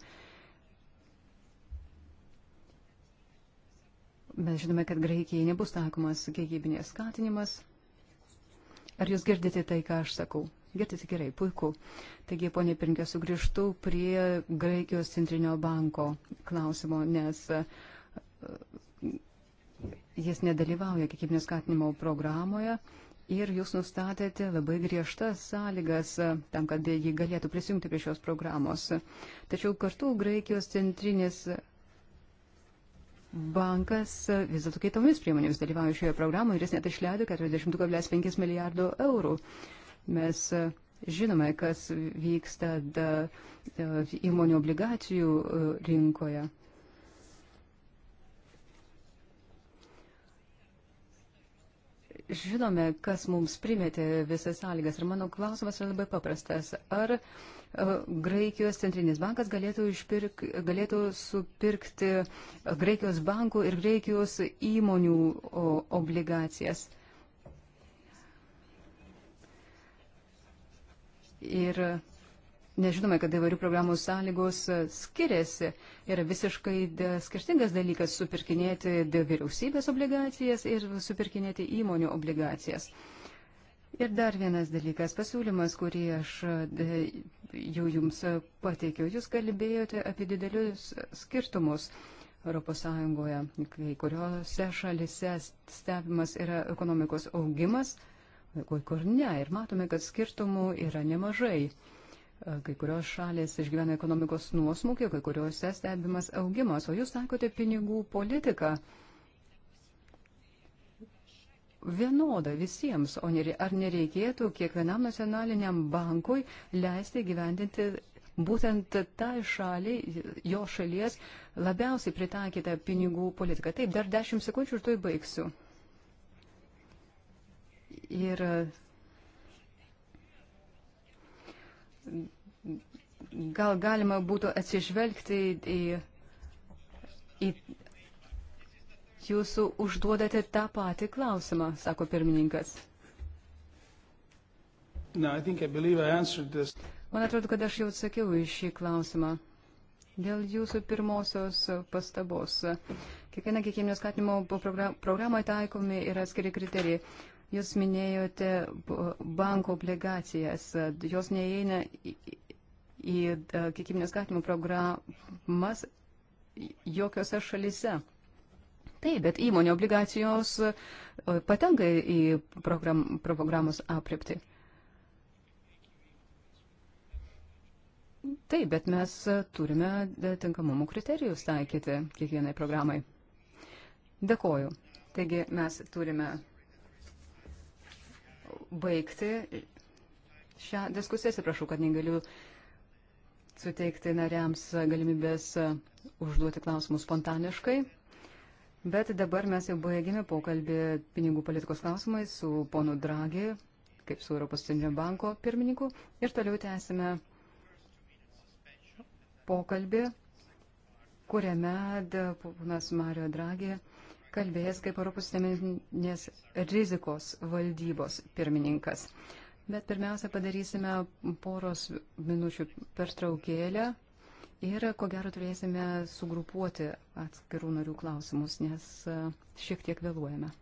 Mes žinome, kad Graikijai nebus taikomas gyvybinės skatinimas. Ar jūs girdite tai, ką aš sakau? Girdite gerai, puiku. Taigi, ponė Pirinkė, sugrįžtu prie Graikijos centrinio banko klausimo, nes uh, jis nedalyvauja kiekybinio skatinimo programoje ir jūs nustatėte labai griežtas sąlygas e, tam, kad jį galėtų prisijungti prie šios programos. Tačiau kartu Graikijos centrinis bankas vis dėlto kitomis priemonėmis dalyvauja šioje programoje ir jis net išleido 40,5 milijardo eurų. Mes e, žinome, kas vyksta da, da, įmonių obligacijų e, rinkoje. žinome, kas mums primėtė visas sąlygas. Ir mano klausimas yra labai paprastas. Ar e, Graikijos centrinis bankas galėtų, išpirk, galėtų supirkti e, Graikijos bankų ir Graikijos įmonių obligacijas? Ir Nežinome, kad įvairių programų sąlygos e, skiriasi. Yra visiškai e, skirtingas dalykas supirkinėti vyriausybės obligacijas ir supirkinėti įmonių obligacijas. Ir dar vienas dalykas, pasiūlymas, kurį aš e, jau jums pateikiau. Jūs kalbėjote apie didelius skirtumus ES, kai kuriuose šalise stebimas yra ekonomikos augimas, kai kur ne. Ir matome, kad skirtumų yra nemažai. Kai kurios šalis išgyvena ekonomikos nuosmukį, kai kuriuose stebimas augimas, o jūs sakote pinigų politiką vienoda visiems, o ar nereikėtų kiekvienam nacionaliniam bankui leisti gyvendinti būtent tai šaliai, jo šalies labiausiai pritaikytą pinigų politiką. Taip, dar dešimt sekundžių ir tu tai įbaigsiu. Ir gal galima būtų atsižvelgti į, į jūsų užduodate tą patį klausimą, sako pirmininkas. No, I think, I I Man atrodo, kad aš jau atsakiau į šį klausimą. Dėl jūsų pirmosios pastabos. Kiekviena kiekvienos skatinimo programai taikomi yra atskiri kriterijai. Jūs minėjote banko obligacijas, jos neįeina į e, kiekybinio skatimo programas jokiose šalise. Taip, bet įmonių obligacijos e, patenka į program, programos aprepti. Taip, bet mes turime e, tinkamumo kriterijus taikyti kiekvienai programai. Dėkoju. Taigi mes turime baigti šią diskusiją. Atsiprašau, kad negaliu suteikti nariams galimybės užduoti klausimus spontaniškai. Bet dabar mes jau baigėme pokalbį pinigų politikos klausimais su ponu Dragi, kaip su Europos Centrinio banko pirmininku. Ir toliau tęsime pokalbį, kuriame ponas Mario Dragi kalbėjęs kaip Europos sisteminės rizikos valdybos pirmininkas. Bet pirmiausia, padarysime poros minučių pertraukėlę ir ko gero turėsime sugrupuoti atskirų narių klausimus, nes e, šiek tiek vėluojame.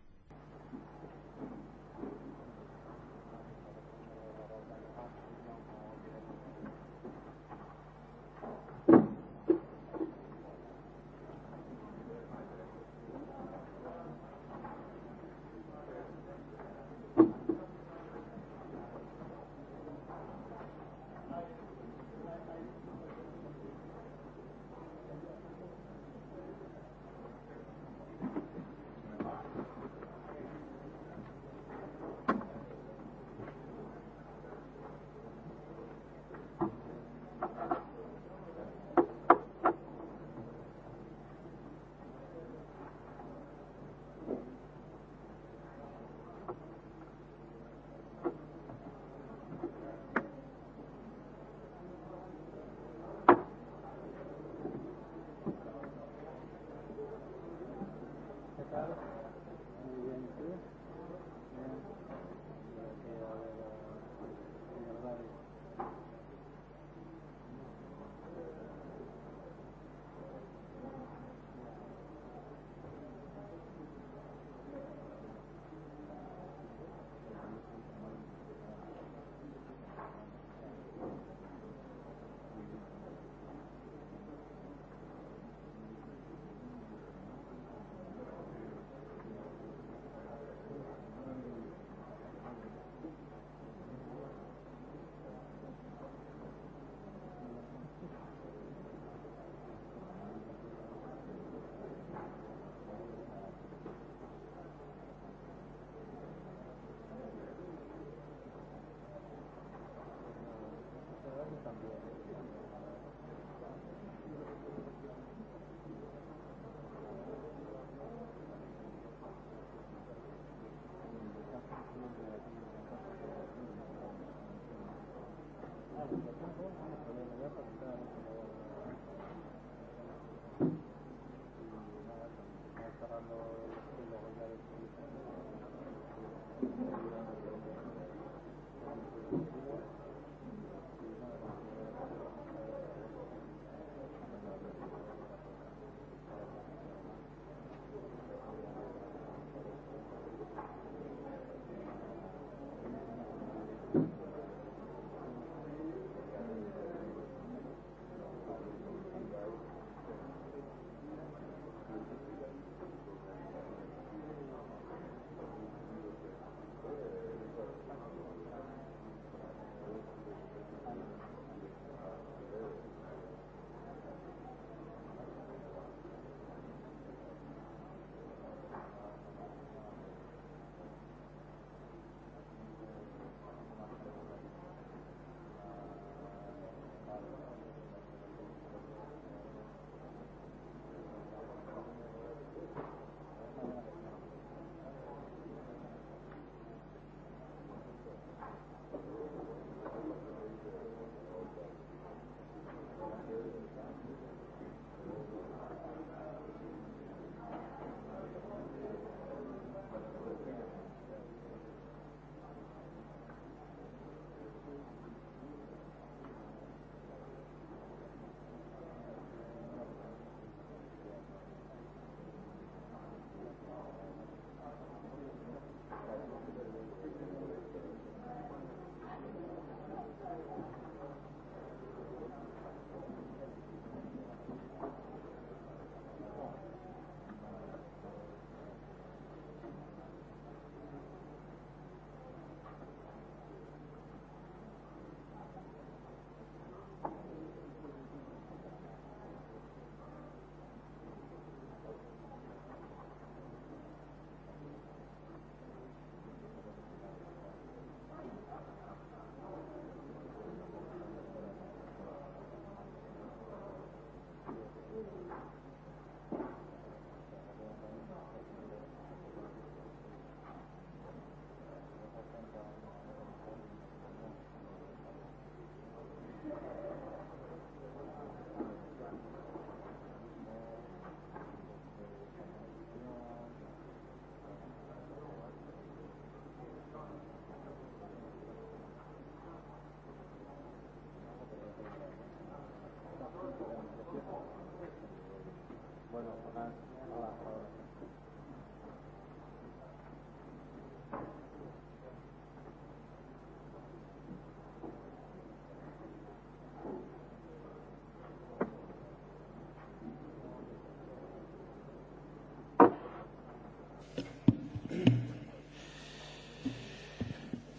pueblo zonal a las horas.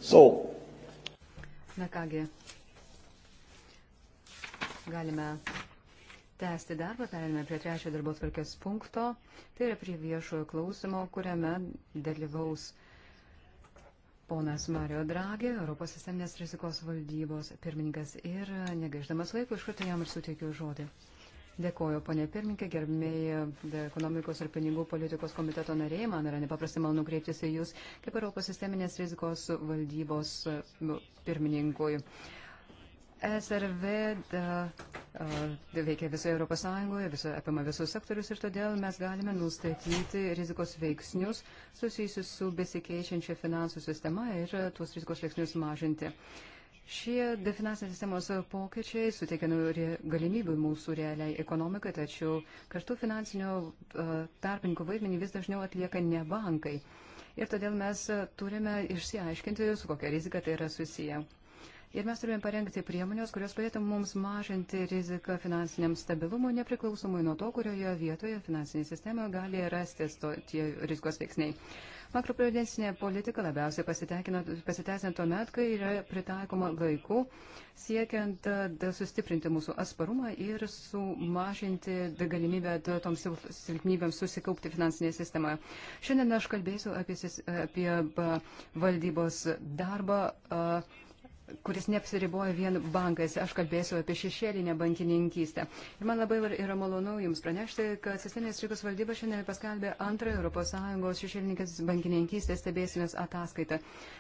So. Na kągi, galime tęsti darbą, perėmėme prie trečio darbo tvarkės punkto, tai yra prie viešojo klausimo, kuriame dalyvaus ponas Mario Dragė, Europos sisteminės rizikos valdybos pirmininkas ir negaiždamas laiko iš karto jam ir suteikiu žodį. Dėkoju, ponė pirmininkė, gerbėjai ekonomikos ir pinigų politikos komiteto nariai. Man yra nepaprastai malonu kreiptis į Jūs kaip Europos sisteminės rizikos valdybos pirmininkui. SRV da, veikia visoje Europos Sąjungoje, viso, apima visus sektorius ir todėl mes galime nustatyti rizikos veiksnius susijusius su besikeičiančia finansų sistema ir tuos rizikos veiksnius mažinti. Šie definansinės sistemos pokyčiai suteikia galimybių mūsų realiai ekonomikai, tačiau kartu finansinio tarpininkų vaidmenį vis dažniau atlieka ne bankai. Ir todėl mes turime išsiaiškinti, su kokia rizika tai yra susiję. Ir mes turime parengti priemonės, kurios padėtų mums mažinti riziką finansiniam stabilumui, nepriklausomai nuo to, kurioje vietoje finansinė sistema gali rasti to, tie rizikos veiksniai. Makroprudensinė politika labiausiai pasiteisina tuo met, kai yra pritaikoma laiku, siekiant e, sustiprinti mūsų asparumą ir sumažinti galimybę toms silpnybėms susikaupti finansinėje sistemoje. Šiandien aš kalbėsiu apie, apie valdybos darbą. Uh, kuris neapsiriboja vien bankais. Aš kalbėsiu apie šešėlinę bankininkystę. Ir man labai yra malonu Jums pranešti, kad sisteminės rinkos valdyba šiandien paskelbė antrąją ES šešėlininkės bankininkystės stebėsinės ataskaitą.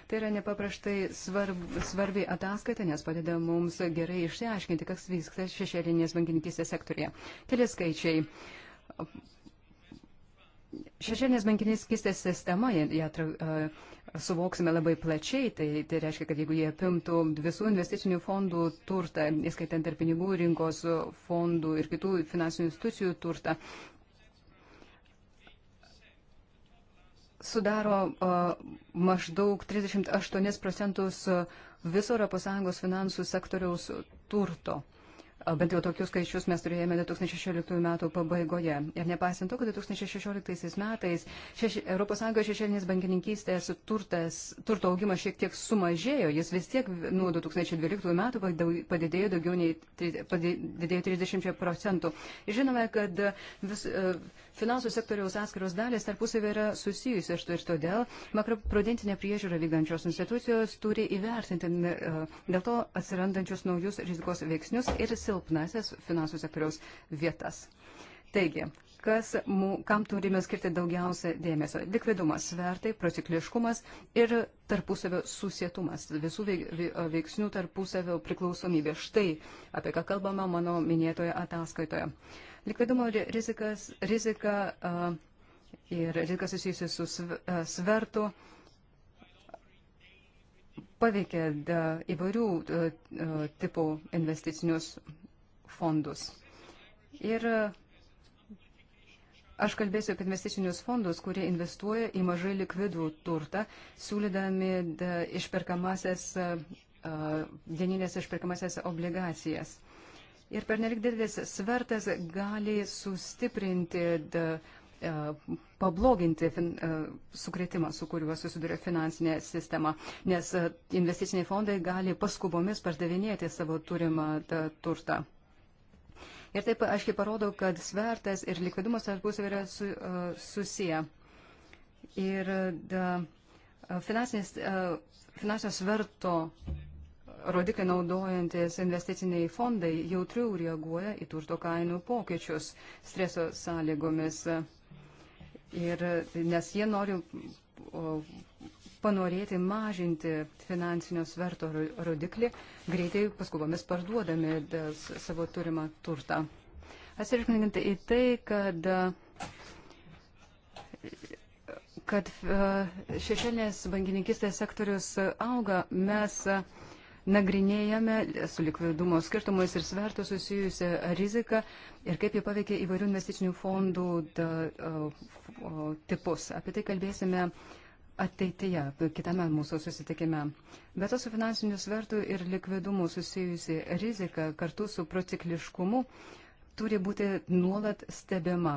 Tai yra nepaprastai svarb, svarbi ataskaita, nes padeda mums gerai išsiaiškinti, kas vyksta šešėlinės bankininkystės sektorėje. Keli skaičiai. Šešėlinės bankininkystės sistema, ją, ją, suvoksime labai plačiai, tai, tai reiškia, kad jeigu jie apimtų visų investicinių fondų turtą, įskaitant ir pinigų rinkos fondų ir kitų finansinių institucijų turtą, sudaro uh, maždaug 38 procentus viso ES finansų sektoriaus turto. Bent jau tokius skaičius mes turėjome 2016 metų pabaigoje. Ir nepaisant to, kad 2016 metais šeši, ES šešėlinės bankininkystės turtas, turto augimas šiek tiek sumažėjo, jis vis tiek nuo 2012 metų padidėjo daugiau nei padidėjo 30 procentų. Žinome, kad vis, uh, Finansų sektoriaus atskiros dalys tarpusavį yra susijusios ir todėl makroprudentinė priežiūra vykdančios institucijos turi įvertinti e, dėl to atsirandančius naujus rizikos veiksnius ir silpnasias finansų sektoriaus vietas. Taigi, kas, kam turime skirti daugiausia dėmesio. Likvidumas, svertai, procikliškumas ir tarpusavio susietumas, visų veiksnių tarpusavio priklausomybė. Štai apie ką kalbama mano minėtoje ataskaitoje. Likvidumo rizikas, rizika ir rizika susijusi su svertu paveikia įvairių tipų investicinius fondus. Ir Aš kalbėsiu apie investicinius fondus, kurie investuoja į mažai likvidų turtą, siūlydami išperkamasias, dieninės išperkamasias obligacijas. Ir pernelik didelis svertas gali sustiprinti, da, e, pabloginti fin, e, sukretimą, su kuriuo susiduria finansinė sistema, nes e, investiciniai fondai gali paskubomis pardavinėti savo turimą da, turtą. Ir taip aiškiai parodo, kad svertas ir likvidumas tarpusavį yra su, uh, susiję. Ir da, finansinės, uh, finansinio sverto rodikliai naudojantis investiciniai fondai jautriau reaguoja į turto kainų pokyčius streso sąlygomis. Ir nes jie nori panorėti mažinti finansinio sverto rodiklį, greitai paskubomis parduodami savo turimą turtą. Atsižvelgiant į tai, kad kad e, šešėlės bankininkistės sektorius auga, mes nagrinėjame su likvidumo skirtumais ir svertų susijusią riziką ir kaip jie paveikia įvairių investicinių fondų da, o, tipus. Apie tai kalbėsime ateityje, kitame mūsų susitikime. Bet to su finansiniu svertu ir likvidumu susijusi rizika kartu su procikliškumu turi būti nuolat stebima.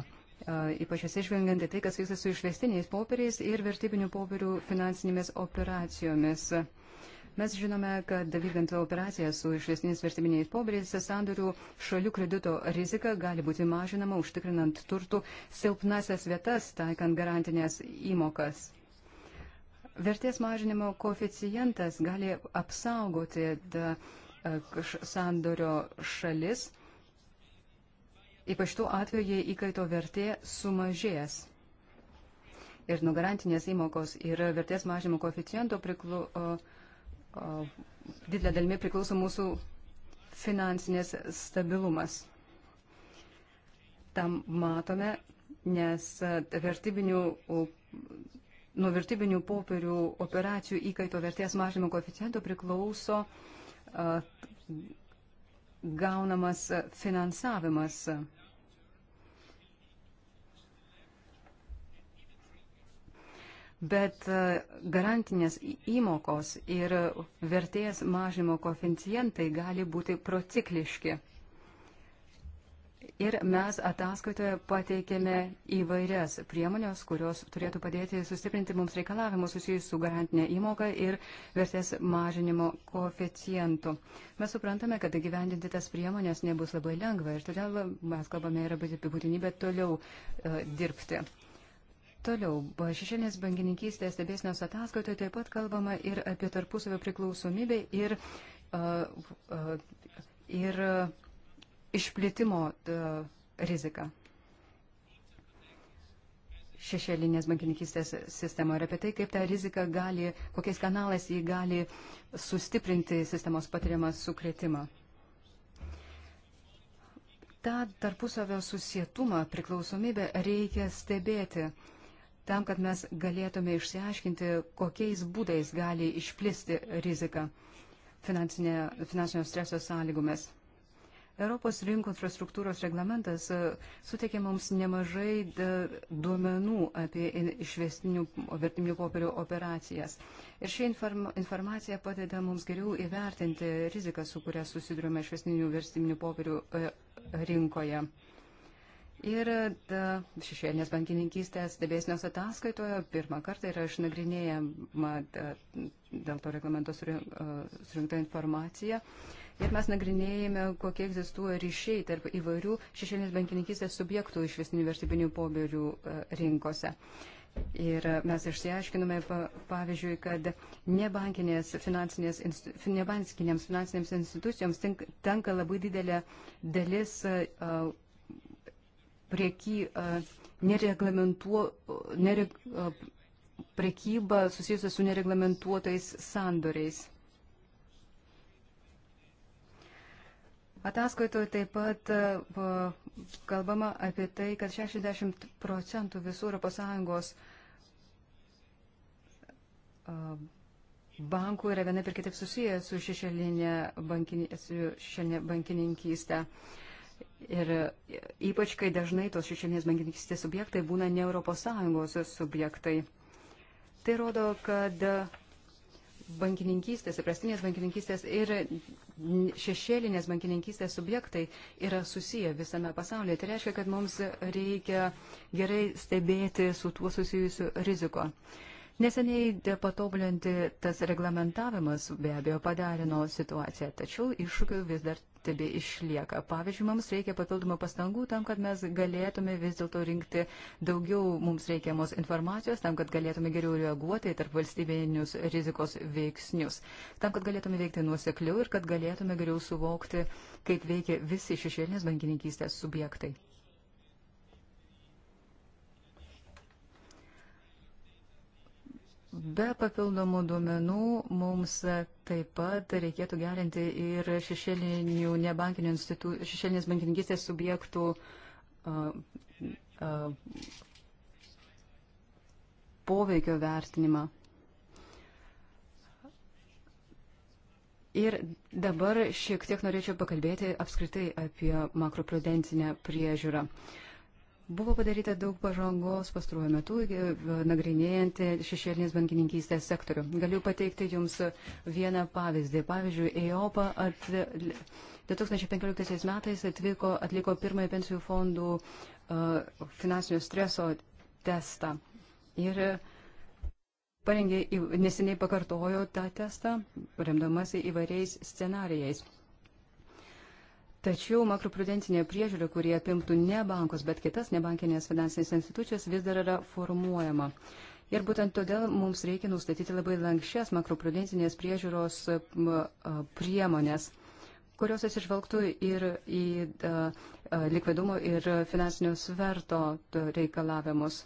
Ypač atsižvelgiant į tai, kas vyksta su išvestiniais popieriais ir vertybinių popierių finansinėmis operacijomis. Mes žinome, kad vykdant operacijas su išvesniais vertiminiais popieriais, sandorių šalių kredito rizika gali būti mažinama, užtikrinant turtų silpnasias vietas, taikant garantinės įmokas. Vertės mažinimo koeficientas gali apsaugoti da, sandorio šalis, ypač tuo atveju, jei įkaito vertė sumažės ir nuo garantinės įmokos ir vertės mažimo koeficiento priklu, o, didelė dalimi priklauso mūsų finansinės stabilumas. Tam matome, nes vertybinių, nuo vertybinių popierių operacijų įkaito vertės mažinimo koeficiento priklauso gaunamas finansavimas bet e, garantinės įmokos ir vertės mažimo koeficientai gali būti procikliški. Ir mes ataskaitoje pateikėme įvairias priemonės, kurios turėtų padėti sustiprinti mums reikalavimus susijusius su garantinė įmoka ir vertės mažinimo koeficientu. Mes suprantame, kad gyvendinti tas priemonės nebus labai lengva ir todėl mes kalbame ir apie būtinybę toliau e, dirbti. Toliau, šešėlinės bankininkystės stebėsnios ataskaitoje taip pat kalbama ir apie tarpusavio priklausomybę ir, uh, uh, ir išplitimo uh, riziką šešėlinės bankininkystės sistemą ir apie tai, kaip ta rizika gali, kokiais kanalais jį gali sustiprinti sistemos patiriamą sukretimą. Ta tarpusavio susietumą, priklausomybę reikia stebėti tam, kad mes galėtume išsiaiškinti, kokiais būdais gali išplisti rizika finansinio streso sąlygomis. Europos rinkų infrastruktūros reglamentas e, suteikė mums nemažai duomenų apie išvestinių vertiminių popierių operacijas. Ir ši inform informacija padeda mums geriau įvertinti riziką, su kuria susidurime išvestinių vertiminių popierių e, rinkoje. Ir e, šešėlinės bankininkystės stebėsnios ataskaitoje pirmą kartą yra išnagrinėjama e, dėl to reglamento e, surinkta informacija. Ir mes nagrinėjame, kokie egzistuoja ryšiai tarp įvairių šešėlinės bankininkystės subjektų iš visinių vertybinių pobėrių rinkose. Ir mes išsiaiškinome, pavyzdžiui, kad nebankinėms finansinėms, nebankinėms finansinėms institucijoms tenka labai didelė dalis uh, prieky, nereg, priekyba susijusi su nereglamentuotais sandoriais. Ataskaitoje taip pat kalbama apie tai, kad 60 procentų visų ES bankų yra viena per kitaip susiję su šešėlinė bankinė, bankininkystė. Uh, Ir ypač, kai dažnai tos šešėlinės bankininkistės subjektai būna ne ES subjektai. Tai rodo, kad bankininkystės, įprastinės bankininkystės ir šešėlinės bankininkystės subjektai yra susiję visame pasaulyje. Tai reiškia, kad mums reikia gerai stebėti su tuo susijusiu riziko. Uh, Neseniai patobulinti tas reglamentavimas be abejo padarino situaciją, tačiau iššūkių vis dar tebe išlieka. Pavyzdžiui, mums reikia papildomų pastangų tam, kad mes galėtume vis dėlto rinkti daugiau mums reikiamos informacijos, tam, kad galėtume geriau reaguoti į tarp valstybinius rizikos veiksnius, tam, kad galėtume veikti nuosekliau ir kad galėtume geriau suvokti, kaip veikia visi šešėlinės bankininkystės subjektai. Be papildomų duomenų mums taip pat reikėtų gerinti ir šešėlinių nebankinių institucijų, šešėlinės bankininkistės subjektų uh, uh, poveikio vertinimą. Ir dabar šiek tiek norėčiau pakalbėti apskritai apie makroprudencinę priežiūrą. Uh, Buvo padaryta daug pažangos pastaruoju metu, e, nagrinėjant šešėlinės bankininkystės sektorių. Galiu pateikti Jums vieną pavyzdį. Pavyzdžiui, EOPA at, 2015 metais atvyko, atliko pirmąjį pensijų fondų uh, finansinio streso testą. Ir parengė, neseniai pakartojo tą testą, remdamasi įvairiais scenarijais. Tačiau makroprudencinė priežiūra, kurie apimtų ne bankus, bet kitas nebankinės finansinės institucijas, vis dar yra formuojama. Ir būtent todėl mums reikia nustatyti labai lankščias makroprudencinės priežiūros priemonės, kurios atsižvelgtų ir į likvidumo ir finansinio sverto reikalavimus.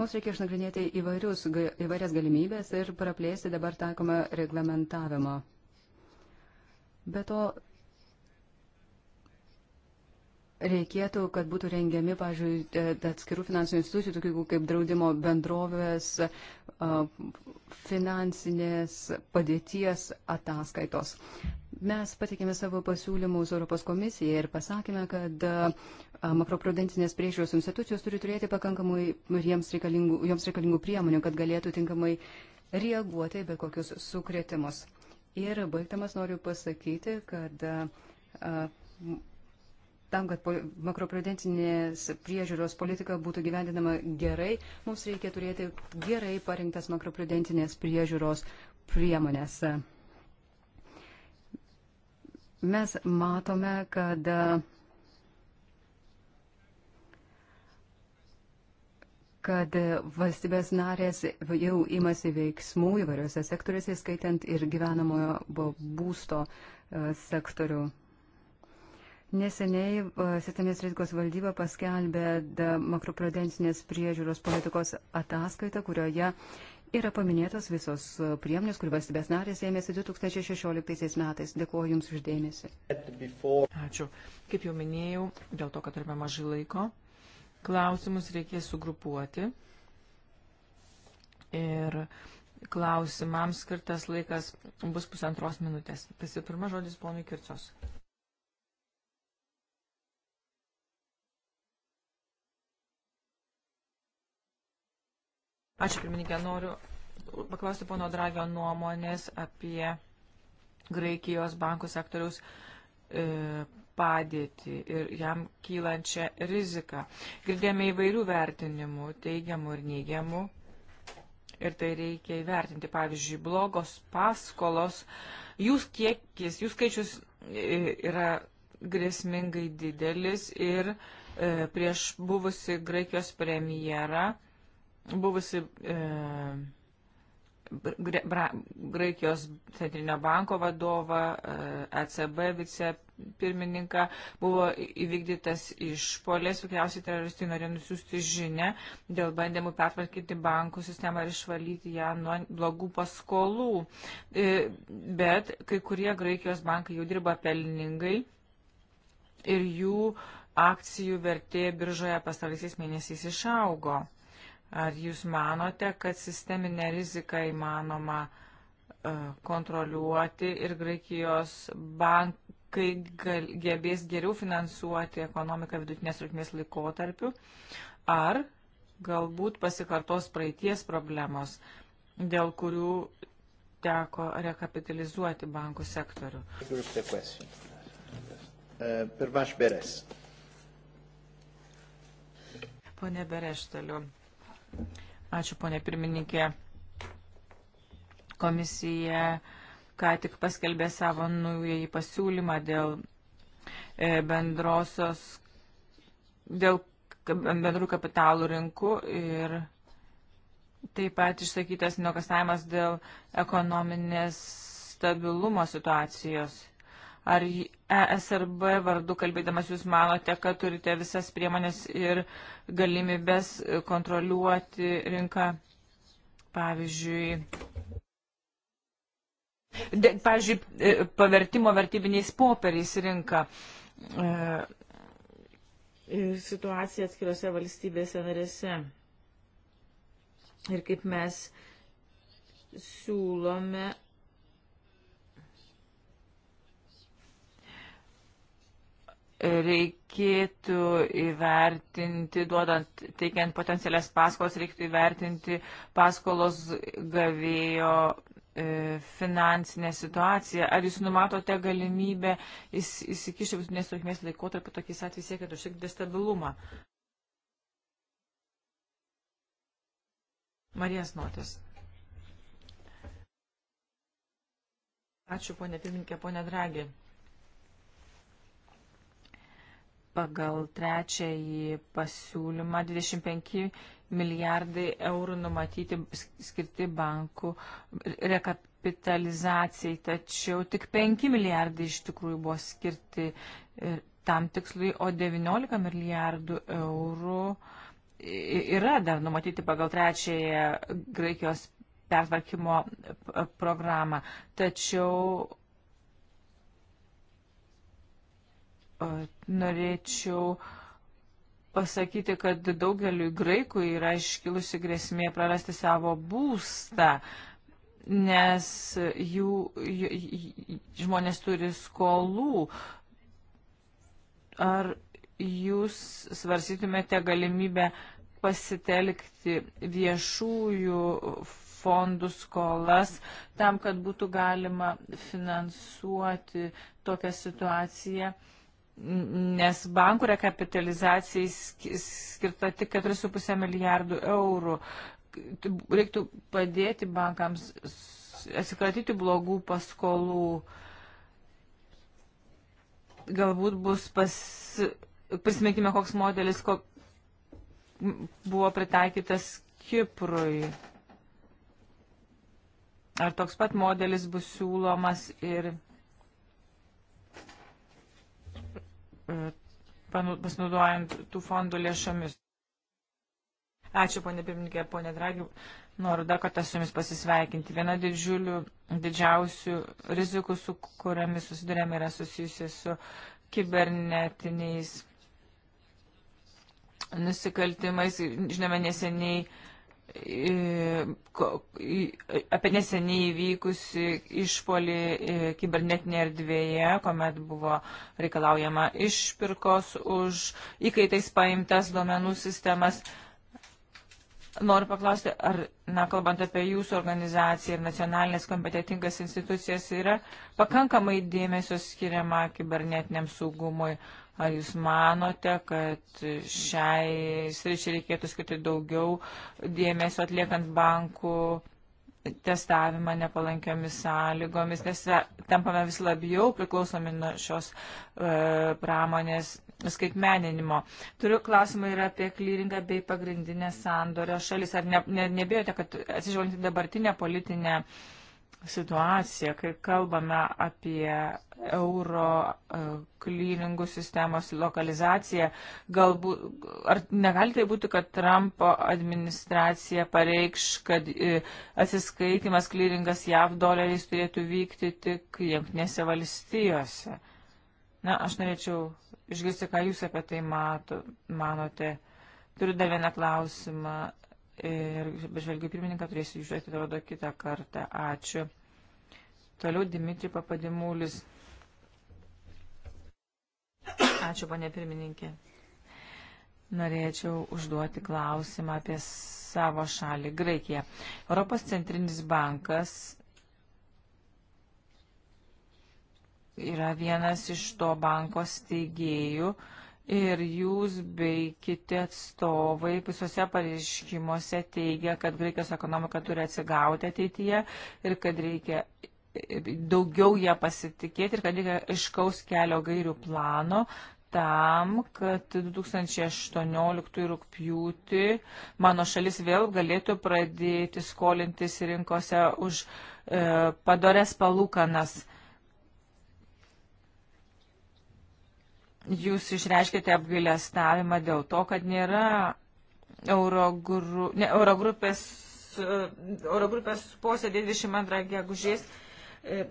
Mums reikia išnagrinėti įvairius, įvairias galimybės ir praplėsti dabar taikomą reglamentavimą. Be to, reikėtų, kad būtų rengiami, pažiūrėjau, atskirų finansinių institucijų, tokių kaip draudimo bendrovės, finansinės padėties ataskaitos. Mes patikėme savo pasiūlymus Europos komisijai ir pasakėme, kad makroprudencinės priežiūros institucijos turi turėti pakankamai joms reikalingų, joms reikalingų priemonių, kad galėtų tinkamai reaguoti bet kokius sukretimus. Ir baigtamas noriu pasakyti, kad tam, kad makroprudencinės priežiūros politika būtų gyvendinama gerai, mums reikia turėti gerai parinktas makroprudencinės priežiūros priemonės. Mes matome, kad kad valstybės narės jau imasi veiksmų įvairiuose sektoriuose, skaitant ir gyvenamojo būsto e, sektorių. Neseniai e, sisteminės rizikos valdyba paskelbė makroprudencinės priežiūros politikos ataskaitą, kurioje yra paminėtos visos e, priemonės, kur valstybės narės ėmėsi 2016 metais. Dėkuoju Jums uždėmesi. Ačiū. Kaip jau minėjau, dėl to, kad turime mažai laiko, klausimus reikės sugrupuoti. Ir klausimams skirtas laikas bus pusantros minutės. Visų pirma, žodis ponui Kirčios. Ačiū pirmininkė, noriu paklausti pono Dragio nuomonės apie Graikijos bankų sektoriaus e, padėtį ir jam kylančią riziką. Girdėjome įvairių vertinimų, teigiamų ir neigiamų. Ir tai reikia įvertinti. Pavyzdžiui, blogos paskolos, jų kiekis, jų skaičius e, yra grėsmingai didelis ir e, prieš buvusi Graikijos premjerą buvusi e, bra, Graikijos centrinio banko vadovą, e, ECB vicepirmininką, buvo įvykdytas išpolės, tikriausiai teroristai norėjo nusiųsti žinę dėl bandymų pertvarkyti bankų sistemą ir išvalyti ją nuo blogų paskolų. E, bet kai kurie Graikijos bankai jau dirba pelningai ir jų akcijų vertė biržoje pastaraisiais mėnesiais išaugo. Ar jūs manote, kad sisteminę riziką įmanoma e, kontroliuoti ir Graikijos bankai gal, gebės geriau finansuoti ekonomiką vidutinės trukmės laikotarpiu, ar galbūt pasikartos praeities problemos, dėl kurių teko rekapitalizuoti bankų sektorių. E, Pone Bereš, toliau. Ačiū, ponė pirmininkė. Komisija ką tik paskelbė savo naująjį pasiūlymą dėl e, bendrosios, dėl bendrų kapitalų rinkų ir taip pat išsakytas nuokastavimas dėl ekonominės stabilumo situacijos. Ar ESRB vardu kalbėdamas jūs manote, kad turite visas priemonės ir galimybės kontroliuoti rinką. Pavyzdžiui, de, pavyzdžiui e, pavertimo vertybiniais popieriais rinką. E, e, situacija atskiriuose valstybėse narėse. Ir kaip mes siūlome reikėtų įvertinti, duodant, teikiant potencialias paskolas, reikėtų įvertinti paskolos gavėjo e, finansinę situaciją. Ar jūs numatote galimybę įsikišti vidutinės trukmės laikotarpį tokiais atvejais siekiant užtikrinti stabilumą? Marijas Notis. Ačiū, ponė pirminkė, ponė Dragi. pagal trečiąjį pasiūlymą 25 milijardai eurų numatyti skirti bankų rekapitalizacijai, tačiau tik 5 milijardai iš tikrųjų buvo skirti e, tam tikslui, o 19 milijardų eurų yra dar numatyti pagal trečiąją Graikijos pertvarkymo programą. Tačiau norėčiau pasakyti, kad daugeliu graikų yra iškilusi grėsmė prarasti savo būstą, nes jų, jų, jų žmonės turi skolų. Ar jūs svarsytumėte galimybę pasitelkti viešųjų fondų skolas tam, kad būtų galima finansuoti tokią situaciją? Uh, nes bankų rekapitalizacijai skirta tik 4,5 milijardų eurų. Reiktų padėti bankams atsikratyti blogų paskolų. Galbūt bus pas... Prisiminkime, koks modelis ko... buvo pritaikytas Kiprui. Ar toks pat modelis bus siūlomas ir E, pasinaudojant tų fondų lėšomis. Ačiū, ponė pirmininkė, ponė Dragi. Noriu dar kartą su jumis pasisveikinti. Viena didžiulių, didžiausių rizikų, su kuriamis susidurėme, yra susijusi su kibernetiniais nusikaltimais. Žinome, neseniai uh, apie neseniai įvykusi išpolį e, kibernetinėje erdvėje, kuomet buvo reikalaujama išpirkos už įkaitais paimtas duomenų sistemas. Noriu paklausti, ar, na, kalbant apie jūsų organizaciją ir nacionalinės kompetitingas institucijas, yra pakankamai dėmesio skiriama kibernetiniam saugumui, Ar jūs manote, kad šiai sričiai reikėtų skirti daugiau dėmesio atliekant bankų testavimą nepalankiomis sąlygomis, nes tampame vis labiau priklausomi nuo šios e, pramonės skaitmeninimo. Turiu klausimą ir apie klyringą bei pagrindinę sandorio šalis. Ar ne, ne, nebijote, kad atsižvelgiant dabartinę politinę situaciją, kai kalbame apie euro e, klyningų sistemos lokalizacija. Galbūt, ar negali tai būti, kad Trumpo administracija pareikš, kad e, atsiskaitimas klyningas JAV doleriais turėtų vykti tik jungtinėse valstijose? Na, aš norėčiau išgirsti, ką jūs apie tai mato, manote. Turiu dar vieną klausimą ir žvelgiu pirmininką, turėsiu išduoti atrodo kitą kartą. Ačiū. Toliau Dimitri Papadimulis. Ačiū, ponė pirmininkė. Norėčiau užduoti klausimą apie savo šalį Graikiją. Europos centrinis bankas yra vienas iš to banko steigėjų ir jūs bei kiti atstovai visose pareiškimuose teigia, kad Graikijos ekonomika turi atsigauti ateityje ir kad reikia daugiau ją pasitikėti ir kad reikia iškaus kelio gairių plano tam, kad 2018 rūpjūti mano šalis vėl galėtų pradėti skolintis rinkose už e, padorės palūkanas. Jūs išreiškite apgailestavimą dėl to, kad nėra Eurogru, ne, Eurogrupės, e, Eurogrupės posėdė 22 gegužės E,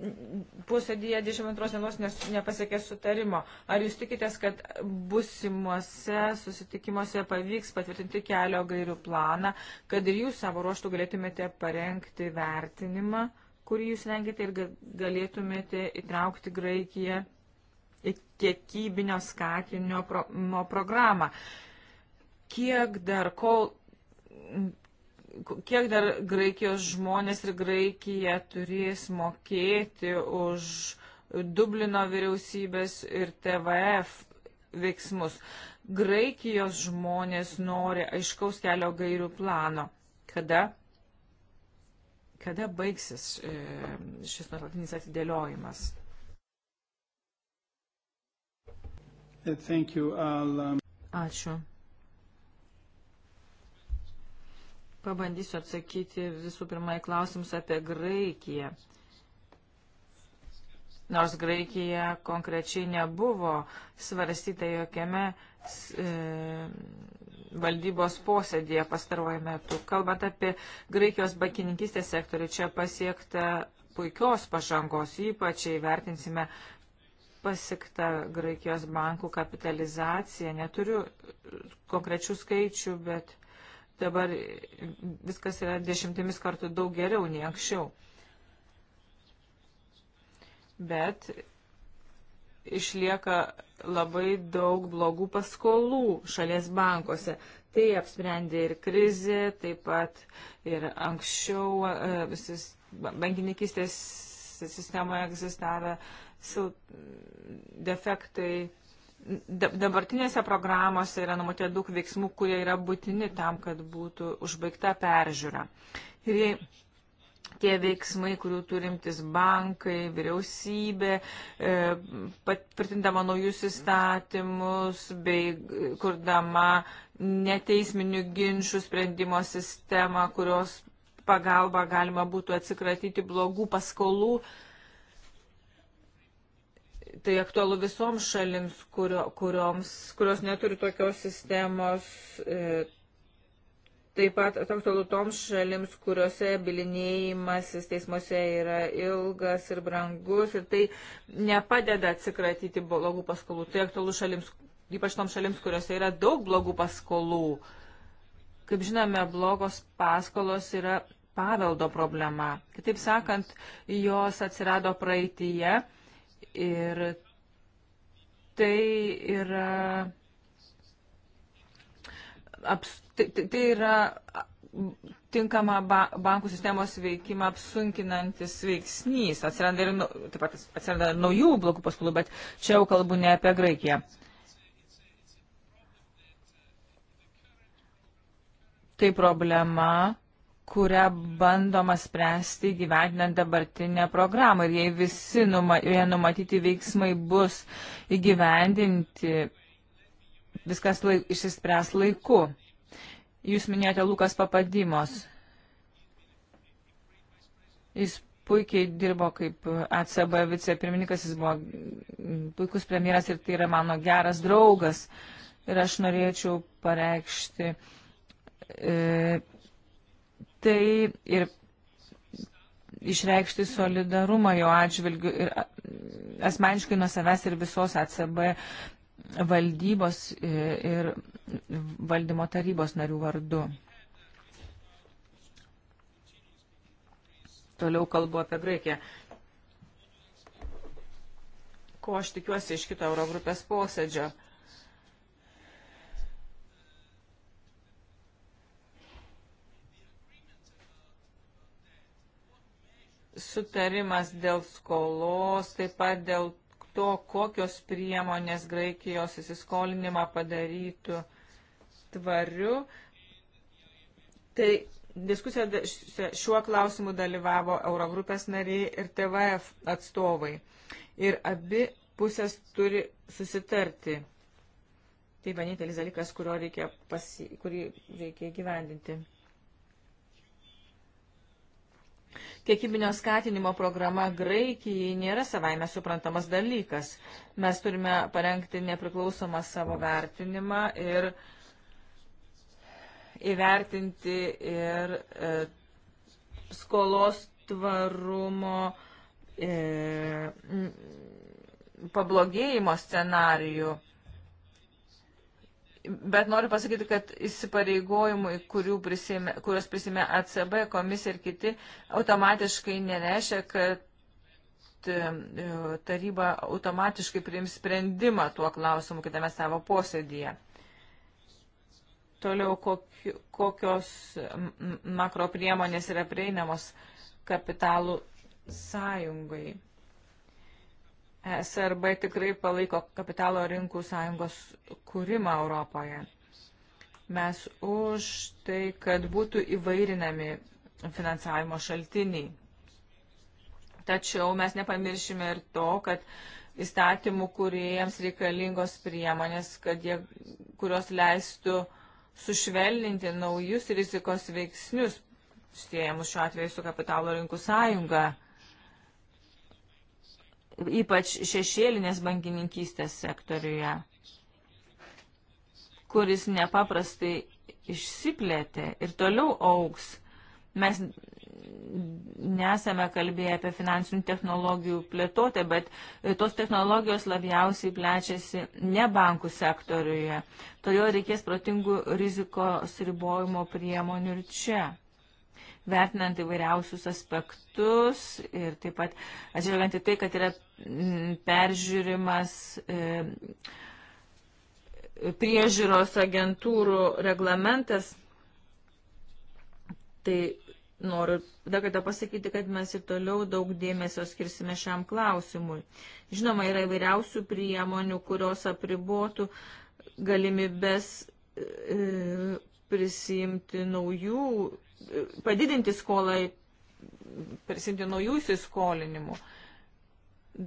posėdėje 22 dienos nepasiekė sutarimo. Ar jūs tikitės, kad busimuose susitikimuose pavyks patvirtinti kelio gairių planą, kad ir jūs savo ruoštų galėtumėte parengti vertinimą, kurį jūs rengite ir galėtumėte įtraukti Graikiją į kiekybinio skatinio pro, programą? Kiek dar, kol kiek dar Graikijos žmonės ir Graikija turės mokėti už Dublino vyriausybės ir TVF veiksmus. Graikijos žmonės nori aiškaus kelio gairių plano. Kada? Kada baigsis e, šis nuolatinis atidėliojimas? Um, Ačiū. Pabandysiu atsakyti visų pirma į klausimus apie Graikiją. Nors Graikija konkrečiai nebuvo svarstyta jokiame e, valdybos posėdėje pastaruoju metu. Kalbant apie Graikijos bankininkistės sektorių, čia pasiekta puikios pažangos, ypač įvertinsime pasiekta Graikijos bankų kapitalizacija. Neturiu konkrečių skaičių, bet dabar viskas yra dešimtimis kartų daug geriau nei anksčiau. Bet išlieka labai daug blogų paskolų šalies bankuose. Tai apsprendė ir krizė, taip pat ir anksčiau e, visis bankininkistės sistemoje egzistavę defektai dabartinėse programuose yra numatyti daug veiksmų, kurie yra būtini tam, kad būtų užbaigta peržiūra. Ir jei tie veiksmai, kurių turimtis bankai, vyriausybė, e, patvirtindama naujus įstatymus bei kurdama neteisminių ginčių sprendimo sistemą, kurios pagalba galima būtų atsikratyti blogų paskolų, e, tai aktualu visoms šalims, kurio, kurioms, kurios neturi tokios sistemos. E, Taip pat aktualu toms šalims, kuriuose bilinėjimasis teismuose yra ilgas ir brangus ir tai nepadeda atsikratyti blogų paskolų. Tai aktualu šalims, ypač toms šalims, kuriuose yra daug blogų paskolų. Kaip žinome, blogos paskolos yra paveldo problema. Kitaip sakant, jos atsirado praeitįje Ir tai yra. Aps, tai, tai, tai yra tinkamą ba bankų sistemos veikimą apsunkinantis veiksnys. Atsiranda ir, nu, taip pat atsiranda naujų blokų paskolų, bet čia jau kalbu ne apie Graikiją. Tai problema, kurią bandoma spręsti gyvendinant dabartinę programą. Ir jei visi numa, joje numatyti veiksmai bus įgyvendinti, viskas laik, išsispręs laiku. Jūs minėjote Lukas Papadimos. Jis puikiai dirbo kaip ACB vicepirmininkas, jis buvo puikus premjeras ir tai yra mano geras draugas. Ir aš norėčiau pareikšti e, tai ir išreikšti solidarumą jo atžvilgiu ir asmeniškai nuo savęs ir visos ACB valdybos e, ir valdymo tarybos narių vardu. Toliau kalbu apie Graikiją. Ko aš tikiuosi iš kito Eurogrupės posėdžio? sutarimas dėl skolos, taip pat dėl to, kokios priemonės Graikijos įsiskolinimą padarytų tvariu. Tai diskusija šiuo klausimu dalyvavo Eurogrupės nariai ir TVF atstovai. Ir abi pusės turi susitarti. Tai vienintelis dalykas, reikia pasi, kurį reikia įgyvendinti. Kiekybinio skatinimo programa Graikijai nėra savaime suprantamas dalykas. Mes turime parengti nepriklausomą savo vertinimą ir įvertinti ir e, skolos tvarumo e, pablogėjimo scenarijų. Bet noriu pasakyti, kad įsipareigojimai, prisėmė, kurios prisėmė ACB, komisija ir kiti, automatiškai nereiškia, kad e, taryba automatiškai priims sprendimą tuo klausimu kitame savo posėdėje. Toliau, kokios makro priemonės yra prieinamos kapitalų sąjungai. SRB tikrai palaiko kapitalo rinkų sąjungos kūrimą Europoje. Mes už tai, kad būtų įvairinami finansavimo šaltiniai. Tačiau mes nepamiršime ir to, kad įstatymų kuriejams reikalingos priemonės, jie, kurios leistų sušvelninti naujus rizikos veiksnius, siejamus šiuo atveju su kapitalo rinkų sąjunga ypač šešėlinės bankininkystės sektoriuje, kuris nepaprastai išsiplėtė ir toliau auks. Mes nesame kalbėję apie finansinių technologijų plėtotę, bet tos technologijos labiausiai plečiasi ne bankų sektoriuje. Todėl reikės protingų rizikos ribojimo priemonių ir čia vertinant įvairiausius aspektus ir taip pat atsižvelgiant į tai, kad yra peržiūrimas e, priežiūros agentūrų reglamentas, tai noriu dar kartą pasakyti, kad mes ir toliau daug dėmesio skirsime šiam klausimui. Žinoma, yra įvairiausių priemonių, kurios apribotų galimybės e, prisijimti naujų padidinti skolą, prisimti naujų įsiskolinimų.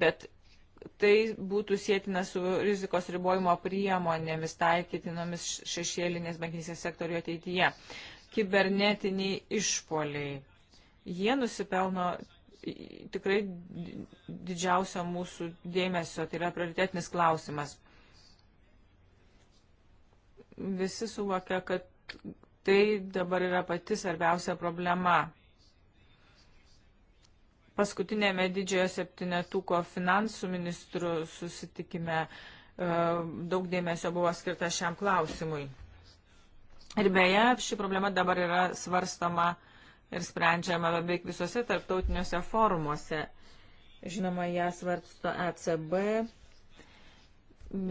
Bet tai būtų sėtina su rizikos ribojimo priemonėmis taikytinomis šešėlinės bankinėse sektoriuje ateityje. Kibernetiniai išpoliai. Jie nusipelno tikrai didžiausio mūsų dėmesio, tai yra prioritetinis klausimas. Visi suvokia, kad Tai dabar yra pati svarbiausia problema. Paskutinėme didžiojo septynetuko finansų ministrų susitikime e, daug dėmesio buvo skirta šiam klausimui. Ir beje, ši problema dabar yra svarstama ir sprendžiama beveik visose tarptautiniuose forumuose. Žinoma, ją svarsto ECB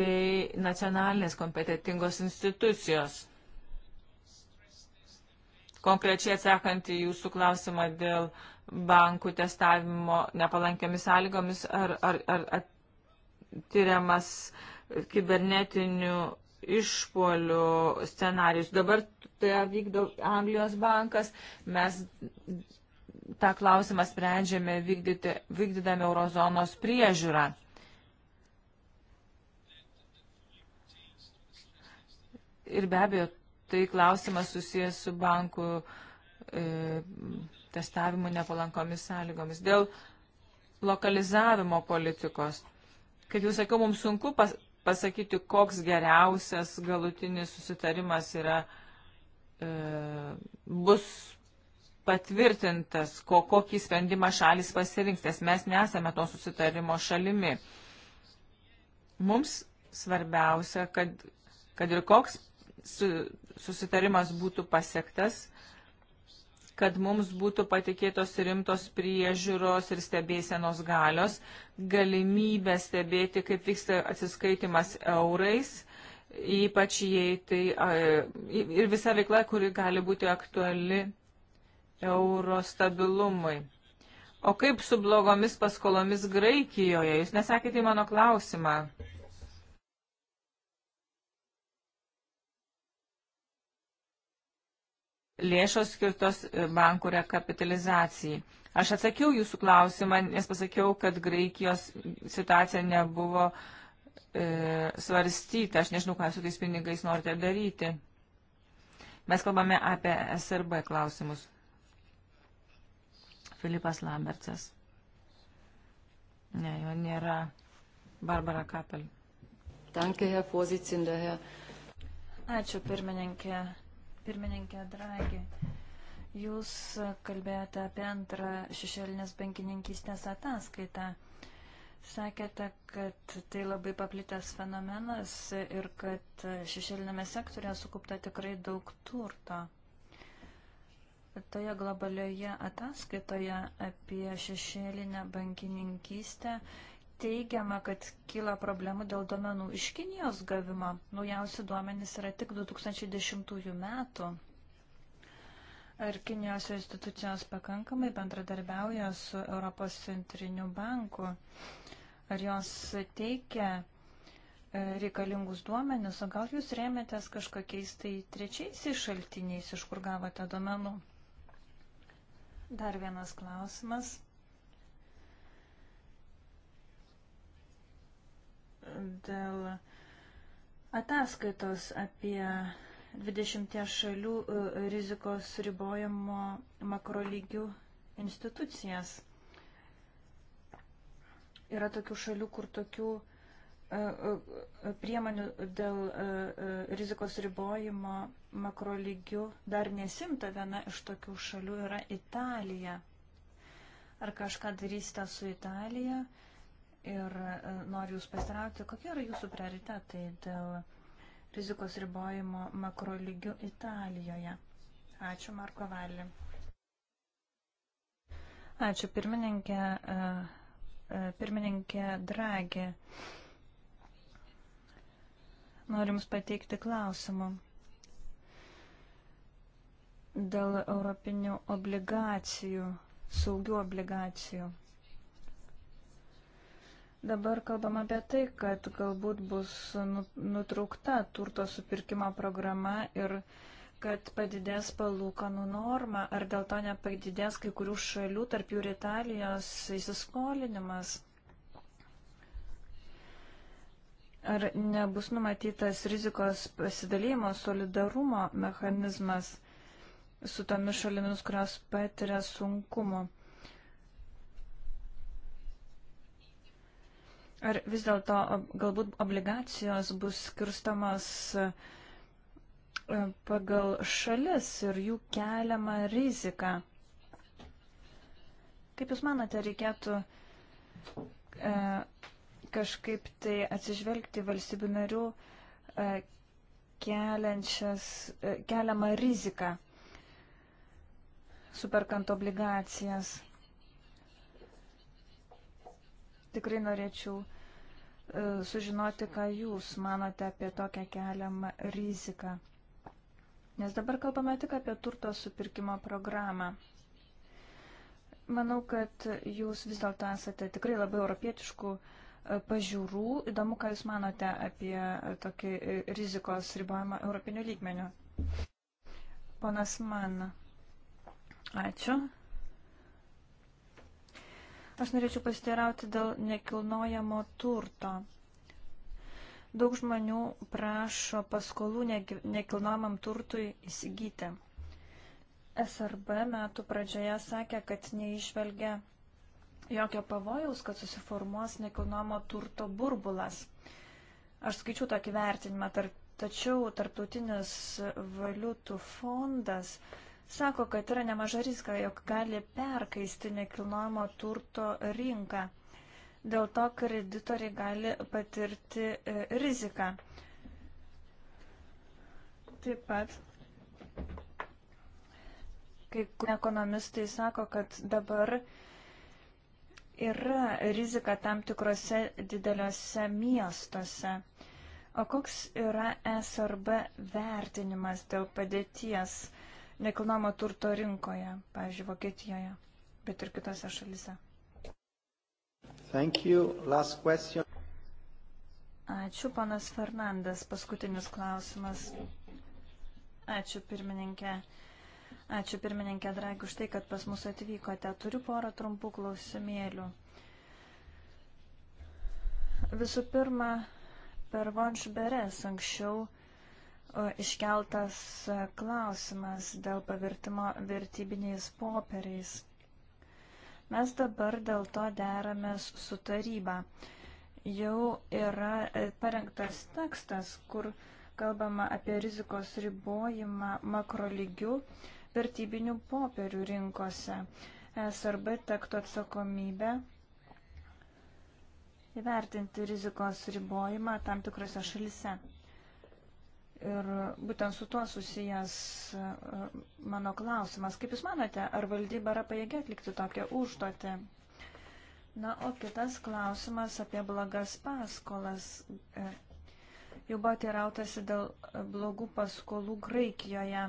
bei nacionalinės kompetitingos institucijos. Konkrečiai atsakant į jūsų klausimą dėl bankų testavimo nepalankiamis sąlygomis ar, ar, ar, ar tyriamas kibernetinių išpolių scenarius. Dabar tai vykdo Anglijos bankas. Mes tą klausimą sprendžiame vykdyti, vykdydami eurozonos priežiūrą. Ir be abejo, tai klausimas susijęs su bankų e, testavimu nepalankomis sąlygomis. Dėl lokalizavimo politikos. Kaip jau sakiau, mums sunku pas, pasakyti, koks geriausias galutinis susitarimas yra, e, bus patvirtintas, ko, kokį sprendimą šalis pasirinks, nes mes nesame to susitarimo šalimi. Mums svarbiausia, kad, kad ir koks su, susitarimas būtų pasiektas, kad mums būtų patikėtos rimtos priežiūros ir stebėsenos galios, galimybė stebėti, kaip vyksta atsiskaitimas eurais, ypač jei tai ir visa veikla, kuri gali būti aktuali euro stabilumui. O kaip su blogomis paskolomis Graikijoje? Jūs nesakėte į mano klausimą. lėšos skirtos e, bankų rekapitalizacijai. Aš atsakiau jūsų klausimą, nes pasakiau, kad Graikijos situacija nebuvo e, svarstyta. Aš nežinau, ką su tais pinigais norite daryti. Mes kalbame apie SRB klausimus. Filipas Lambertsas. Ne, jo nėra. Barbara Kapel. Danke, Herr Vorsitzender, Herr. Ačiū, pirmininkė. Pirmininkė Dragi, jūs kalbėjote apie antrą šešėlinės bankininkystės ataskaitą. Sakėte, kad tai labai paplitęs fenomenas ir kad šešėlinėme sektorėje sukaupta tikrai daug turto. Toje globalioje ataskaitoje apie šešėlinę bankininkystę teigiama, kad kyla problemų dėl duomenų iš Kinijos gavimo. Naujausi duomenys yra tik 2010 metų. Ar Kinijos institucijos pakankamai bendradarbiauja su Europos centriniu banku? Ar jos teikia e, reikalingus duomenis, o gal jūs rėmėtės kažkokiais tai trečiais šaltiniais, iš kur gavote duomenų? Dar vienas klausimas. dėl ataskaitos apie 20 šalių e, rizikos ribojimo makrolygių institucijas. Yra tokių šalių, kur tokių e, e, priemonių dėl rizikos ribojimo makrolygių dar nesimta. Viena iš tokių šalių yra Italija. Ar kažką darysite su Italija? ir e, noriu Jūs pasirauti, kokie yra Jūsų prioritetai dėl rizikos ribojimo makro lygių Italijoje. Ačiū, Marko Valį. Ačiū, pirmininkė, e, e, pirmininkė Dragi. Noriu Jums pateikti klausimą dėl europinių obligacijų, saugių obligacijų. Dabar kalbam apie tai, kad galbūt bus nu, nutraukta turto supirkimo programa ir kad padidės palūkanų norma, ar dėl to nepadidės kai kurių šalių, tarp jų ir Italijos, įsiskolinimas. Ar nebus numatytas rizikos pasidalymo solidarumo mechanizmas su tomis šalimis, kurios patiria sunkumu. Ar vis dėlto galbūt obligacijos bus skirstamos e, pagal šalis ir jų keliamą riziką? Kaip Jūs manote, reikėtų e, kažkaip tai atsižvelgti valstybių narių e, keliančias, e, keliamą riziką, superkant obligacijas? tikrai norėčiau e, sužinoti, ką Jūs manote apie tokią keliamą riziką. Nes dabar kalbame tik apie turto supirkimo programą. Manau, kad Jūs vis dėlto esate tikrai labai europietiškų e, pažiūrų. Įdomu, ką Jūs manote apie e, tokį rizikos ribojimą europinių lygmenių. Ponas Man. Ačiū. Aš norėčiau pasiteirauti dėl nekilnojamo turto. Daug žmonių prašo paskolų nekilnojamam turtui įsigyti. SRB metų pradžioje sakė, kad neišvelgia jokio pavojaus, kad susiformuos nekilnojamo turto burbulas. Aš skaičiu tokį vertinimą, tačiau Tarptautinis valiutų fondas uh, sako, kad yra nemaža rizika, jog gali perkaisti nekilnojamo turto rinką. Dėl to kreditoriai gali patirti e, riziką. Taip pat kai ekonomistai sako, kad dabar yra rizika tam tikrose dideliuose miestuose. O koks yra SRB vertinimas dėl padėties? nekilnojamo turto rinkoje, pavyzdžiui, Vokietijoje, bet ir kitose šalise. Thank you. Last question. Ačiū, panas Fernandas. Paskutinis klausimas. Ačiū, pirmininkė. Ačiū, pirmininkė Dragi, už tai, kad pas mus atvykote. Turiu porą trumpų klausimėlių. Visų pirma, per Vonšberes anksčiau iškeltas e, klausimas dėl pavirtimo vertybiniais popieriais. Mes dabar dėl to deramės su taryba. Jau yra e, parengtas tekstas, kur kalbama apie rizikos ribojimą makrolygių vertybinių popierių rinkose. SRB tektų atsakomybę įvertinti rizikos ribojimą tam tikrose šalise. Ir būtent su tuo susijęs e, mano klausimas. Kaip Jūs manote, ar valdyba yra pajėgia atlikti tokią užduotį? Na, o kitas klausimas apie blogas paskolas. E, jau buvo teirautasi dėl blogų paskolų Graikijoje.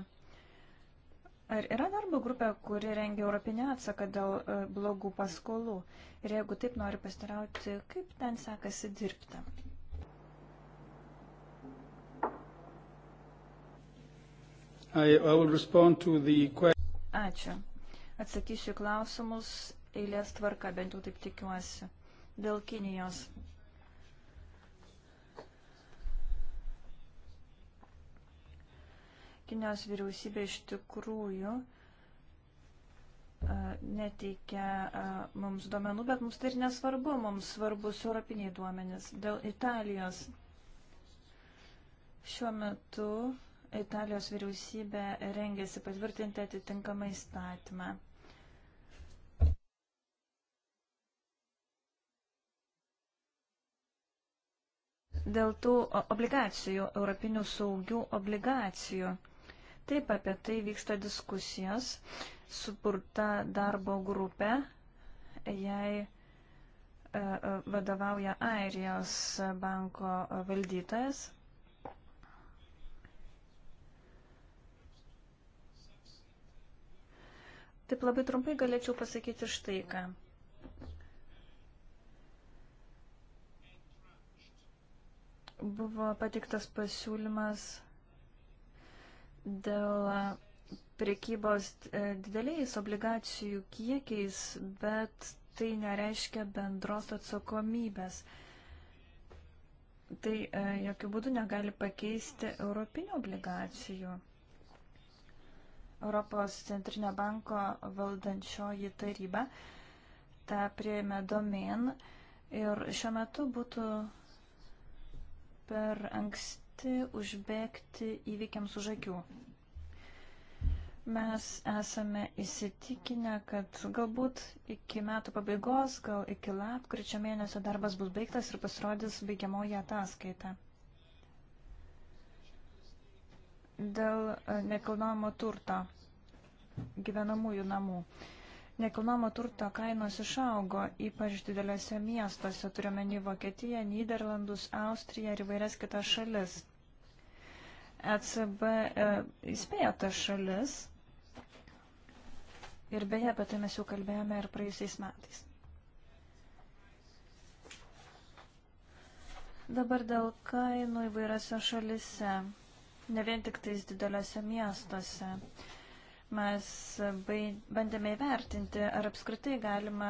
Ar yra darbo grupė, kuri rengia europinę atsaką dėl e, blogų paskolų? Ir jeigu taip noriu pastarauti, kaip ten sekasi dirbti? I, I Ačiū. Atsakysiu klausimus eilės tvarka, bent jau taip tikiuosi. Dėl Kinijos. Kinijos vyriausybė iš tikrųjų neteikia mums duomenų, bet mums tai ir nesvarbu, mums svarbus europiniai duomenys. Dėl Italijos šiuo metu Italijos vyriausybė rengėsi patvirtinti atitinkamą įstatymą. Dėl tų obligacijų, europinių saugių obligacijų. Taip, apie tai vyksta diskusijos. Suburta darbo grupė, jai e, e, vadovauja Airijos banko valdytojas, Taip labai trumpai galėčiau pasakyti štai ką. Buvo patiktas pasiūlymas dėl prekybos dideliais obligacijų kiekiais, bet tai nereiškia bendros atsakomybės. Tai e, jokių būdų negali pakeisti europinių obligacijų. Europos centrinio banko valdančioji taryba tą prieėmė domen ir šiuo metu būtų per anksti užbėgti įvykiams už akių. Mes esame įsitikinę, kad galbūt iki metų pabaigos, gal iki lapkričio mėnesio darbas bus baigtas ir pasirodys baigiamoji ataskaita. dėl e, nekilnojamo turto gyvenamųjų namų. Nekilnojamo turto kainos išaugo, ypač dideliuose miestuose, turiuomenį Vokietiją, Niderlandus, Austriją ir vairias kitas šalis. ECB e, įspėjo tas šalis ir beje, apie tai mes jau kalbėjome ir praėjusiais metais. Dabar dėl kainų įvairiose šalise ne vien tik tais dideliuose miestuose. Mes bandėme įvertinti, ar apskritai galima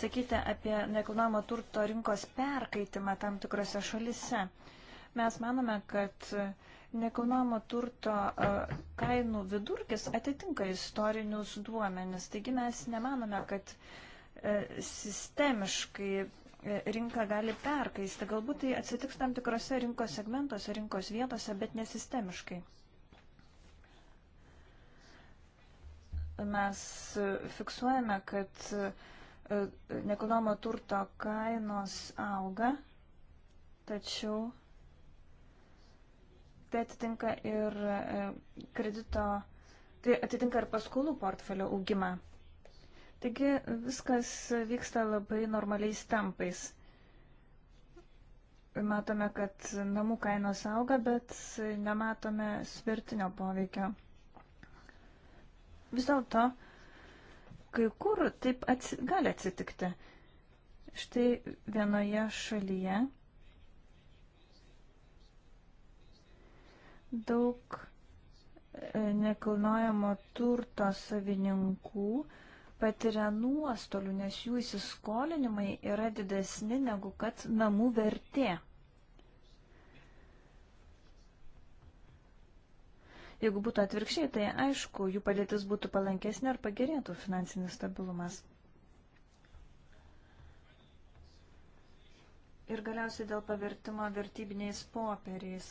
sakyti apie nekilnojamo turto rinkos perkaitimą tam tikrose šalise. Mes manome, kad nekilnojamo turto kainų vidurkis atitinka istorinius duomenis. Taigi mes nemanome, kad e, sistemiškai rinka gali perkaisti. Galbūt tai atsitiks tam tikrose rinkos segmentuose, rinkos vietose, bet nesistemiškai. Mes fiksuojame, kad e, nekilnojamo turto kainos auga, tačiau tai atitinka ir e, kredito, tai atitinka ir paskolų portfelio augimą. Taigi viskas vyksta labai normaliais tempais. Matome, kad namų kainos auga, bet nematome svirtinio poveikio. Vis dėlto, kai kur taip atsi gali atsitikti. Štai vienoje šalyje daug e, nekilnojamo turto savininkų, patiria nuostolių, nes jų įsiskolinimai yra didesni negu kad namų vertė. Jeigu būtų atvirkščiai, tai aišku, jų padėtis būtų palankesnė ar pagerėtų finansinis stabilumas. Ir galiausiai dėl pavertimo vertybiniais popieriais.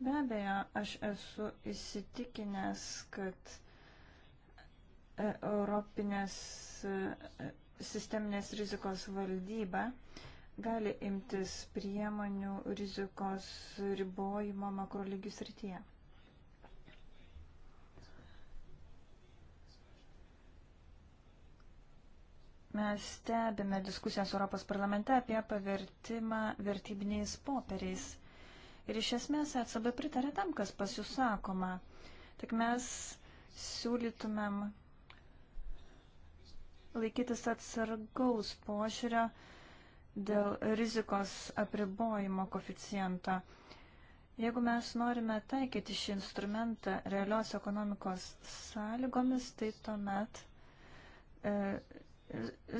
Be abejo, aš esu įsitikinęs, kad E, Europinės e, sisteminės rizikos valdyba gali imtis priemonių rizikos ribojimo makrolygių srityje. Mes stebime diskusijas Europos parlamente apie pavertimą vertybiniais popieriais. Ir iš esmės ECB pritarė tam, kas pas jūs sakoma. Tik mes siūlytumėm laikytis atsargaus požiūrio dėl rizikos apribojimo koficijento. Jeigu mes norime taikyti šį instrumentą realios ekonomikos sąlygomis, tai tuomet e,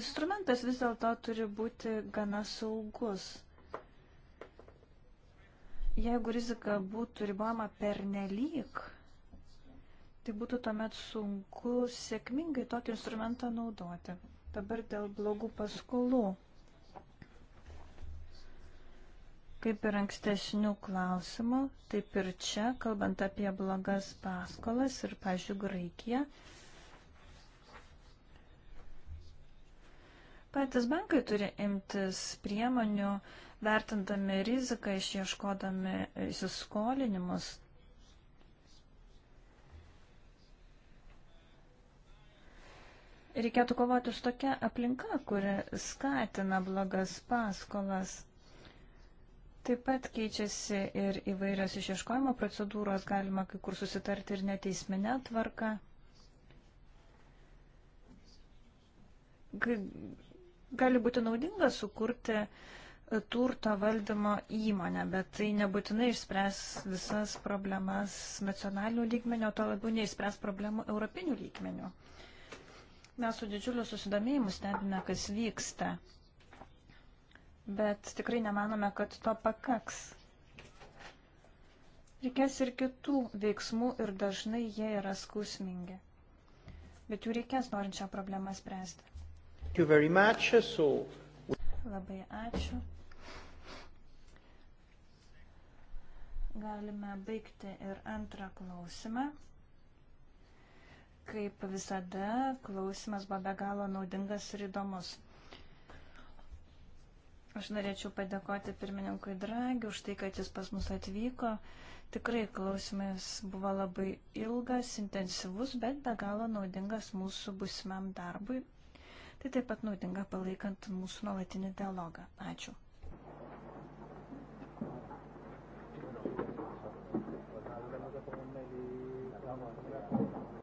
instrumentas vis dėlto turi būti gana saugus. Jeigu rizika būtų ribojama per nelyg, tai būtų tuomet sunku sėkmingai tokį instrumentą naudoti. Dabar dėl blogų paskolų. Kaip ir ankstesnių klausimų, taip ir čia, kalbant apie blogas paskolas ir, pažiūrėjau, Graikiją, patys bankai turi imtis priemonių, vertindami riziką, išieškodami įsiskolinimus, Reikėtų kovoti už tokią aplinką, kuri skatina blogas paskolas. Taip pat keičiasi ir įvairios išieškojimo procedūros, galima kai kur susitarti ir neteisminę tvarką. Gali būti naudinga sukurti e, turto valdymo įmonę, bet tai nebūtinai išspręs visas problemas nacionalinių lygmenio, to labiau neišspręs problemų europinių lygmenių. Mes su didžiuliu susidomėjimu stebime, kas vyksta, bet tikrai nemanome, kad to pakaks. Reikės ir kitų veiksmų ir dažnai jie yra skausmingi. Bet jų reikės norint šią problemą spręsti. So... Labai ačiū. Galime baigti ir antrą klausimą. Kaip visada, klausimas buvo be galo naudingas ir įdomus. Aš norėčiau padėkoti pirmininkui Dragi už tai, kad jis pas mus atvyko. Tikrai klausimas buvo labai ilgas, intensyvus, bet be galo naudingas mūsų busimam darbui. Tai taip pat naudinga palaikant mūsų nuolatinį dialogą. Ačiū.